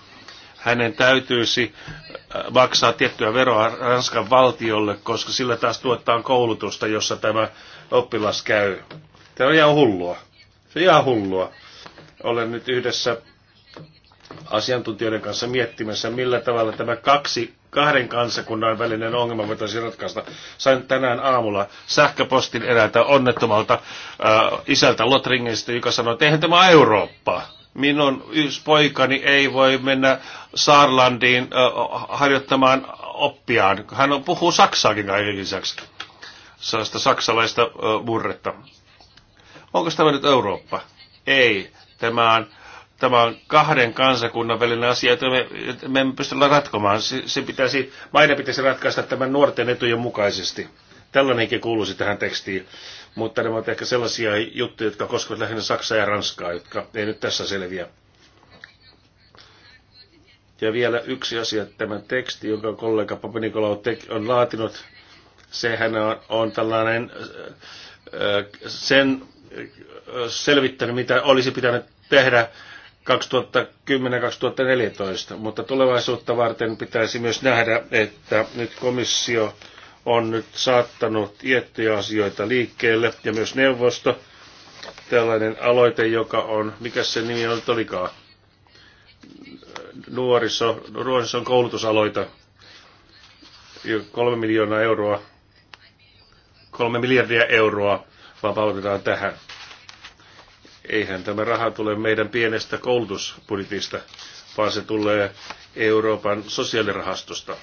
Hänen täytyisi äh, maksaa tiettyä veroa Ranskan valtiolle, koska sillä taas tuottaa koulutusta, jossa tämä oppilas käy. Tämä on ihan hullua. Se on ihan hullua olen nyt yhdessä asiantuntijoiden kanssa miettimässä, millä tavalla tämä kaksi, kahden kansakunnan välinen ongelma voitaisiin ratkaista. Sain tänään aamulla sähköpostin eräältä onnettomalta äh, isältä Lotringista, joka sanoi, että eihän tämä Eurooppaa. Minun yksi poikani ei voi mennä Saarlandiin äh, harjoittamaan oppiaan. Hän on, puhuu saksaakin kaiken lisäksi. Sellaista saksalaista äh, murretta. Onko tämä nyt Eurooppa? Ei. Tämä on, tämä on kahden kansakunnan välinen asia, että me, että me emme pysty ratkomaan. Se, se pitäisi, maiden pitäisi ratkaista tämän nuorten etujen mukaisesti. Tällainenkin kuuluisi tähän tekstiin, mutta ne ovat ehkä sellaisia juttuja, jotka koskevat lähinnä Saksaa ja Ranskaa, jotka ei nyt tässä selviä. Ja vielä yksi asia, tämä teksti, jonka kollega Papenikola on laatinut, sehän on, on tällainen sen selvittänyt, mitä olisi pitänyt tehdä 2010-2014, mutta tulevaisuutta varten pitäisi myös nähdä, että nyt komissio on nyt saattanut tiettyjä asioita liikkeelle ja myös neuvosto, tällainen aloite, joka on, mikä se nimi on, olikaan, nuoriso, nuorison koulutusaloita kolme miljoonaa euroa, kolme miljardia euroa vapautetaan tähän. Eihän tämä raha tule meidän pienestä koulutusbudjetista, vaan se tulee Euroopan sosiaalirahastosta.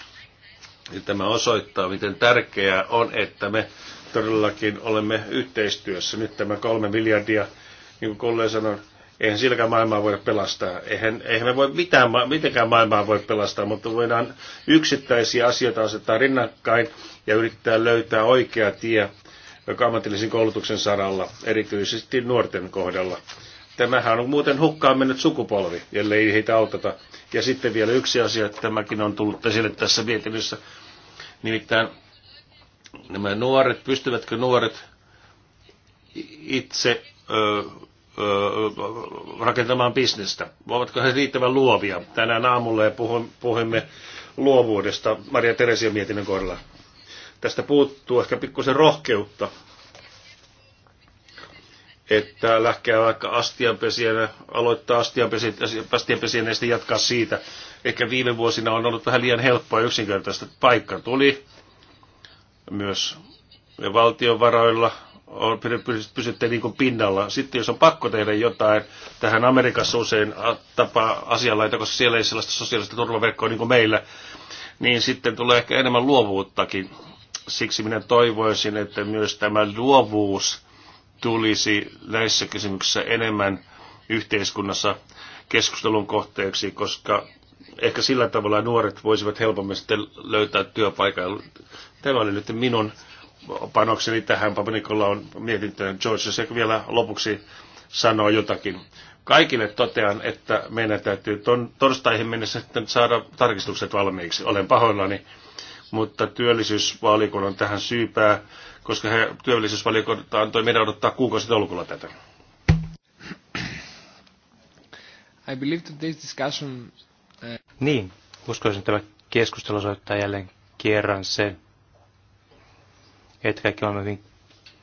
Ja tämä osoittaa, miten tärkeää on, että me todellakin olemme yhteistyössä. Nyt tämä kolme miljardia, niin kuin kollega sanoi, eihän silläkään maailmaa voi pelastaa. Eihän, eihän me voi mitään, mitenkään maailmaa voi pelastaa, mutta voidaan yksittäisiä asioita asettaa rinnakkain ja yrittää löytää oikea tie ammatillisen koulutuksen saralla, erityisesti nuorten kohdalla. Tämähän on muuten hukkaan mennyt sukupolvi, ellei heitä auteta. Ja sitten vielä yksi asia, että tämäkin on tullut esille tässä mietinnössä, nimittäin nämä nuoret, pystyvätkö nuoret itse ö, ö, rakentamaan bisnestä? Ovatko he riittävän luovia? Tänään aamulla ja puhumme luovuudesta Maria Teresia mietinnön kohdalla. Tästä puuttuu ehkä pikkusen rohkeutta, että lähtee vaikka astianpesijänä, aloittaa astianpesijänä ja sitten jatkaa siitä. Ehkä viime vuosina on ollut vähän liian helppoa ja yksinkertaista. Paikka tuli myös valtionvaroilla, on, pysytte niin kuin pinnalla. Sitten jos on pakko tehdä jotain, tähän Amerikassa usein tapaa asianlaita, koska siellä ei sellaista sosiaalista turvaverkkoa niin kuin meillä, niin sitten tulee ehkä enemmän luovuuttakin. Siksi minä toivoisin, että myös tämä luovuus tulisi näissä kysymyksissä enemmän yhteiskunnassa keskustelun kohteeksi, koska ehkä sillä tavalla nuoret voisivat helpommin sitten löytää työpaikan. Tämä oli nyt minun panokseni tähän. Papanikolla on mietintöön George, jos vielä lopuksi sanoo jotakin. Kaikille totean, että meidän täytyy ton, torstaihin mennessä sitten saada tarkistukset valmiiksi. Olen pahoillani mutta työllisyysvaliokunta on tähän syypää, koska he, työllisyysvaliokunta antoi meidän odottaa kuukausi tolkulla tätä. I believe that this discussion... Uh, niin, uskoisin, että tämä keskustelu osoittaa jälleen kerran sen, että kaikki olemme hyvin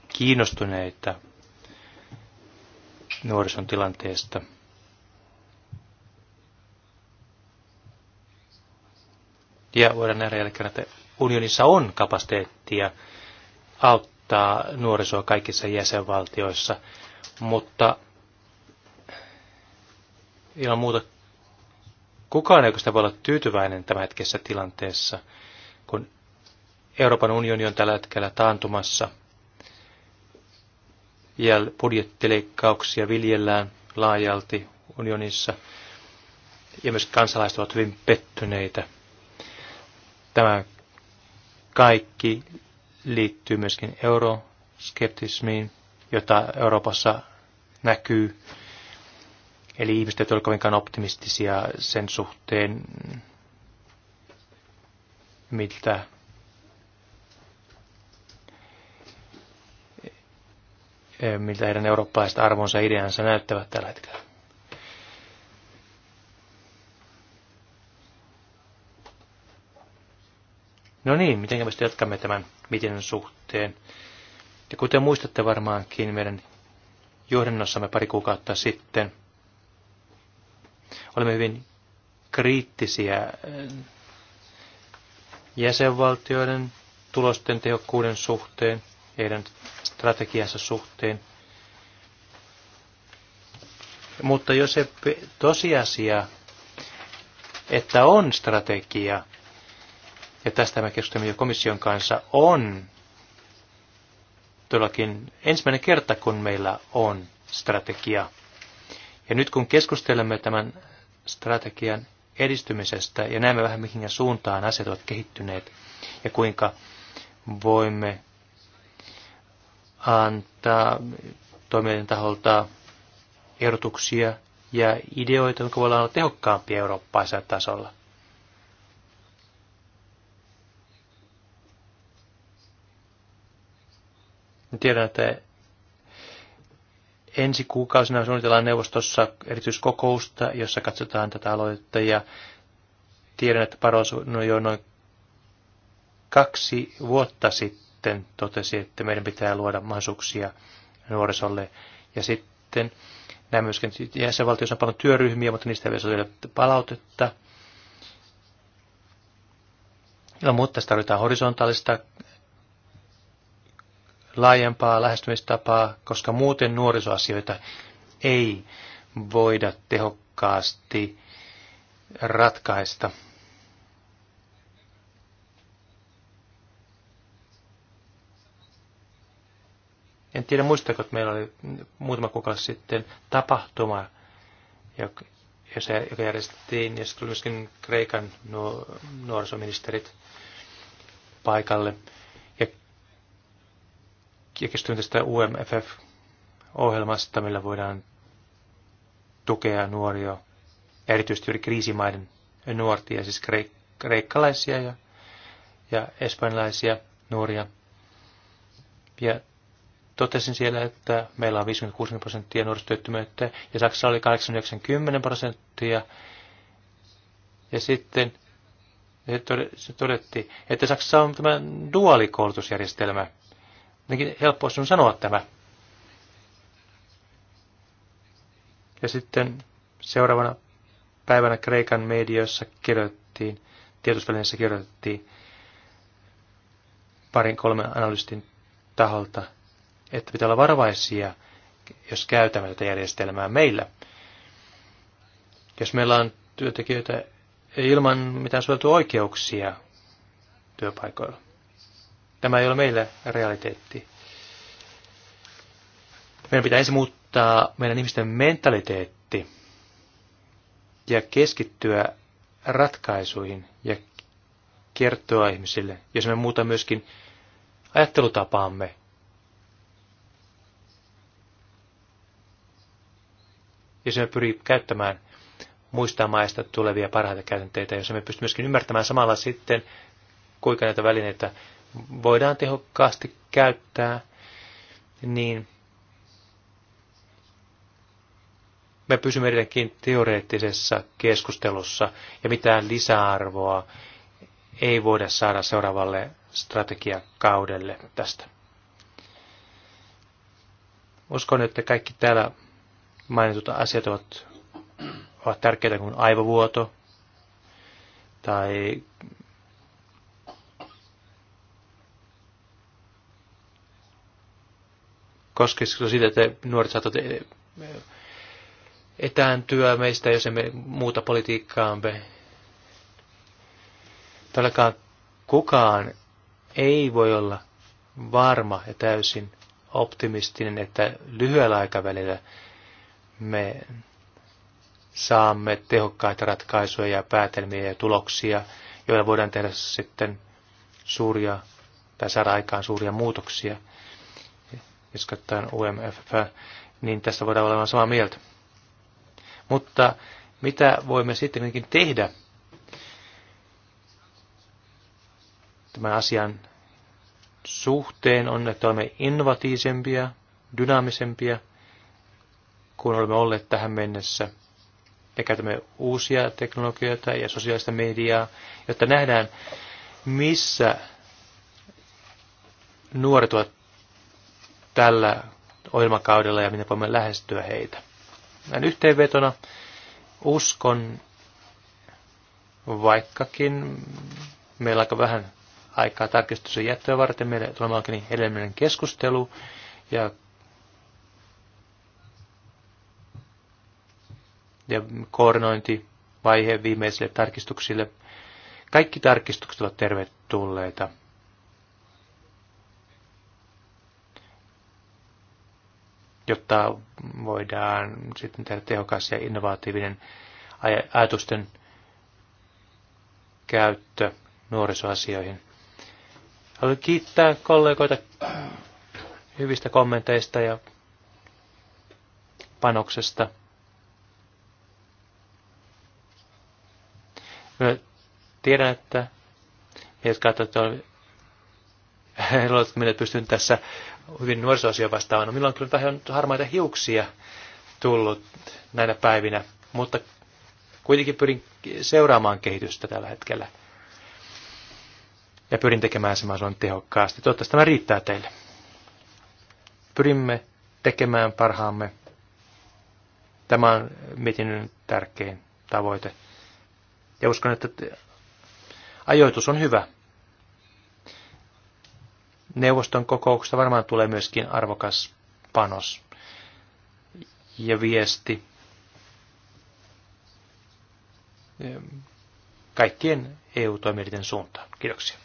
kiinnostuneita nuorison tilanteesta. Ja voidaan nähdä jälkeen, että unionissa on kapasiteettia auttaa nuorisoa kaikissa jäsenvaltioissa, mutta ilman muuta kukaan ei sitä voi olla tyytyväinen hetkessä tilanteessa, kun Euroopan unioni on tällä hetkellä taantumassa ja budjettileikkauksia viljellään laajalti unionissa ja myös kansalaiset ovat hyvin pettyneitä tämän kaikki liittyy myöskin euroskeptismiin, jota Euroopassa näkyy. Eli ihmiset eivät ole kovinkaan optimistisia sen suhteen, miltä miltä heidän eurooppalaiset arvonsa ideansa näyttävät tällä hetkellä. No niin, miten me jatkamme tämän mietinnön suhteen. Ja kuten muistatte varmaankin meidän johdannossamme pari kuukautta sitten, olemme hyvin kriittisiä äh, jäsenvaltioiden tulosten tehokkuuden suhteen, heidän strategiansa suhteen. Mutta jos se tosiasia, että on strategia, ja tästä me keskustelimme jo komission kanssa, on todellakin ensimmäinen kerta, kun meillä on strategia. Ja nyt kun keskustelemme tämän strategian edistymisestä ja näemme vähän mihin suuntaan asiat ovat kehittyneet ja kuinka voimme antaa toimijoiden taholta ehdotuksia ja ideoita, jotka voidaan olla tehokkaampia eurooppaisella tasolla. Tiedän, että ensi kuukausina suunnitellaan neuvostossa erityiskokousta, jossa katsotaan tätä aloitetta ja tiedän, että Paros no jo noin kaksi vuotta sitten totesi, että meidän pitää luoda mahdollisuuksia nuorisolle. Ja sitten nämä myöskin jäsenvaltioissa on paljon työryhmiä, mutta niistä ei vielä palautetta. No, mutta tässä tarvitaan horisontaalista laajempaa lähestymistapaa, koska muuten nuorisoasioita ei voida tehokkaasti ratkaista. En tiedä muistako, että meillä oli muutama kuukausi sitten tapahtuma, joka, järjestettiin, ja sitten tuli myöskin Kreikan nuorisoministerit paikalle keskityn tästä UMFF-ohjelmasta, millä voidaan tukea nuoria, erityisesti juuri kriisimaiden nuortia, siis kreikkalaisia ja, ja espanjalaisia nuoria. Ja totesin siellä, että meillä on 56 prosenttia nuorisotyöttömyyttä ja Saksassa oli 80 prosenttia. Ja sitten se todettiin, että Saksassa on tämä duaalikoulutusjärjestelmä – Jotenkin helppo on sanoa tämä. Ja sitten seuraavana päivänä Kreikan mediassa kirjoitettiin, tiedotusvälineissä kirjoitettiin parin kolmen analystin taholta, että pitää olla varovaisia, jos käytämme tätä järjestelmää meillä. Jos meillä on työntekijöitä ilman mitään suojeltuja oikeuksia työpaikoilla. Tämä ei ole meille realiteetti. Meidän pitää ensin muuttaa meidän ihmisten mentaliteetti ja keskittyä ratkaisuihin ja kertoa ihmisille, jos me muuta myöskin ajattelutapaamme. Jos me pyrii käyttämään muista maista tulevia parhaita käytänteitä, jos me pystymme myöskin ymmärtämään samalla sitten, kuinka näitä välineitä voidaan tehokkaasti käyttää, niin me pysymme edelleenkin teoreettisessa keskustelussa ja mitään lisäarvoa ei voida saada seuraavalle strategiakaudelle tästä. Uskon, että kaikki täällä mainitut asiat ovat, ovat tärkeitä kuin aivovuoto tai koskisiko sitä, että nuoret saattavat eh, etääntyä meistä, jos emme muuta politiikkaamme. Todellakaan kukaan ei voi olla varma ja täysin optimistinen, että lyhyellä aikavälillä me saamme tehokkaita ratkaisuja ja päätelmiä ja tuloksia, joilla voidaan tehdä sitten suuria tai saada aikaan suuria muutoksia jos katsotaan UMFF, niin tässä voidaan olla samaa mieltä. Mutta mitä voimme sitten kuitenkin tehdä tämän asian suhteen on, että olemme innovatiivisempia, dynaamisempia kuin olemme olleet tähän mennessä. Ja käytämme uusia teknologioita ja sosiaalista mediaa, jotta nähdään, missä nuoret ovat tällä ohjelmakaudella ja miten voimme lähestyä heitä. Näin yhteenvetona uskon, vaikkakin meillä aika vähän aikaa tarkistuksen jättöä varten, meillä tulee onkin keskustelu ja ja koordinointivaihe viimeisille tarkistuksille. Kaikki tarkistukset ovat tervetulleita. jotta voidaan sitten tehdä tehokas ja innovatiivinen ajatusten käyttö nuorisoasioihin. Haluan kiittää kollegoita hyvistä kommenteista ja panoksesta. Mä tiedän, että jotka että minä pystyn tässä hyvin nuorisoasia vastaan on. No, Minulla on kyllä vähän harmaita hiuksia tullut näinä päivinä, mutta kuitenkin pyrin seuraamaan kehitystä tällä hetkellä. Ja pyrin tekemään se mahdollisimman tehokkaasti. Toivottavasti tämä riittää teille. Pyrimme tekemään parhaamme. Tämä on mietinnön tärkein tavoite. Ja uskon, että ajoitus on hyvä neuvoston kokouksesta varmaan tulee myöskin arvokas panos ja viesti kaikkien EU-toimijoiden suuntaan. Kiitoksia.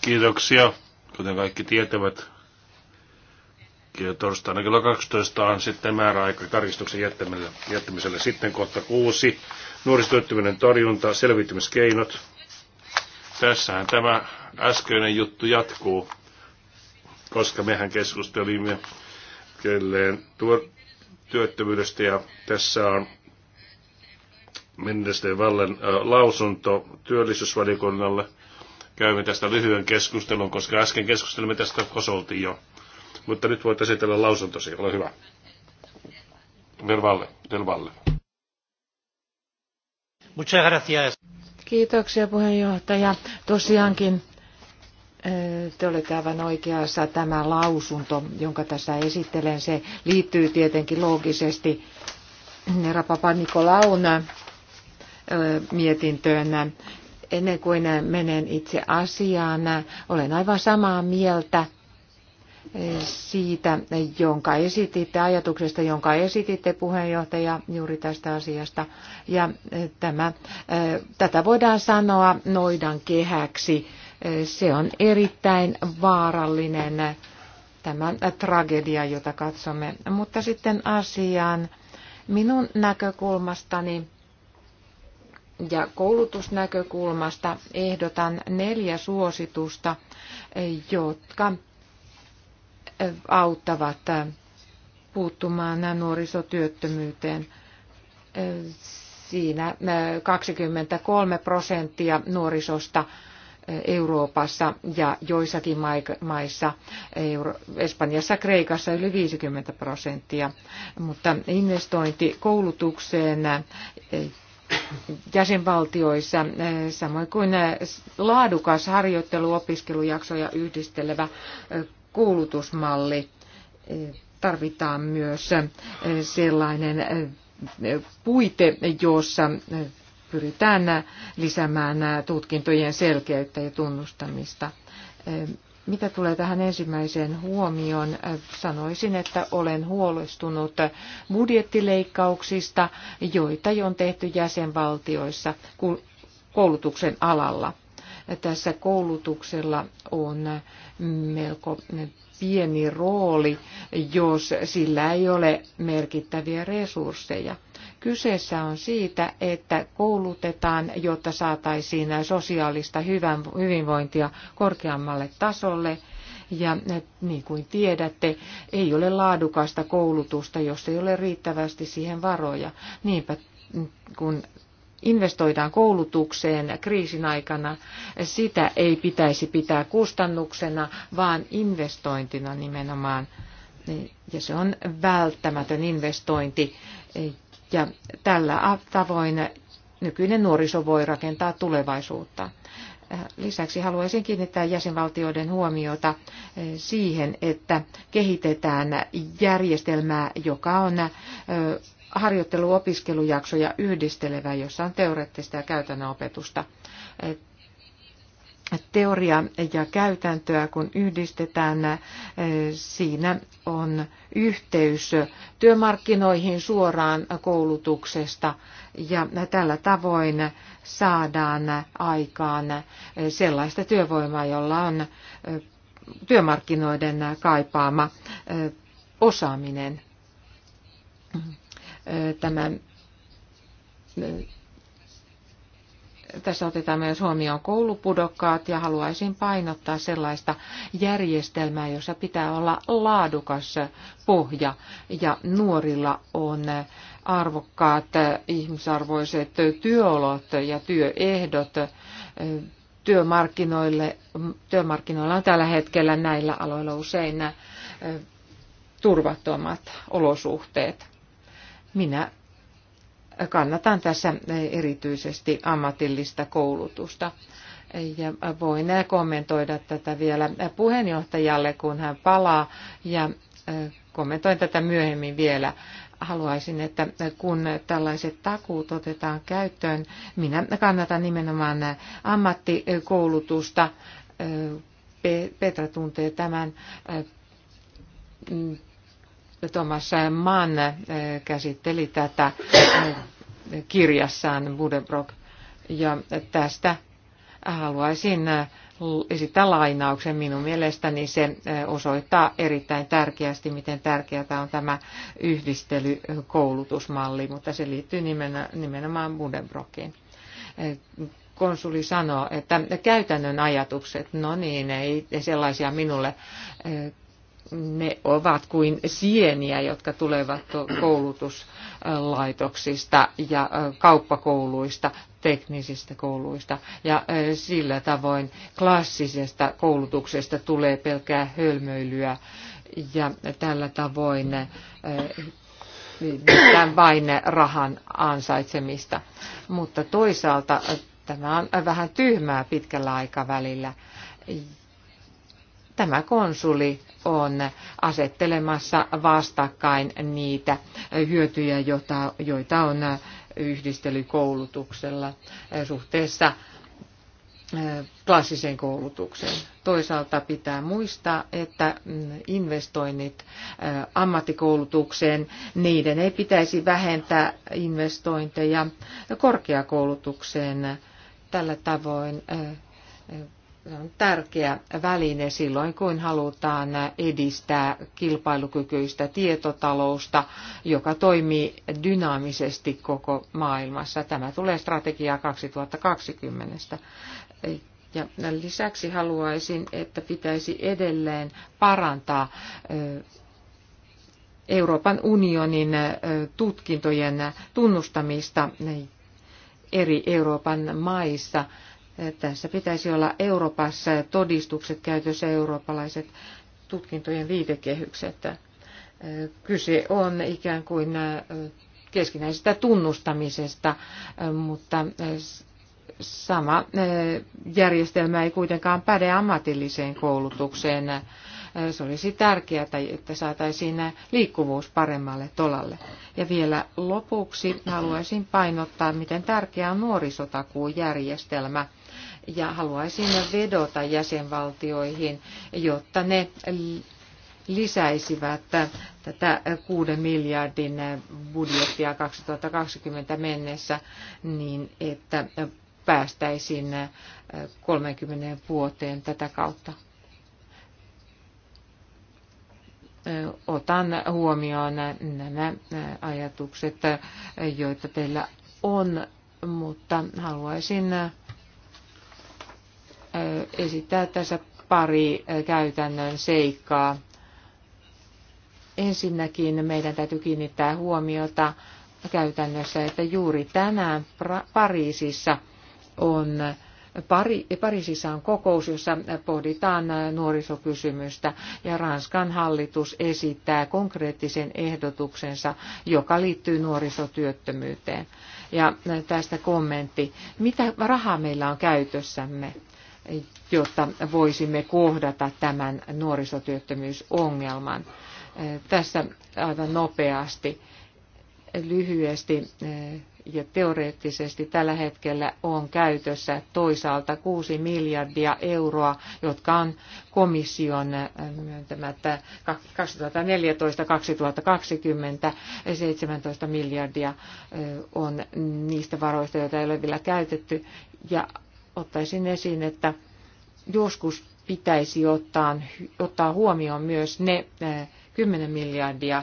Kiitoksia. Kuten kaikki tietävät, torstaina kello 12 on sitten määräaika tarkistuksen jättämiselle. Sitten kohta kuusi. Nuorisotyöttömyyden torjunta, selvitymiskeinot tässähän tämä äskeinen juttu jatkuu, koska mehän keskustelimme kelleen tuo työttömyydestä ja tässä on ministeri Vallen lausunto työllisyysvaliokunnalle. Käymme tästä lyhyen keskustelun, koska äsken keskustelimme tästä kosolti jo. Mutta nyt voit esitellä lausuntosi, ole hyvä. Del Valle. Del Valle. Muchas gracias. Kiitoksia puheenjohtaja. Tosiaankin eh, te olette aivan oikeassa. Tämä lausunto, jonka tässä esittelen, se liittyy tietenkin loogisesti Rapapa Nikolaun eh, mietintöön. Ennen kuin menen itse asiaan, olen aivan samaa mieltä siitä, jonka esititte, ajatuksesta, jonka esititte puheenjohtaja juuri tästä asiasta. Ja e, tämä, e, tätä voidaan sanoa noidan kehäksi. E, se on erittäin vaarallinen tämä tragedia, jota katsomme. Mutta sitten asiaan minun näkökulmastani ja koulutusnäkökulmasta ehdotan neljä suositusta, jotka auttavat puuttumaan nuorisotyöttömyyteen. Siinä 23 prosenttia nuorisosta Euroopassa ja joissakin maissa, Espanjassa, Kreikassa yli 50 prosenttia. Mutta investointi koulutukseen jäsenvaltioissa, samoin kuin laadukas harjoittelu, opiskelujaksoja yhdistelevä koulutusmalli. Tarvitaan myös sellainen puite, jossa pyritään lisäämään tutkintojen selkeyttä ja tunnustamista. Mitä tulee tähän ensimmäiseen huomioon, sanoisin, että olen huolestunut budjettileikkauksista, joita on tehty jäsenvaltioissa koulutuksen alalla. Tässä koulutuksella on melko pieni rooli, jos sillä ei ole merkittäviä resursseja. Kyseessä on siitä, että koulutetaan, jotta saataisiin sosiaalista hyvinvointia korkeammalle tasolle. Ja niin kuin tiedätte, ei ole laadukasta koulutusta, jos ei ole riittävästi siihen varoja. Niinpä kun investoidaan koulutukseen kriisin aikana, sitä ei pitäisi pitää kustannuksena, vaan investointina nimenomaan. Ja se on välttämätön investointi. Ja tällä tavoin nykyinen nuoriso voi rakentaa tulevaisuutta. Lisäksi haluaisin kiinnittää jäsenvaltioiden huomiota siihen, että kehitetään järjestelmää, joka on harjoitteluopiskelujaksoja yhdistelevä, jossa on teoreettista ja käytännön opetusta. Teoria ja käytäntöä, kun yhdistetään, siinä on yhteys työmarkkinoihin suoraan koulutuksesta ja tällä tavoin saadaan aikaan sellaista työvoimaa, jolla on työmarkkinoiden kaipaama osaaminen Tämä, tässä otetaan myös huomioon koulupudokkaat ja haluaisin painottaa sellaista järjestelmää, jossa pitää olla laadukas pohja ja nuorilla on arvokkaat ihmisarvoiset työolot ja työehdot työmarkkinoille. Työmarkkinoilla on tällä hetkellä näillä aloilla usein turvattomat olosuhteet. Minä kannatan tässä erityisesti ammatillista koulutusta. Ja voin kommentoida tätä vielä puheenjohtajalle, kun hän palaa, ja kommentoin tätä myöhemmin vielä. Haluaisin, että kun tällaiset takuut otetaan käyttöön, minä kannatan nimenomaan ammattikoulutusta. Petra tuntee tämän Thomas Mann eh, käsitteli tätä eh, kirjassaan Budebrock. Ja tästä haluaisin eh, esittää lainauksen. Minun mielestäni se osoittaa erittäin tärkeästi, miten tärkeää on tämä yhdistelykoulutusmalli, mutta se liittyy nimenomaan Budebrokiin. Konsuli sanoo, että käytännön ajatukset, no niin, ei sellaisia minulle ne ovat kuin sieniä, jotka tulevat koulutuslaitoksista ja kauppakouluista, teknisistä kouluista. Ja sillä tavoin klassisesta koulutuksesta tulee pelkää hölmöilyä ja tällä tavoin vain rahan ansaitsemista. Mutta toisaalta tämä on vähän tyhmää pitkällä aikavälillä. Tämä konsuli on asettelemassa vastakkain niitä hyötyjä, joita on yhdistelykoulutuksella eh, suhteessa eh, klassiseen koulutukseen. Toisaalta pitää muistaa, että mm, investoinnit eh, ammattikoulutukseen, niiden ei pitäisi vähentää investointeja korkeakoulutukseen. Tällä tavoin se on tärkeä väline silloin, kun halutaan edistää kilpailukykyistä tietotalousta, joka toimii dynaamisesti koko maailmassa. Tämä tulee strategiaa 2020. Ja lisäksi haluaisin, että pitäisi edelleen parantaa Euroopan unionin tutkintojen tunnustamista eri Euroopan maissa tässä pitäisi olla Euroopassa todistukset käytössä eurooppalaiset tutkintojen viitekehykset. Kyse on ikään kuin keskinäisestä tunnustamisesta, mutta sama järjestelmä ei kuitenkaan päde ammatilliseen koulutukseen. Se olisi tärkeää, että saataisiin liikkuvuus paremmalle tolalle. Ja vielä lopuksi haluaisin painottaa, miten tärkeä on nuorisotakuujärjestelmä. järjestelmä ja haluaisin vedota jäsenvaltioihin, jotta ne lisäisivät tätä 6 miljardin budjettia 2020 mennessä niin, että päästäisiin 30 vuoteen tätä kautta. Otan huomioon nämä ajatukset, joita teillä on, mutta haluaisin esittää tässä pari käytännön seikkaa. Ensinnäkin meidän täytyy kiinnittää huomiota käytännössä, että juuri tänään Pariisissa on Pari, Pariisissa on kokous, jossa pohditaan nuorisokysymystä ja Ranskan hallitus esittää konkreettisen ehdotuksensa, joka liittyy nuorisotyöttömyyteen. Ja tästä kommentti. Mitä rahaa meillä on käytössämme? jotta voisimme kohdata tämän nuorisotyöttömyysongelman. Tässä aivan nopeasti, lyhyesti eh, ja teoreettisesti tällä hetkellä on käytössä toisaalta 6 miljardia euroa, jotka on komission myöntämät 2014-2020 17 miljardia eh, on niistä varoista, joita ei ole vielä käytetty ja ottaisin esiin, että joskus pitäisi ottaa, ottaa huomioon myös ne 10 eh, miljardia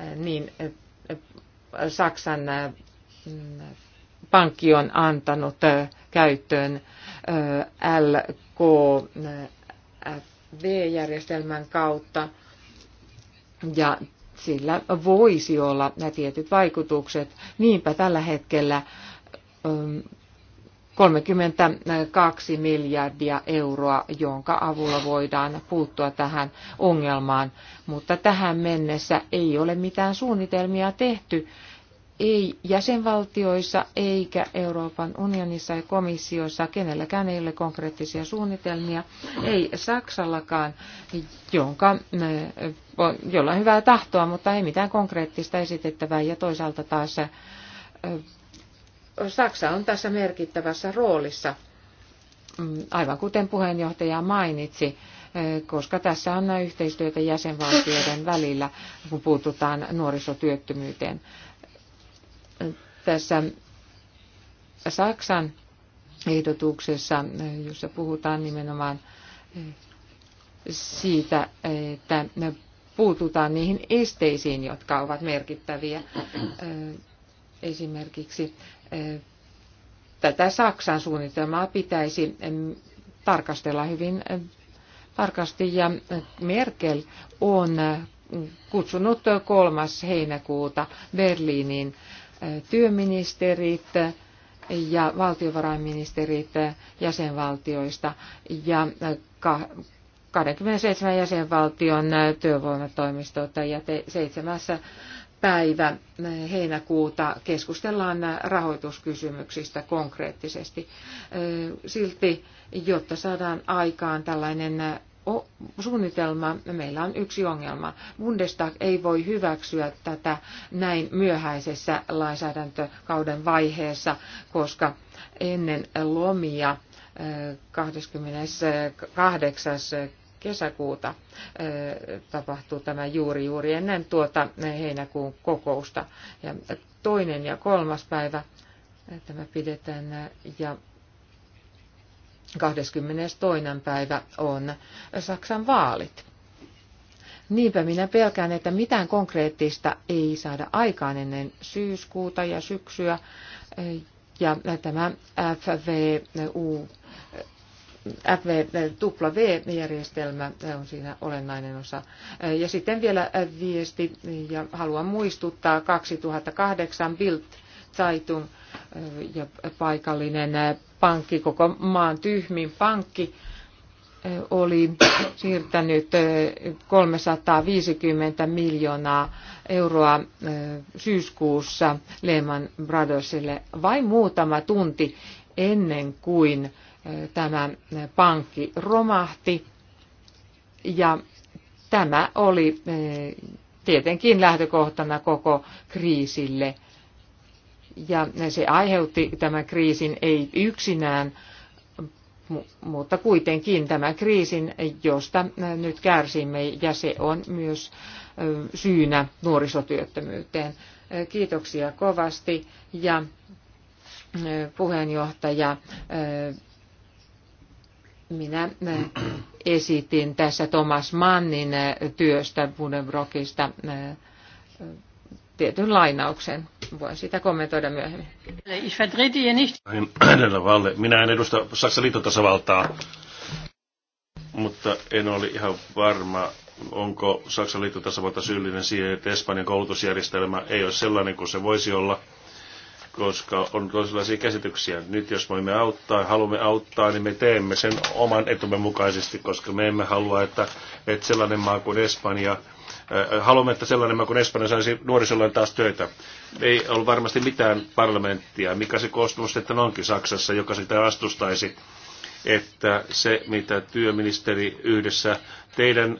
eh, niin eh, Saksan pankki on antanut käyttöön LKV-järjestelmän kautta. Ja sillä voisi olla nämä tietyt vaikutukset. Niinpä tällä hetkellä 32 miljardia euroa, jonka avulla voidaan puuttua tähän ongelmaan, mutta tähän mennessä ei ole mitään suunnitelmia tehty, ei jäsenvaltioissa eikä Euroopan unionissa ja komissiossa, kenelläkään ei ole konkreettisia suunnitelmia, ei Saksallakaan, jonka, jolla on hyvää tahtoa, mutta ei mitään konkreettista esitettävää ja toisaalta taas Saksa on tässä merkittävässä roolissa, mm, aivan kuten puheenjohtaja mainitsi, eh, koska tässä on yhteistyötä jäsenvaltioiden välillä, kun puututaan nuorisotyöttömyyteen. Tässä Saksan ehdotuksessa, jossa puhutaan nimenomaan eh, siitä, että puututaan niihin esteisiin, jotka ovat merkittäviä. Eh, esimerkiksi tätä Saksan suunnitelmaa pitäisi tarkastella hyvin tarkasti. Ja Merkel on kutsunut 3. heinäkuuta Berliinin e, työministerit ja valtiovarainministerit jäsenvaltioista ja 27 e, jäsenvaltion e, työvoimatoimistoita ja seitsemässä päivä heinäkuuta keskustellaan rahoituskysymyksistä konkreettisesti. Silti, jotta saadaan aikaan tällainen suunnitelma, meillä on yksi ongelma. Bundestag ei voi hyväksyä tätä näin myöhäisessä lainsäädäntökauden vaiheessa, koska ennen lomia 28. Eh, kesäkuuta tapahtuu tämä juuri juuri ennen tuota heinäkuun kokousta. Ja toinen ja kolmas päivä tämä pidetään ja 22. päivä on Saksan vaalit. Niinpä minä pelkään, että mitään konkreettista ei saada aikaan ennen syyskuuta ja syksyä. Ja tämä FVU w järjestelmä on siinä olennainen osa. Ja sitten vielä viesti, ja haluan muistuttaa 2008 Bild Zeitung ja paikallinen pankki, koko maan tyhmin pankki, oli siirtänyt 350 miljoonaa euroa syyskuussa Lehman Brothersille vain muutama tunti ennen kuin tämä pankki romahti ja tämä oli eh, tietenkin lähtökohtana koko kriisille. Ja se aiheutti tämän kriisin ei yksinään, mutta kuitenkin tämän kriisin, josta eh, nyt kärsimme, ja se on myös eh, syynä nuorisotyöttömyyteen. Kiitoksia kovasti ja puheenjohtaja minä äh, esitin tässä Thomas Mannin äh, työstä Budenbrokista äh, tietyn lainauksen. Voin sitä kommentoida myöhemmin. (clears throat) Minä en edusta Saksan liittotasavaltaa, mutta en ole ihan varma, onko Saksan liittotasavalta syyllinen siihen, että Espanjan koulutusjärjestelmä ei ole sellainen kuin se voisi olla – koska on toisenlaisia käsityksiä. Nyt jos voimme auttaa, haluamme auttaa, niin me teemme sen oman etumme mukaisesti, koska me emme halua, että, että sellainen maa kuin Espanja, haluamme, että sellainen maa kuin Espanja saisi nuorisolleen taas töitä. Ei ole varmasti mitään parlamenttia, mikä se koostumus sitten onkin Saksassa, joka sitä vastustaisi että se, mitä työministeri yhdessä teidän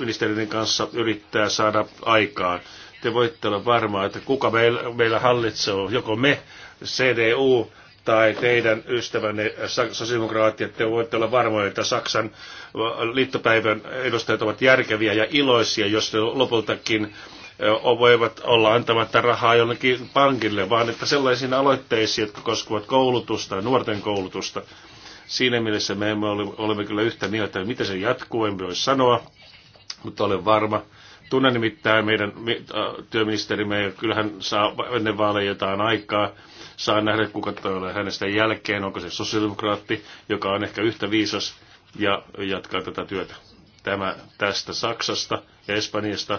ministerin kanssa yrittää saada aikaan, te voitte olla varmaa, että kuka meillä, meillä hallitsee, joko me, CDU, tai teidän ystävänne sosiaalidemokraatit, te voitte olla varmoja, että Saksan äh, liittopäivän edustajat ovat järkeviä ja iloisia, jos ne lopultakin äh, voivat olla antamatta rahaa jollekin pankille, vaan että sellaisiin aloitteisiin, jotka koskevat koulutusta, nuorten koulutusta, siinä mielessä me emme ole, olemme kyllä yhtä mieltä, miten se jatkuu, emme voi sanoa, mutta olen varma, Tunnen nimittäin meidän äh, työministerimme, ja kyllähän saa ennen vaaleja jotain aikaa. Saa nähdä, kuka tulee hänestä jälkeen, onko se sosiaalidemokraatti, joka on ehkä yhtä viisas ja jatkaa tätä työtä. Tämä tästä Saksasta ja Espanjasta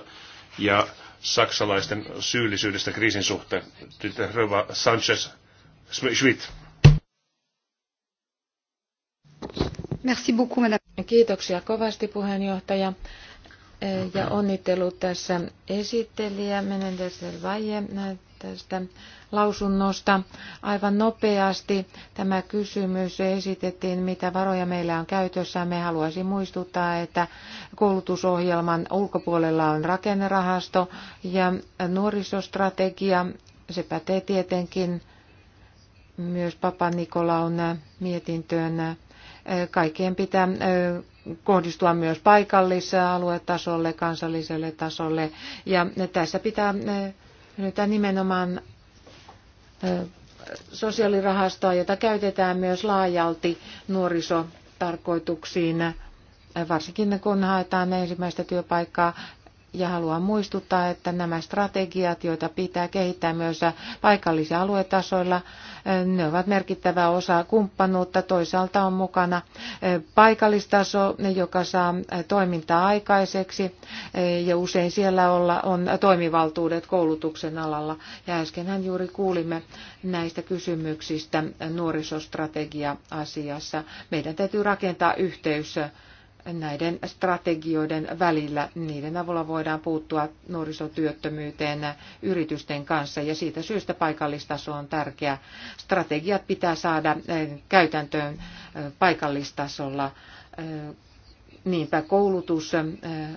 ja saksalaisten syyllisyydestä kriisin suhteen. Rova Sanchez Schmidt. Merci beaucoup, madame. Kiitoksia kovasti puheenjohtaja ja onnittelut tässä esittelijä Menendezel Vaje tästä lausunnosta. Aivan nopeasti tämä kysymys esitettiin, mitä varoja meillä on käytössä. Me haluaisin muistuttaa, että koulutusohjelman ulkopuolella on rakennerahasto ja nuorisostrategia. Se pätee tietenkin myös Papa Nikolaun mietintöön. Kaikkien pitää kohdistua myös aluetasolle, kansalliselle tasolle. Ja tässä pitää eh, nyt nimenomaan eh, sosiaalirahastoa, jota käytetään myös laajalti nuorisotarkoituksiin, varsinkin kun haetaan ensimmäistä työpaikkaa ja haluan muistuttaa, että nämä strategiat, joita pitää kehittää myös paikallis- ja aluetasoilla, ne ovat merkittävä osa kumppanuutta. Toisaalta on mukana paikallistaso, joka saa toimintaa aikaiseksi ja usein siellä olla, on toimivaltuudet koulutuksen alalla. Ja äskenhän juuri kuulimme näistä kysymyksistä nuorisostrategia-asiassa. Meidän täytyy rakentaa yhteys näiden strategioiden välillä. Niiden avulla voidaan puuttua nuorisotyöttömyyteen yritysten kanssa ja siitä syystä paikallistaso on tärkeä. Strategiat pitää saada eh, käytäntöön eh, paikallistasolla. Eh, niinpä koulutus,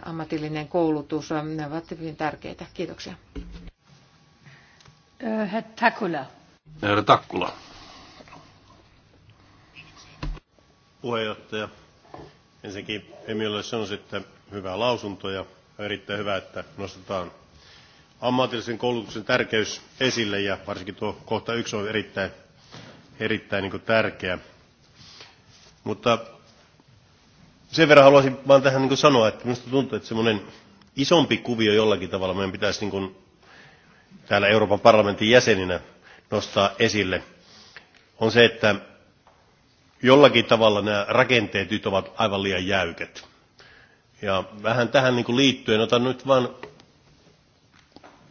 ammatillinen koulutus, ne ovat hyvin tärkeitä. Kiitoksia. Herra Takkula. Puheenjohtaja Ensinnäkin Emilalle sanoisin, että hyvä lausunto ja erittäin hyvä, että nostetaan ammatillisen koulutuksen tärkeys esille ja varsinkin tuo kohta yksi on erittäin, erittäin niin tärkeä. Mutta sen verran haluaisin vaan tähän niin sanoa, että minusta tuntuu, että semmoinen isompi kuvio jollakin tavalla meidän pitäisi niin täällä Euroopan parlamentin jäseninä nostaa esille, on se, että jollakin tavalla nämä rakenteet nyt ovat aivan liian jäykät. Ja vähän tähän niin kuin liittyen otan nyt vain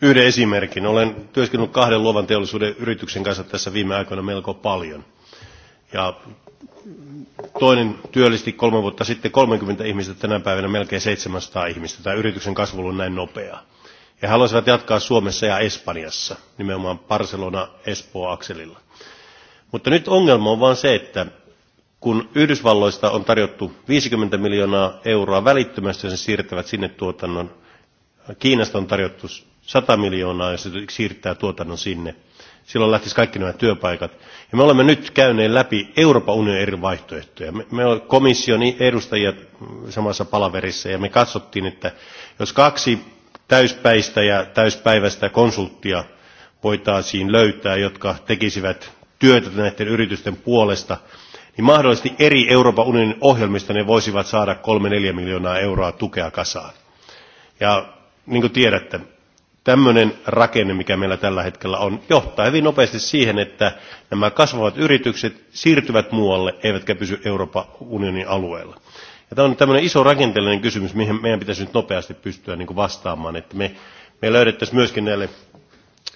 yhden esimerkin. Olen työskennellyt kahden luovan teollisuuden yrityksen kanssa tässä viime aikoina melko paljon. Ja toinen työllisti kolme vuotta sitten 30 ihmistä, tänä päivänä melkein 700 ihmistä. Tämä yrityksen kasvu on näin nopea. Ja he haluaisivat jatkaa Suomessa ja Espanjassa, nimenomaan Barcelona-Espoo-akselilla. Mutta nyt ongelma on vain se, että kun Yhdysvalloista on tarjottu 50 miljoonaa euroa välittömästi, jos ne siirtävät sinne tuotannon. Kiinasta on tarjottu 100 miljoonaa, jos ne siirtää tuotannon sinne. Silloin lähtisi kaikki nämä työpaikat. Ja me olemme nyt käyneet läpi Euroopan unionin eri vaihtoehtoja. Me, me komission edustajia samassa palaverissa ja me katsottiin, että jos kaksi täyspäistä ja täyspäiväistä konsulttia voitaisiin löytää, jotka tekisivät työtä näiden yritysten puolesta – niin mahdollisesti eri Euroopan unionin ohjelmista ne voisivat saada 3-4 miljoonaa euroa tukea kasaan. Ja niin kuin tiedätte, tämmöinen rakenne, mikä meillä tällä hetkellä on, johtaa hyvin nopeasti siihen, että nämä kasvavat yritykset siirtyvät muualle, eivätkä pysy Euroopan unionin alueella. Ja tämä on tämmöinen iso rakenteellinen kysymys, mihin meidän pitäisi nyt nopeasti pystyä niin kuin vastaamaan, että me, me löydettäisiin myöskin näille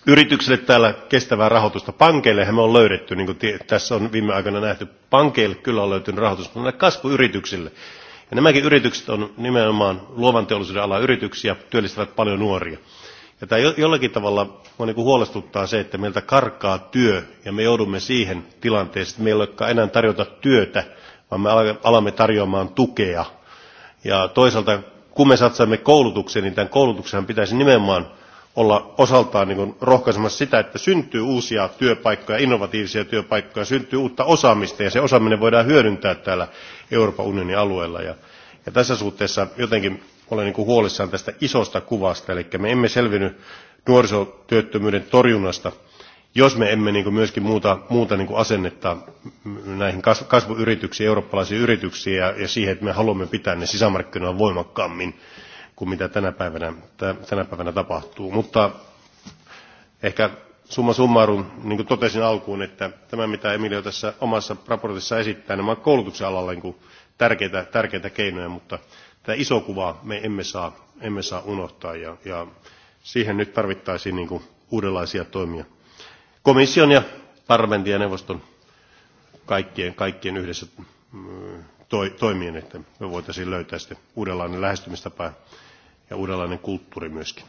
yrityksille täällä kestävää rahoitusta. pankeille me on löydetty, niin kuin tässä on viime aikoina nähty, pankeille kyllä on löytynyt rahoitus, mutta näille kasvuyrityksille. Ja nämäkin yritykset on nimenomaan luovan teollisuuden ala yrityksiä, työllistävät paljon nuoria. Ja tämä jollakin tavalla on niin huolestuttaa se, että meiltä karkaa työ ja me joudumme siihen tilanteeseen, että meillä ei olekaan enää tarjota työtä, vaan me alamme tarjoamaan tukea. Ja toisaalta kun me satsaamme koulutukseen, niin tämän koulutuksen pitäisi nimenomaan olla osaltaan niin rohkaisemassa sitä, että syntyy uusia työpaikkoja, innovatiivisia työpaikkoja, syntyy uutta osaamista ja se osaaminen voidaan hyödyntää täällä Euroopan unionin alueella. Ja, ja tässä suhteessa jotenkin olen niin huolissaan tästä isosta kuvasta, eli me emme selvinny nuorisotyöttömyyden torjunnasta, jos me emme niin myöskin muuta, muuta niin asennetta näihin kasvuyrityksiin, eurooppalaisiin yrityksiin ja, ja siihen, että me haluamme pitää ne sisämarkkinoilla voimakkaammin kuin mitä tänä päivänä, tänä päivänä tapahtuu. Mutta ehkä summa summarum, niin kuin totesin alkuun, että tämä mitä Emilio tässä omassa raportissa esittää, nämä ovat koulutuksen alalla niin kuin tärkeitä, tärkeitä keinoja, mutta tämä iso kuva me emme saa, emme saa unohtaa ja, ja siihen nyt tarvittaisiin niin kuin uudenlaisia toimia. Komission ja parlamentin ja neuvoston kaikkien, kaikkien yhdessä mm, toimien, että me voitaisiin löytää sitten uudenlainen lähestymistapa ja uudenlainen kulttuuri myöskin.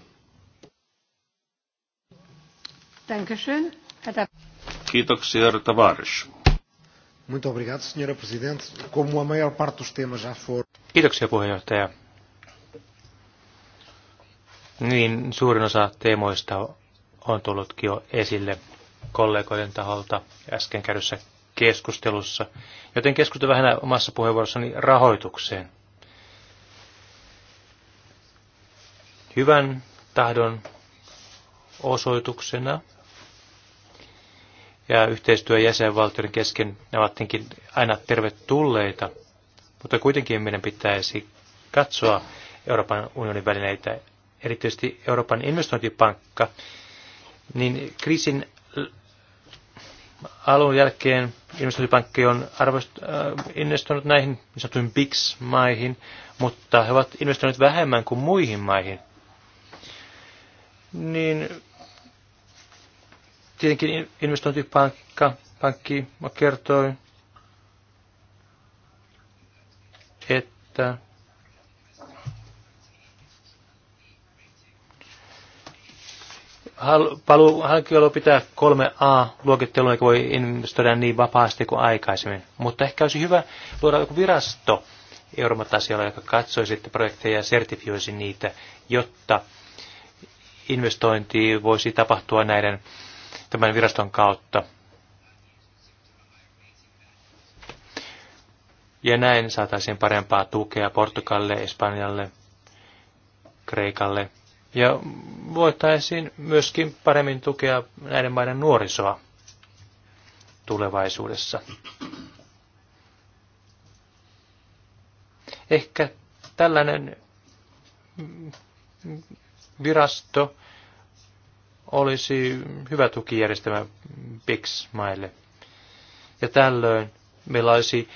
Kiitoksia, herra Tavares. Muito obrigado, senhora presidente. Como a maior parte dos temas já foram... Kiitoksia, puheenjohtaja. Niin, suurin osa teemoista on tullutkin jo esille kollegoiden taholta äsken käydyssä keskustelussa. Joten keskustelu vähän omassa puheenvuorossani rahoitukseen. hyvän tahdon osoituksena. Ja yhteistyö jäsenvaltioiden kesken, ne ovatkin aina tervetulleita. Mutta kuitenkin meidän pitäisi katsoa Euroopan unionin välineitä, erityisesti Euroopan investointipankka, niin kriisin alun jälkeen investointipankki on arvost, äh, investoinut näihin niin sanottuihin BICS-maihin, mutta he ovat investoineet vähemmän kuin muihin maihin – niin tietenkin pankki kertoi, että hankkijoilla pitää 3A-luokittelua, eikä voi investoida niin vapaasti kuin aikaisemmin. Mutta ehkä olisi hyvä luoda joku virasto euromat joka katsoisi projekteja ja sertifioisi niitä, jotta investointi voisi tapahtua näiden tämän viraston kautta. Ja näin saataisiin parempaa tukea Portugalle, Espanjalle, Kreikalle. Ja voitaisiin myöskin paremmin tukea näiden maiden nuorisoa tulevaisuudessa. Ehkä tällainen virasto olisi hyvä tukijärjestelmä BICS-maille. Ja tällöin meillä olisi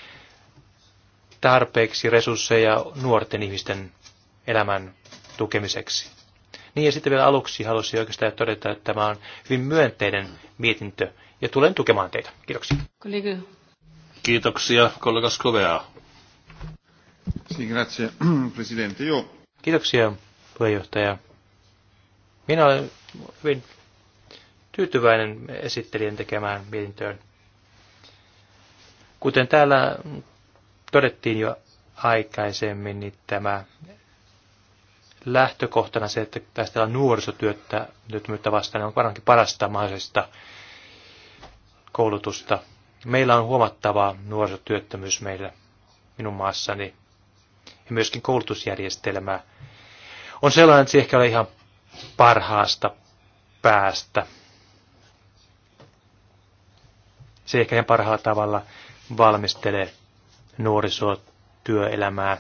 tarpeeksi resursseja nuorten ihmisten elämän tukemiseksi. Niin ja sitten vielä aluksi halusin oikeastaan todeta, että tämä on hyvin myönteinen mietintö ja tulen tukemaan teitä. Kiitoksia. Kollega. Kiitoksia, kollega Skovea. Kiitoksia, grazie, (clears throat) Presidente. Kiitoksia, puheenjohtaja. Minä olen hyvin tyytyväinen esittelijän tekemään mietintöön. Kuten täällä todettiin jo aikaisemmin, niin tämä lähtökohtana se, että taistellaan nuorisotyötä työttömyyttä vastaan, on varmaankin parasta mahdollisesta koulutusta. Meillä on huomattava nuorisotyöttömyys meillä minun maassani ja myöskin koulutusjärjestelmä on sellainen, että se ehkä ole ihan parhaasta päästä. Se ehkä ihan parhaalla tavalla valmistelee työelämää.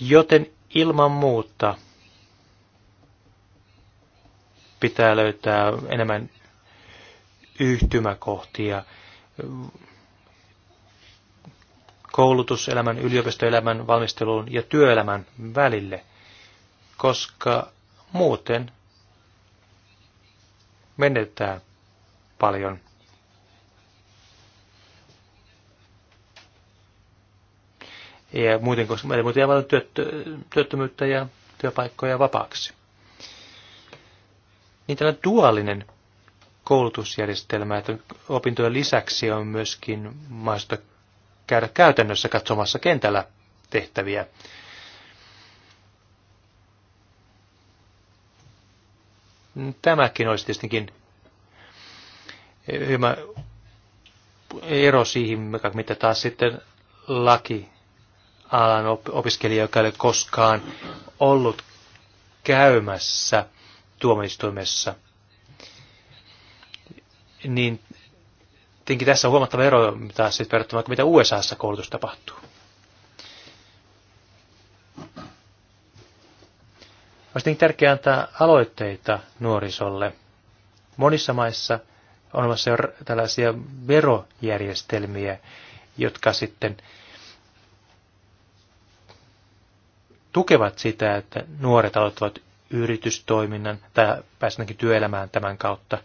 Joten ilman muuta pitää löytää enemmän yhtymäkohtia koulutuselämän, yliopistoelämän valmisteluun ja työelämän välille – koska muuten menetetään paljon. Ja muuten, koska meillä muuten jää paljon työttömyyttä ja työpaikkoja vapaaksi. Niin tällainen duaalinen koulutusjärjestelmä, että opintojen lisäksi on myöskin mahdollista käydä käytännössä katsomassa kentällä tehtäviä. Tämäkin olisi tietenkin hyvä ero siihen, mitä taas sitten laki alan opiskelija, joka ei ole koskaan ollut käymässä tuomioistuimessa. Niin tietenkin tässä on huomattava ero taas sitten siis verrattuna, mitä USAssa koulutus tapahtuu. Olisi niin tärkeää antaa aloitteita nuorisolle. Monissa maissa on olemassa jo tällaisia verojärjestelmiä, jotka sitten tukevat sitä, että nuoret aloittavat yritystoiminnan tai päästäänkin työelämään tämän kautta.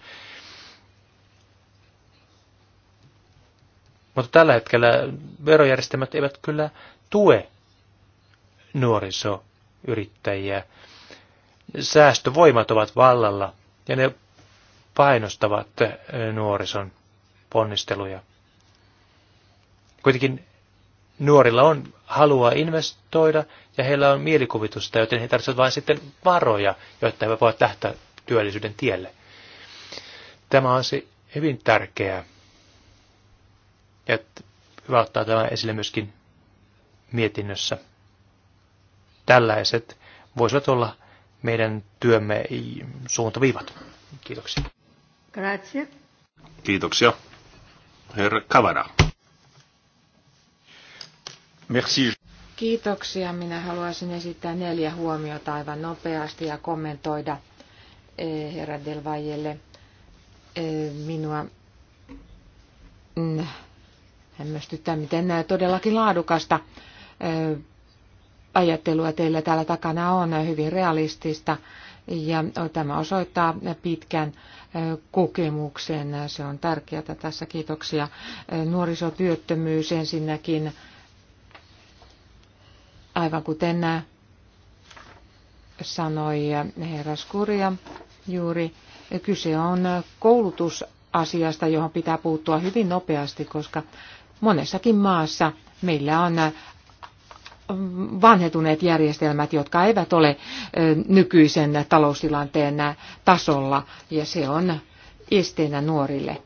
Mutta tällä hetkellä verojärjestelmät eivät kyllä tue nuorisoyrittäjiä säästövoimat ovat vallalla ja ne painostavat eh, nuorison ponnisteluja. Kuitenkin nuorilla on halua investoida ja heillä on mielikuvitusta, joten he tarvitsevat vain sitten varoja, jotta he voivat tähtää työllisyyden tielle. Tämä on se hyvin tärkeää. Ja hyvä ottaa tämä esille myöskin mietinnössä. Tällaiset voisivat olla meidän työmme suuntaviivat. Kiitoksia. Grazie. Kiitoksia. Herra Kavara. Merci. Kiitoksia. Minä haluaisin esittää neljä huomiota aivan nopeasti ja kommentoida eh, herra Delvajelle eh, minua mm, hämmästyttää, miten eh, todellakin laadukasta ajattelua teillä täällä takana on hyvin realistista ja tämä osoittaa pitkän kokemuksen. Se on tärkeää tässä. Kiitoksia. Nuorisotyöttömyys ensinnäkin, aivan kuten sanoi herra Skuria juuri, kyse on koulutusasiasta, johon pitää puuttua hyvin nopeasti, koska monessakin maassa meillä on vanhetuneet järjestelmät, jotka eivät ole nykyisen taloustilanteen tasolla, ja se on esteenä nuorille.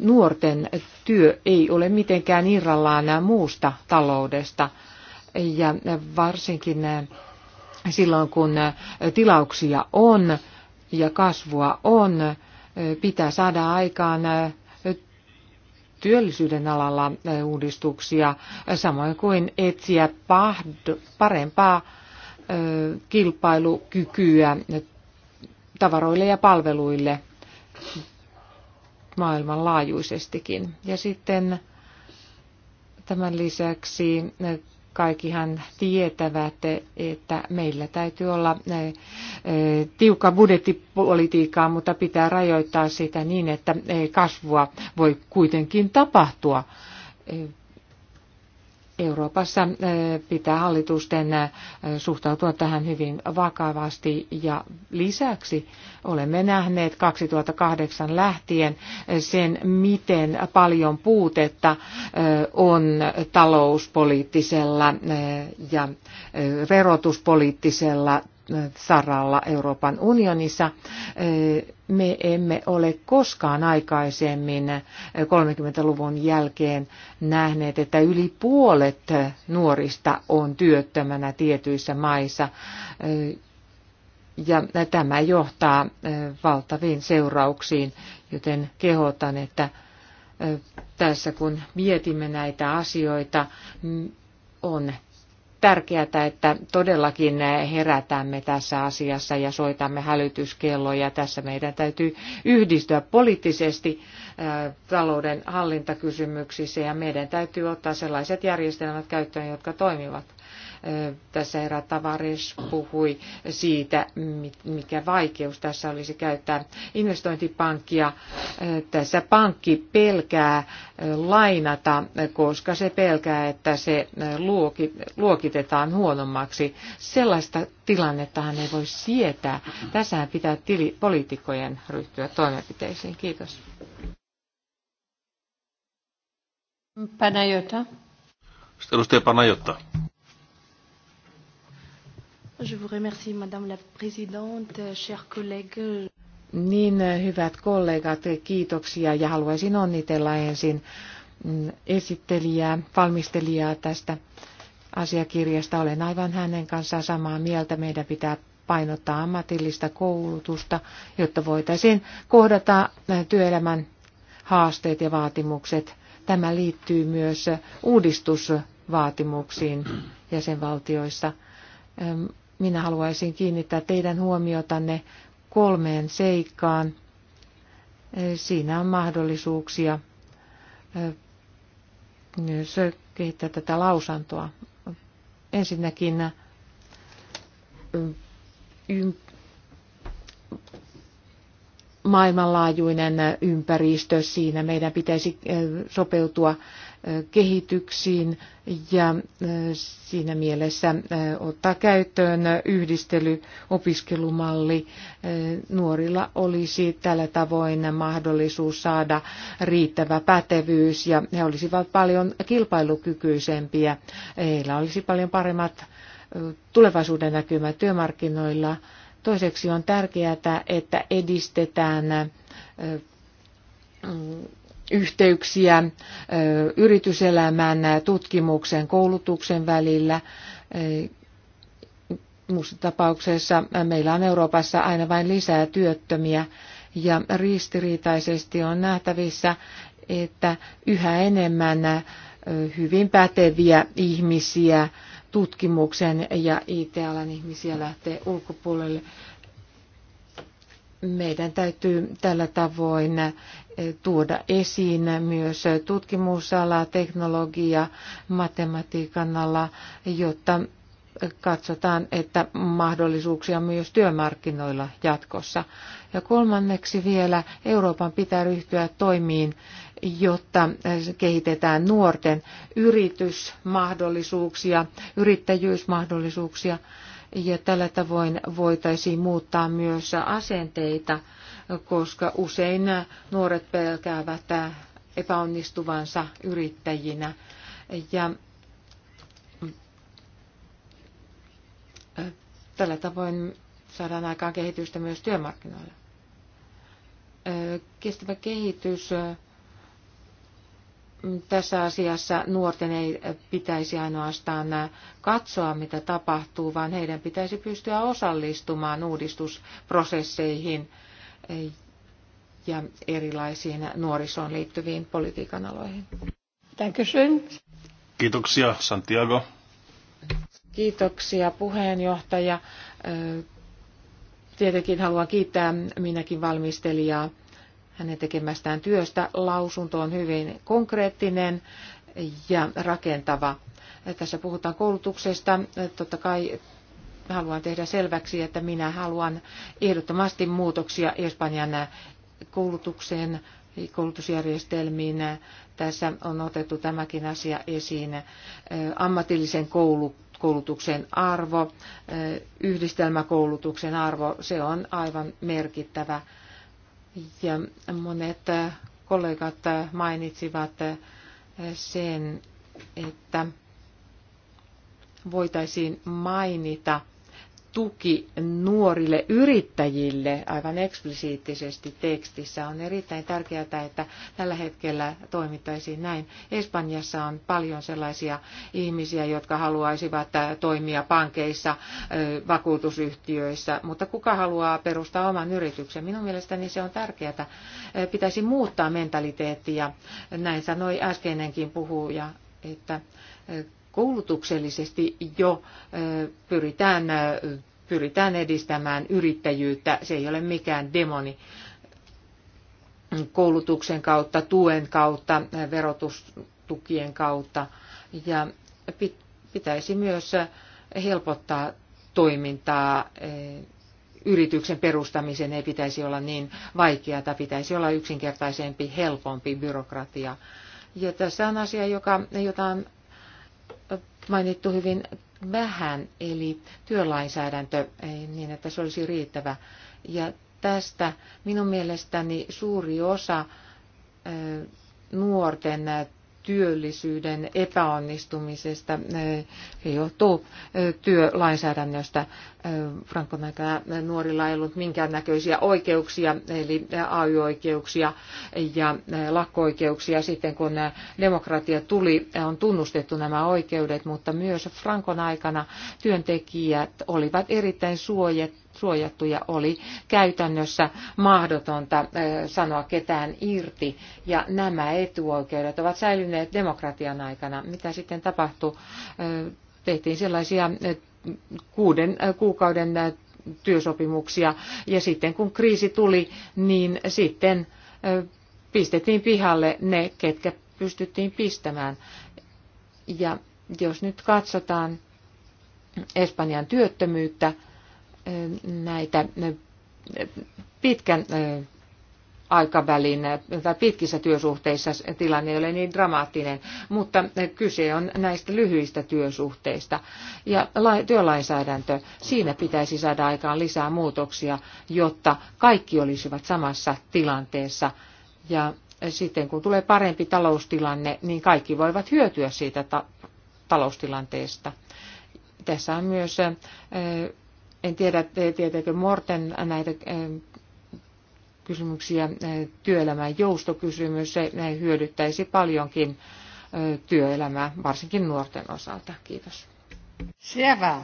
Nuorten työ ei ole mitenkään irrallaan muusta taloudesta, ja varsinkin silloin kun tilauksia on ja kasvua on, pitää saada aikaan työllisyyden alalla eh, uudistuksia, eh, samoin kuin etsiä parempaa eh, kilpailukykyä tavaroille ja palveluille maailmanlaajuisestikin. Ja sitten tämän lisäksi kaikkihan tietävät, että meillä täytyy olla eh, eh, tiukka budjettipolitiikkaa, mutta pitää rajoittaa sitä niin, että eh, kasvua voi kuitenkin tapahtua. Euroopassa eh, pitää hallitusten eh, suhtautua tähän hyvin vakavasti ja lisäksi olemme nähneet 2008 lähtien eh, sen, miten paljon puutetta on talouspoliittisella ja verotuspoliittisella saralla Euroopan unionissa. Eh, me emme ole koskaan aikaisemmin 30-luvun eh, jälkeen nähneet, että yli puolet nuorista on työttömänä tietyissä maissa. Eh, ja tämä johtaa valtaviin seurauksiin, joten kehotan, että tässä kun mietimme näitä asioita, mm, on tärkeää, että todellakin herätämme tässä asiassa ja soitamme hälytyskelloja. Tässä meidän täytyy yhdistyä poliittisesti talouden hallintakysymyksissä ja meidän täytyy ottaa sellaiset järjestelmät käyttöön, jotka toimivat. Tässä herra Tavares puhui siitä, mikä vaikeus tässä olisi käyttää investointipankkia. Tässä pankki pelkää lainata, koska se pelkää, että se luokitetaan huonommaksi. Sellaista tilannettahan ei voi sietää. Tässähän pitää tili, poliitikkojen ryhtyä toimenpiteisiin. Kiitos. Panajota. Sitten edustaja Panajota. Je vous remercie, Madame la Présidente, chers collègues. Niin, hyvät kollegat, kiitoksia ja haluaisin onnitella ensin mm, esittelijää, valmistelijaa tästä asiakirjasta. Olen aivan hänen kanssaan samaa mieltä. Meidän pitää painottaa ammatillista koulutusta, jotta voitaisiin kohdata eh, työelämän haasteet ja vaatimukset. Tämä liittyy myös uudistusvaatimuksiin jäsenvaltioissa minä haluaisin kiinnittää teidän huomiotanne kolmeen seikkaan. Siinä on mahdollisuuksia eh, myös kehittää tätä lausantoa. Ensinnäkin eh, maailmanlaajuinen ympäristö, siinä meidän pitäisi eh, sopeutua kehityksiin ja siinä mielessä ottaa käyttöön yhdistelyopiskelumalli. Nuorilla olisi tällä tavoin mahdollisuus saada riittävä pätevyys ja he olisivat paljon kilpailukykyisempiä. Heillä olisi paljon paremmat tulevaisuuden näkymät työmarkkinoilla. Toiseksi on tärkeää, että edistetään yhteyksiä yrityselämän, tutkimuksen, koulutuksen välillä. Muussa tapauksessa meillä on Euroopassa aina vain lisää työttömiä ja ristiriitaisesti on nähtävissä, että yhä enemmän hyvin päteviä ihmisiä, tutkimuksen ja IT-alan ihmisiä lähtee ulkopuolelle. Meidän täytyy tällä tavoin tuoda esiin myös tutkimusala, teknologia, matematiikan ala, jotta katsotaan, että mahdollisuuksia myös työmarkkinoilla jatkossa. Ja kolmanneksi vielä Euroopan pitää ryhtyä toimiin, jotta kehitetään nuorten yritysmahdollisuuksia, yrittäjyysmahdollisuuksia ja tällä tavoin voitaisiin muuttaa myös asenteita – koska usein nuoret pelkäävät epäonnistuvansa yrittäjinä. Ja tällä tavoin saadaan aikaan kehitystä myös työmarkkinoilla. Kestävä kehitys tässä asiassa nuorten ei pitäisi ainoastaan katsoa, mitä tapahtuu, vaan heidän pitäisi pystyä osallistumaan uudistusprosesseihin – ja erilaisiin nuorisoon liittyviin politiikan aloihin. Kiitoksia, Santiago. Kiitoksia, puheenjohtaja. Tietenkin haluan kiittää minäkin valmistelijaa hänen tekemästään työstä. Lausunto on hyvin konkreettinen ja rakentava. Tässä puhutaan koulutuksesta. Totta kai haluan tehdä selväksi, että minä haluan ehdottomasti muutoksia Espanjan koulutukseen, koulutusjärjestelmiin. Tässä on otettu tämäkin asia esiin. Ammatillisen koulutuksen arvo, yhdistelmäkoulutuksen arvo, se on aivan merkittävä. Ja monet kollegat mainitsivat sen, että voitaisiin mainita tuki nuorille yrittäjille aivan eksplisiittisesti tekstissä. On erittäin tärkeää, että tällä hetkellä toimittaisiin näin. Espanjassa on paljon sellaisia ihmisiä, jotka haluaisivat äh, toimia pankeissa, äh, vakuutusyhtiöissä, mutta kuka haluaa perustaa oman yrityksen? Minun mielestäni se on tärkeää. Äh, pitäisi muuttaa mentaliteettia. Näin sanoi äskeinenkin puhuja, että koulutuksellisesti jo pyritään, pyritään edistämään yrittäjyyttä. Se ei ole mikään demoni koulutuksen kautta, tuen kautta, verotustukien kautta. Ja pitäisi myös helpottaa toimintaa. Yrityksen perustamisen ei pitäisi olla niin vaikeaa, pitäisi olla yksinkertaisempi, helpompi byrokratia. Ja tässä on asia, joka, jota on mainittu hyvin vähän, eli työlainsäädäntö niin, että se olisi riittävä. Ja tästä minun mielestäni suuri osa nuorten työllisyyden epäonnistumisesta. Eh, se johtuu eh, työlainsäädännöstä. Eh, Frankon aikana nuorilla ei ollut minkäännäköisiä oikeuksia, eli AY-oikeuksia ja lakko-oikeuksia. Sitten kun demokratia tuli, on tunnustettu nämä oikeudet, mutta myös Frankon aikana työntekijät olivat erittäin suojattuja, oli käytännössä mahdotonta sanoa ketään irti. Ja nämä etuoikeudet ovat säilyneet demokratian aikana. Mitä sitten tapahtui? Tehtiin sellaisia kuuden kuukauden työsopimuksia ja sitten kun kriisi tuli, niin sitten pistettiin pihalle ne, ketkä pystyttiin pistämään. Ja jos nyt katsotaan Espanjan työttömyyttä, näitä pitkän aikavälin tai pitkissä työsuhteissa tilanne ei ole niin dramaattinen, mutta kyse on näistä lyhyistä työsuhteista. Ja työlainsäädäntö, siinä pitäisi saada aikaan lisää muutoksia, jotta kaikki olisivat samassa tilanteessa. Ja sitten kun tulee parempi taloustilanne, niin kaikki voivat hyötyä siitä ta- taloustilanteesta. Tässä on myös en tiedä, tietääkö Morten näitä eh, kysymyksiä, eh, työelämän joustokysymys, se eh, hyödyttäisi paljonkin työelämää, varsinkin nuorten osalta. Kiitos. Selvä.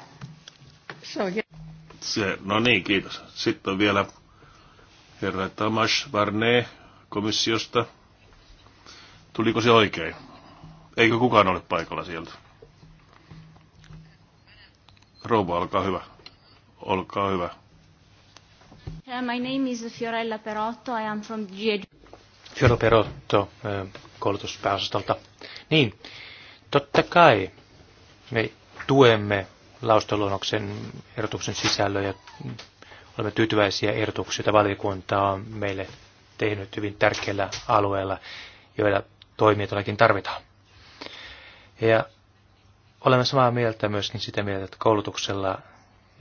Se, no niin, kiitos. Sitten on vielä herra Tamas Varne komissiosta. Tuliko se oikein? Eikö kukaan ole paikalla sieltä? Rouva, olkaa hyvä. Olkaa hyvä. My name is Fiorella Perotto. I am from GED. Fiorella Perotto äh, koulutuspääosastolta. Niin, totta kai me tuemme laustoluonnoksen erotuksen sisällöä ja olemme tyytyväisiä ehdotuksia, joita valiokunta on meille tehnyt hyvin tärkeällä alueella, joilla toimia todellakin tarvitaan. Ja olemme samaa mieltä myöskin sitä mieltä, että koulutuksella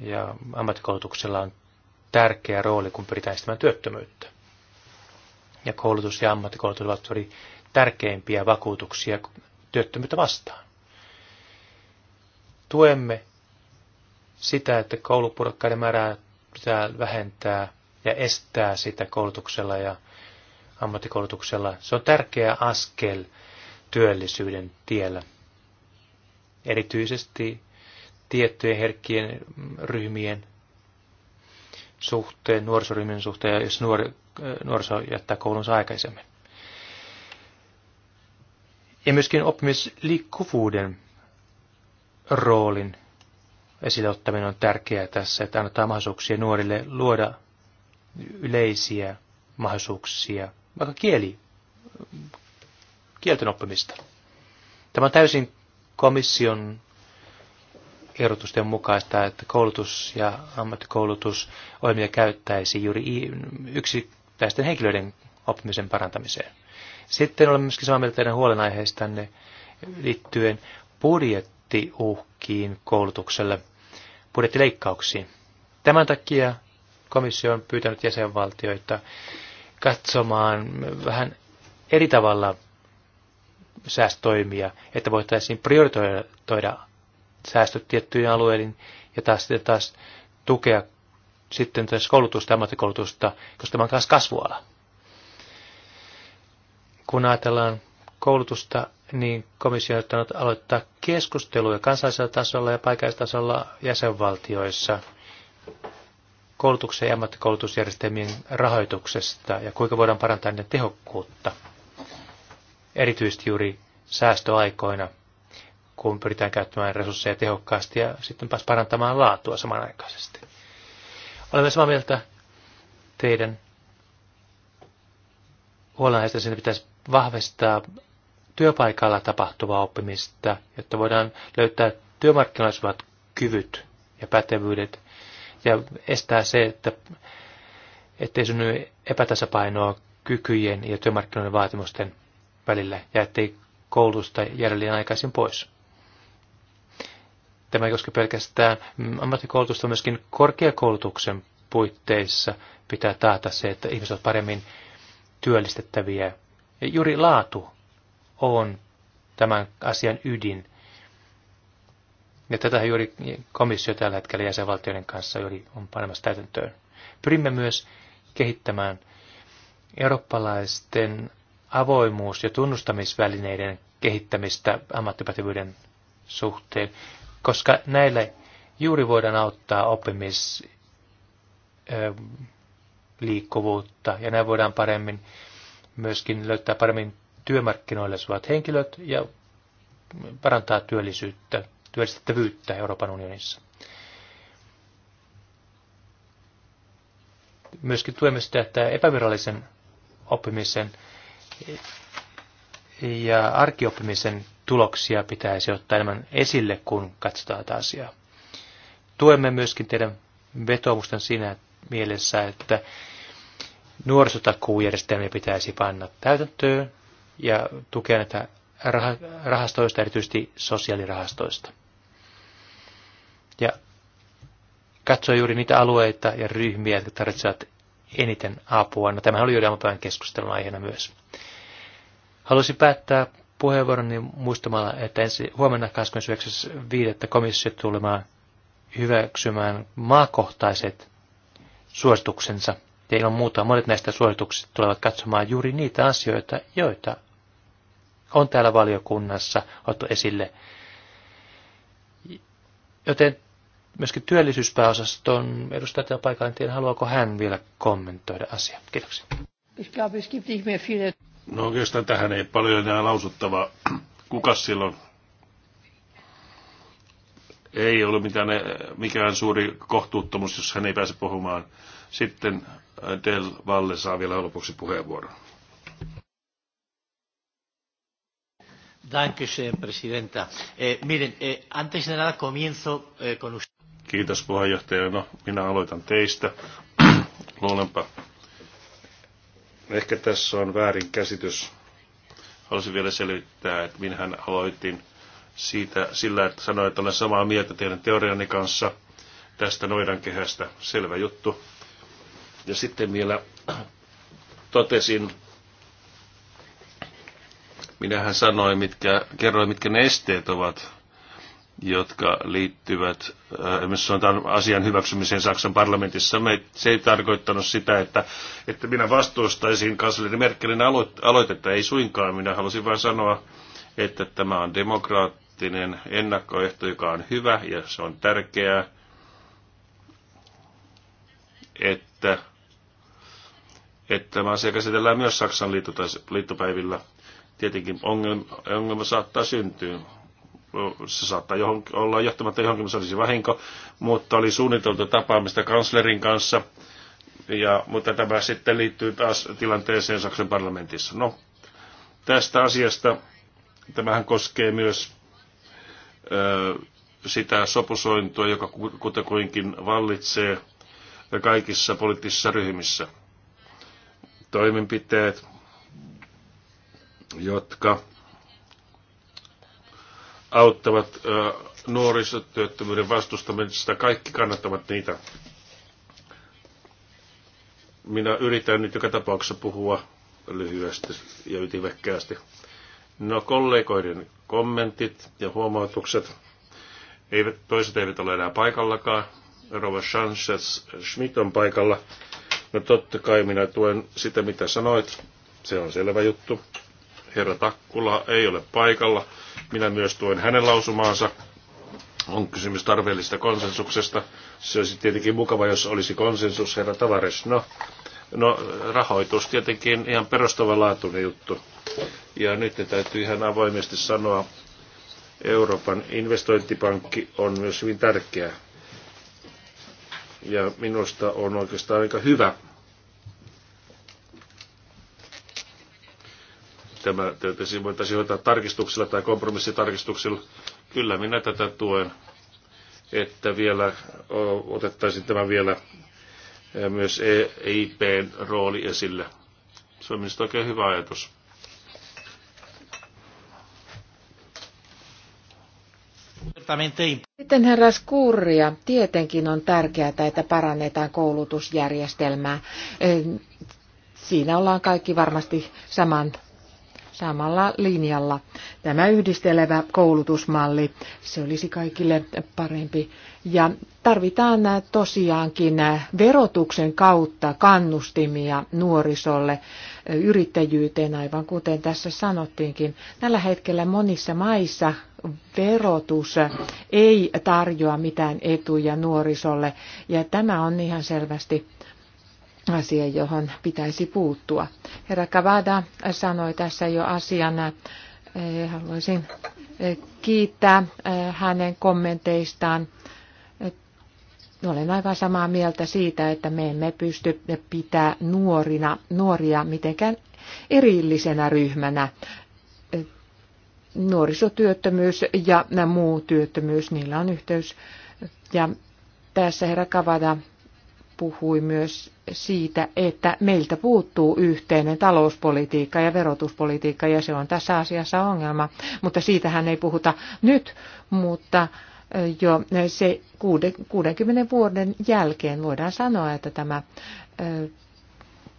ja ammattikoulutuksella on tärkeä rooli, kun pyritään estämään työttömyyttä. Ja koulutus ja ammattikoulutus ovat tärkeimpiä vakuutuksia työttömyyttä vastaan. Tuemme sitä, että koulupurkkaiden määrää pitää vähentää ja estää sitä koulutuksella ja ammattikoulutuksella. Se on tärkeä askel työllisyyden tiellä. Erityisesti tiettyjen herkkien ryhmien suhteen, nuorisoryhmien suhteen, jos nuori, äh, nuoriso jättää koulunsa aikaisemmin. Ja myöskin oppimisliikkuvuuden roolin esille ottaminen on tärkeää tässä, että annetaan mahdollisuuksia nuorille luoda yleisiä mahdollisuuksia, vaikka kieli, kielten oppimista. Tämä on täysin komission ehdotusten mukaista, että koulutus ja ammattikoulutus ohjelmia käyttäisi juuri yksittäisten henkilöiden oppimisen parantamiseen. Sitten olemme myöskin samaa mieltä teidän huolenaiheistanne liittyen budjettiuhkiin koulutukselle, budjettileikkauksiin. Tämän takia komissio on pyytänyt jäsenvaltioita katsomaan vähän eri tavalla säästöimiä, että voitaisiin prioritoida säästöt tiettyjen alueiden ja taas sitten taas tukea sitten tässä koulutusta ja ammattikoulutusta, koska tämä on taas kasvuala. Kun ajatellaan koulutusta, niin komissio on ottanut aloittaa keskusteluja kansallisella tasolla ja paikallistasolla jäsenvaltioissa koulutuksen ja ammattikoulutusjärjestelmien rahoituksesta ja kuinka voidaan parantaa niiden tehokkuutta, erityisesti juuri säästöaikoina kun pyritään käyttämään resursseja tehokkaasti ja sitten pääs parantamaan laatua samanaikaisesti. Olemme samaa mieltä teidän huolenaiheesta, että pitäisi vahvistaa työpaikalla tapahtuvaa oppimista, jotta voidaan löytää työmarkkinoisuvat kyvyt ja pätevyydet ja estää se, että ettei synny epätasapainoa kykyjen ja työmarkkinoiden vaatimusten välillä ja ettei koulutusta järjellinen aikaisin pois. Tämä ei koske pelkästään ammattikoulutusta, myöskin korkeakoulutuksen puitteissa pitää taata se, että ihmiset ovat paremmin työllistettäviä. Ja juuri laatu on tämän asian ydin. Ja tätä juuri komissio tällä hetkellä jäsenvaltioiden kanssa juuri on panemassa täytäntöön. Pyrimme myös kehittämään eurooppalaisten avoimuus- ja tunnustamisvälineiden kehittämistä ammattipätevyyden suhteen koska näille juuri voidaan auttaa oppimisliikkuvuutta ja näin voidaan paremmin myöskin löytää paremmin työmarkkinoille suvat henkilöt ja parantaa työllisyyttä, työllistettävyyttä Euroopan unionissa. Myöskin tuemme sitä, että epävirallisen oppimisen ja arkioppimisen tuloksia pitäisi ottaa enemmän esille, kun katsotaan tätä asiaa. Tuemme myöskin teidän vetoomusten siinä mielessä, että nuorisotakuujärjestelmiä pitäisi panna täytäntöön ja tukea näitä rahastoista, erityisesti sosiaalirahastoista. Ja katsoa juuri niitä alueita ja ryhmiä, jotka tarvitsevat eniten apua. No, tämähän oli juuri päivän keskustelun aiheena myös. Haluaisin päättää puheenvuoroni muistamalla, että ensi huomenna 29.5. komissio tulemaan hyväksymään maakohtaiset suosituksensa. Ja ilman muuta monet näistä suosituksista tulevat katsomaan juuri niitä asioita, joita on täällä valiokunnassa otettu esille. Joten myöskin työllisyyspääosaston edustajat ja paikallinen tiedä, haluaako hän vielä kommentoida asiaa. Kiitoksia. No oikeastaan tähän ei paljon enää lausuttavaa. (clears throat) Kuka silloin? Ei ollut mitään, eh, mikään suuri kohtuuttomuus, jos hän ei pääse puhumaan. Sitten eh, Del Valle saa vielä lopuksi puheenvuoron. Eh, Kiitos puheenjohtaja. No, minä aloitan teistä. (clears throat) Luulenpa, Ehkä tässä on väärin käsitys. Haluaisin vielä selvittää, että minähän aloitin siitä sillä, että sanoin, että olen samaa mieltä teidän teoriani kanssa tästä kehästä. Selvä juttu. Ja sitten vielä (clears throat) totesin, minähän sanoin, mitkä, kerroin, mitkä ne esteet ovat jotka liittyvät äh, esimerkiksi sanotaan asian hyväksymiseen Saksan parlamentissa. Me, se ei tarkoittanut sitä, että, että minä vastustaisin kansallinen Merkelin aloitetta, ei suinkaan. Minä halusin vain sanoa, että tämä on demokraattinen ennakkoehto, joka on hyvä ja se on tärkeää, että, että tämä asia käsitellään myös Saksan liittopäivillä. Tietenkin ongelma, ongelma saattaa syntyä se saattaa johon, olla johtamatta johonkin, se olisi vahinko, mutta oli suunniteltu tapaamista kanslerin kanssa, ja, mutta tämä sitten liittyy taas tilanteeseen Saksan parlamentissa. No, tästä asiasta tämähän koskee myös ö, sitä sopusointua, joka kutakuinkin vallitsee kaikissa poliittisissa ryhmissä. Toimenpiteet, jotka auttavat nuorisotyöttömyyden vastustamista. Kaikki kannattavat niitä. Minä yritän nyt joka tapauksessa puhua lyhyesti ja ytimekkäästi. No kollegoiden kommentit ja huomautukset. Eivät, toiset eivät ole enää paikallakaan. Rova Sanchez Schmidt on paikalla. No totta kai minä tuen sitä, mitä sanoit. Se on selvä juttu. Herra Takkula ei ole paikalla. Minä myös tuen hänen lausumaansa. On kysymys tarpeellisesta konsensuksesta. Se olisi tietenkin mukava, jos olisi konsensus, herra Tavares. No, no rahoitus tietenkin ihan perustavanlaatuinen juttu. Ja nyt ne täytyy ihan avoimesti sanoa, Euroopan investointipankki on myös hyvin tärkeä. Ja minusta on oikeastaan aika hyvä, tämä tietysti voitaisiin hoitaa tarkistuksilla tai kompromissitarkistuksilla. Kyllä minä tätä tuen, että vielä otettaisiin tämä vielä e, myös EIPn rooli esille. Se on minusta oikein hyvä ajatus. Sitten herra Skurria, tietenkin on tärkeää, että parannetaan koulutusjärjestelmää. E, siinä ollaan kaikki varmasti saman samalla linjalla. Tämä yhdistelevä koulutusmalli, se olisi kaikille parempi. Ja tarvitaan tosiaankin verotuksen kautta kannustimia nuorisolle yrittäjyyteen, aivan kuten tässä sanottiinkin. Tällä hetkellä monissa maissa verotus ei tarjoa mitään etuja nuorisolle, ja tämä on ihan selvästi asia, johon pitäisi puuttua. Herra Kavada sanoi tässä jo asiana, eh, haluaisin eh, kiittää eh, hänen kommenteistaan. Olen aivan samaa mieltä siitä, että me emme pysty pitää nuorina, nuoria mitenkään erillisenä ryhmänä. Nuorisotyöttömyys ja muu työttömyys, niillä on yhteys. Ja tässä herra Kavada puhui myös siitä, että meiltä puuttuu yhteinen talouspolitiikka ja verotuspolitiikka, ja se on tässä asiassa ongelma, mutta siitähän ei puhuta nyt, mutta jo se 60 vuoden jälkeen voidaan sanoa, että tämä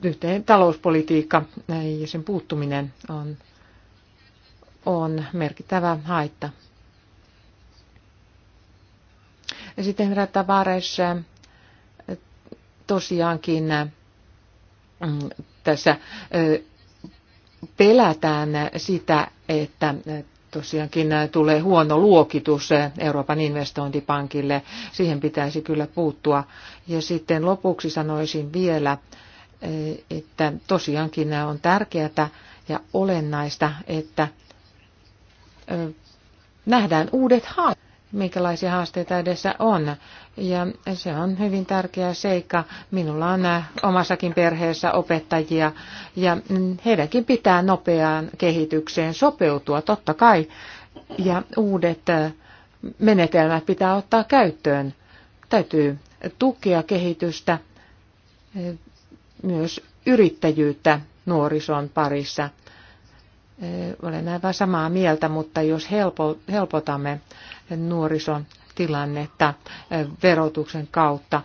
yhteinen talouspolitiikka ja sen puuttuminen on, on merkittävä haitta. Sitten herättää Tavares tosiaankin mm, tässä pelätään sitä, että tosiaankin tulee huono luokitus Euroopan investointipankille. Siihen pitäisi kyllä puuttua. Ja sitten lopuksi sanoisin vielä, että tosiaankin on tärkeää ja olennaista, että nähdään uudet haasteet minkälaisia haasteita edessä on. Ja se on hyvin tärkeä seikka. Minulla on äh, omassakin perheessä opettajia ja mm, heidänkin pitää nopeaan kehitykseen sopeutua totta kai. Ja uudet äh, menetelmät pitää ottaa käyttöön. Täytyy tukea kehitystä, äh, myös yrittäjyyttä nuorison parissa. Olen aivan samaa mieltä, mutta jos helpotamme nuorison tilannetta eh, verotuksen kautta.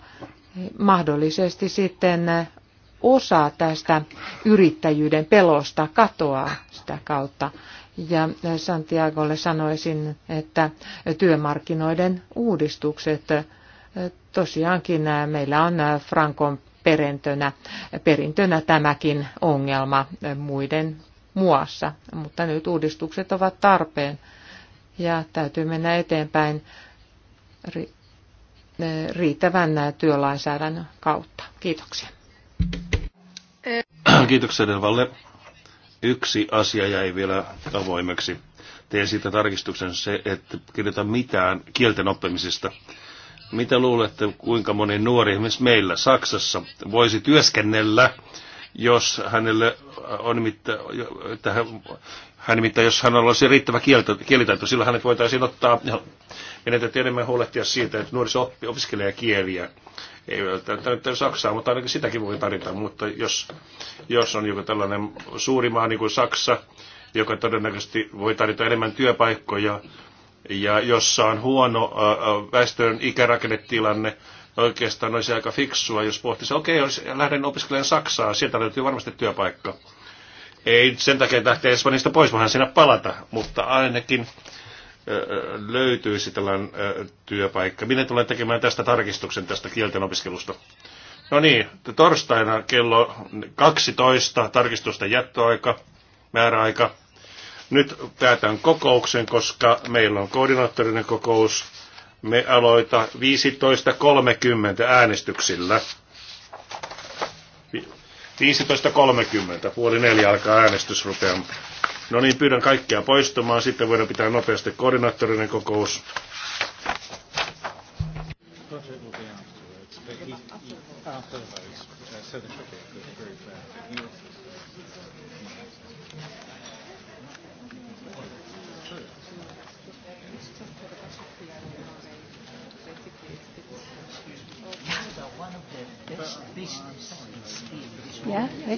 Mahdollisesti sitten eh, osa tästä yrittäjyyden pelosta katoaa sitä kautta. Ja eh, Santiagolle sanoisin, että työmarkkinoiden uudistukset, tosiaankin meillä on Frankon perintönä, perintönä tämäkin ongelma muiden muassa, mutta nyt uudistukset ovat tarpeen ja täytyy mennä eteenpäin eh, riittävän työlainsäädännön kautta. Kiitoksia. Eh. Kiitoksia Delvalle. Yksi asia jäi vielä avoimeksi. Teen siitä tarkistuksen se, että kirjoita mitään kielten oppimisesta. Mitä luulette, kuinka moni nuori esimerkiksi meillä Saksassa voisi työskennellä jos hänelle on mitään, että hän, hän nimittäin, jos hän olisi riittävä kielitaito, sillä hänet voitaisiin ottaa, meidän täytyy enemmän huolehtia siitä, että nuoriso oppi, opiskelee kieliä. Ei välttämättä Saksaa, mutta ainakin sitäkin voi tarjota. Mutta jos, jos on joku tällainen suuri maa niin kuin Saksa, joka todennäköisesti voi tarjota enemmän työpaikkoja, ja jossa on huono väestön ikärakennetilanne, oikeastaan olisi aika fiksua, jos pohtisi, okei, okay, jos lähden opiskelemaan Saksaa, sieltä löytyy varmasti työpaikka. Ei sen takia lähteä Espanjasta pois, vaan siinä palata, mutta ainakin löytyisi tällainen työpaikka. Minä tulen tekemään tästä tarkistuksen tästä kielten opiskelusta. No niin, torstaina kello 12 tarkistusten jättöaika, määräaika. Nyt päätän kokouksen, koska meillä on koordinaattorinen kokous. Me aloita 15.30 äänestyksillä. 15.30, puoli neljä alkaa äänestys rupeaa. No niin, pyydän kaikkia poistumaan. Sitten voidaan pitää nopeasti koordinaattorinen kokous. Ja, ja.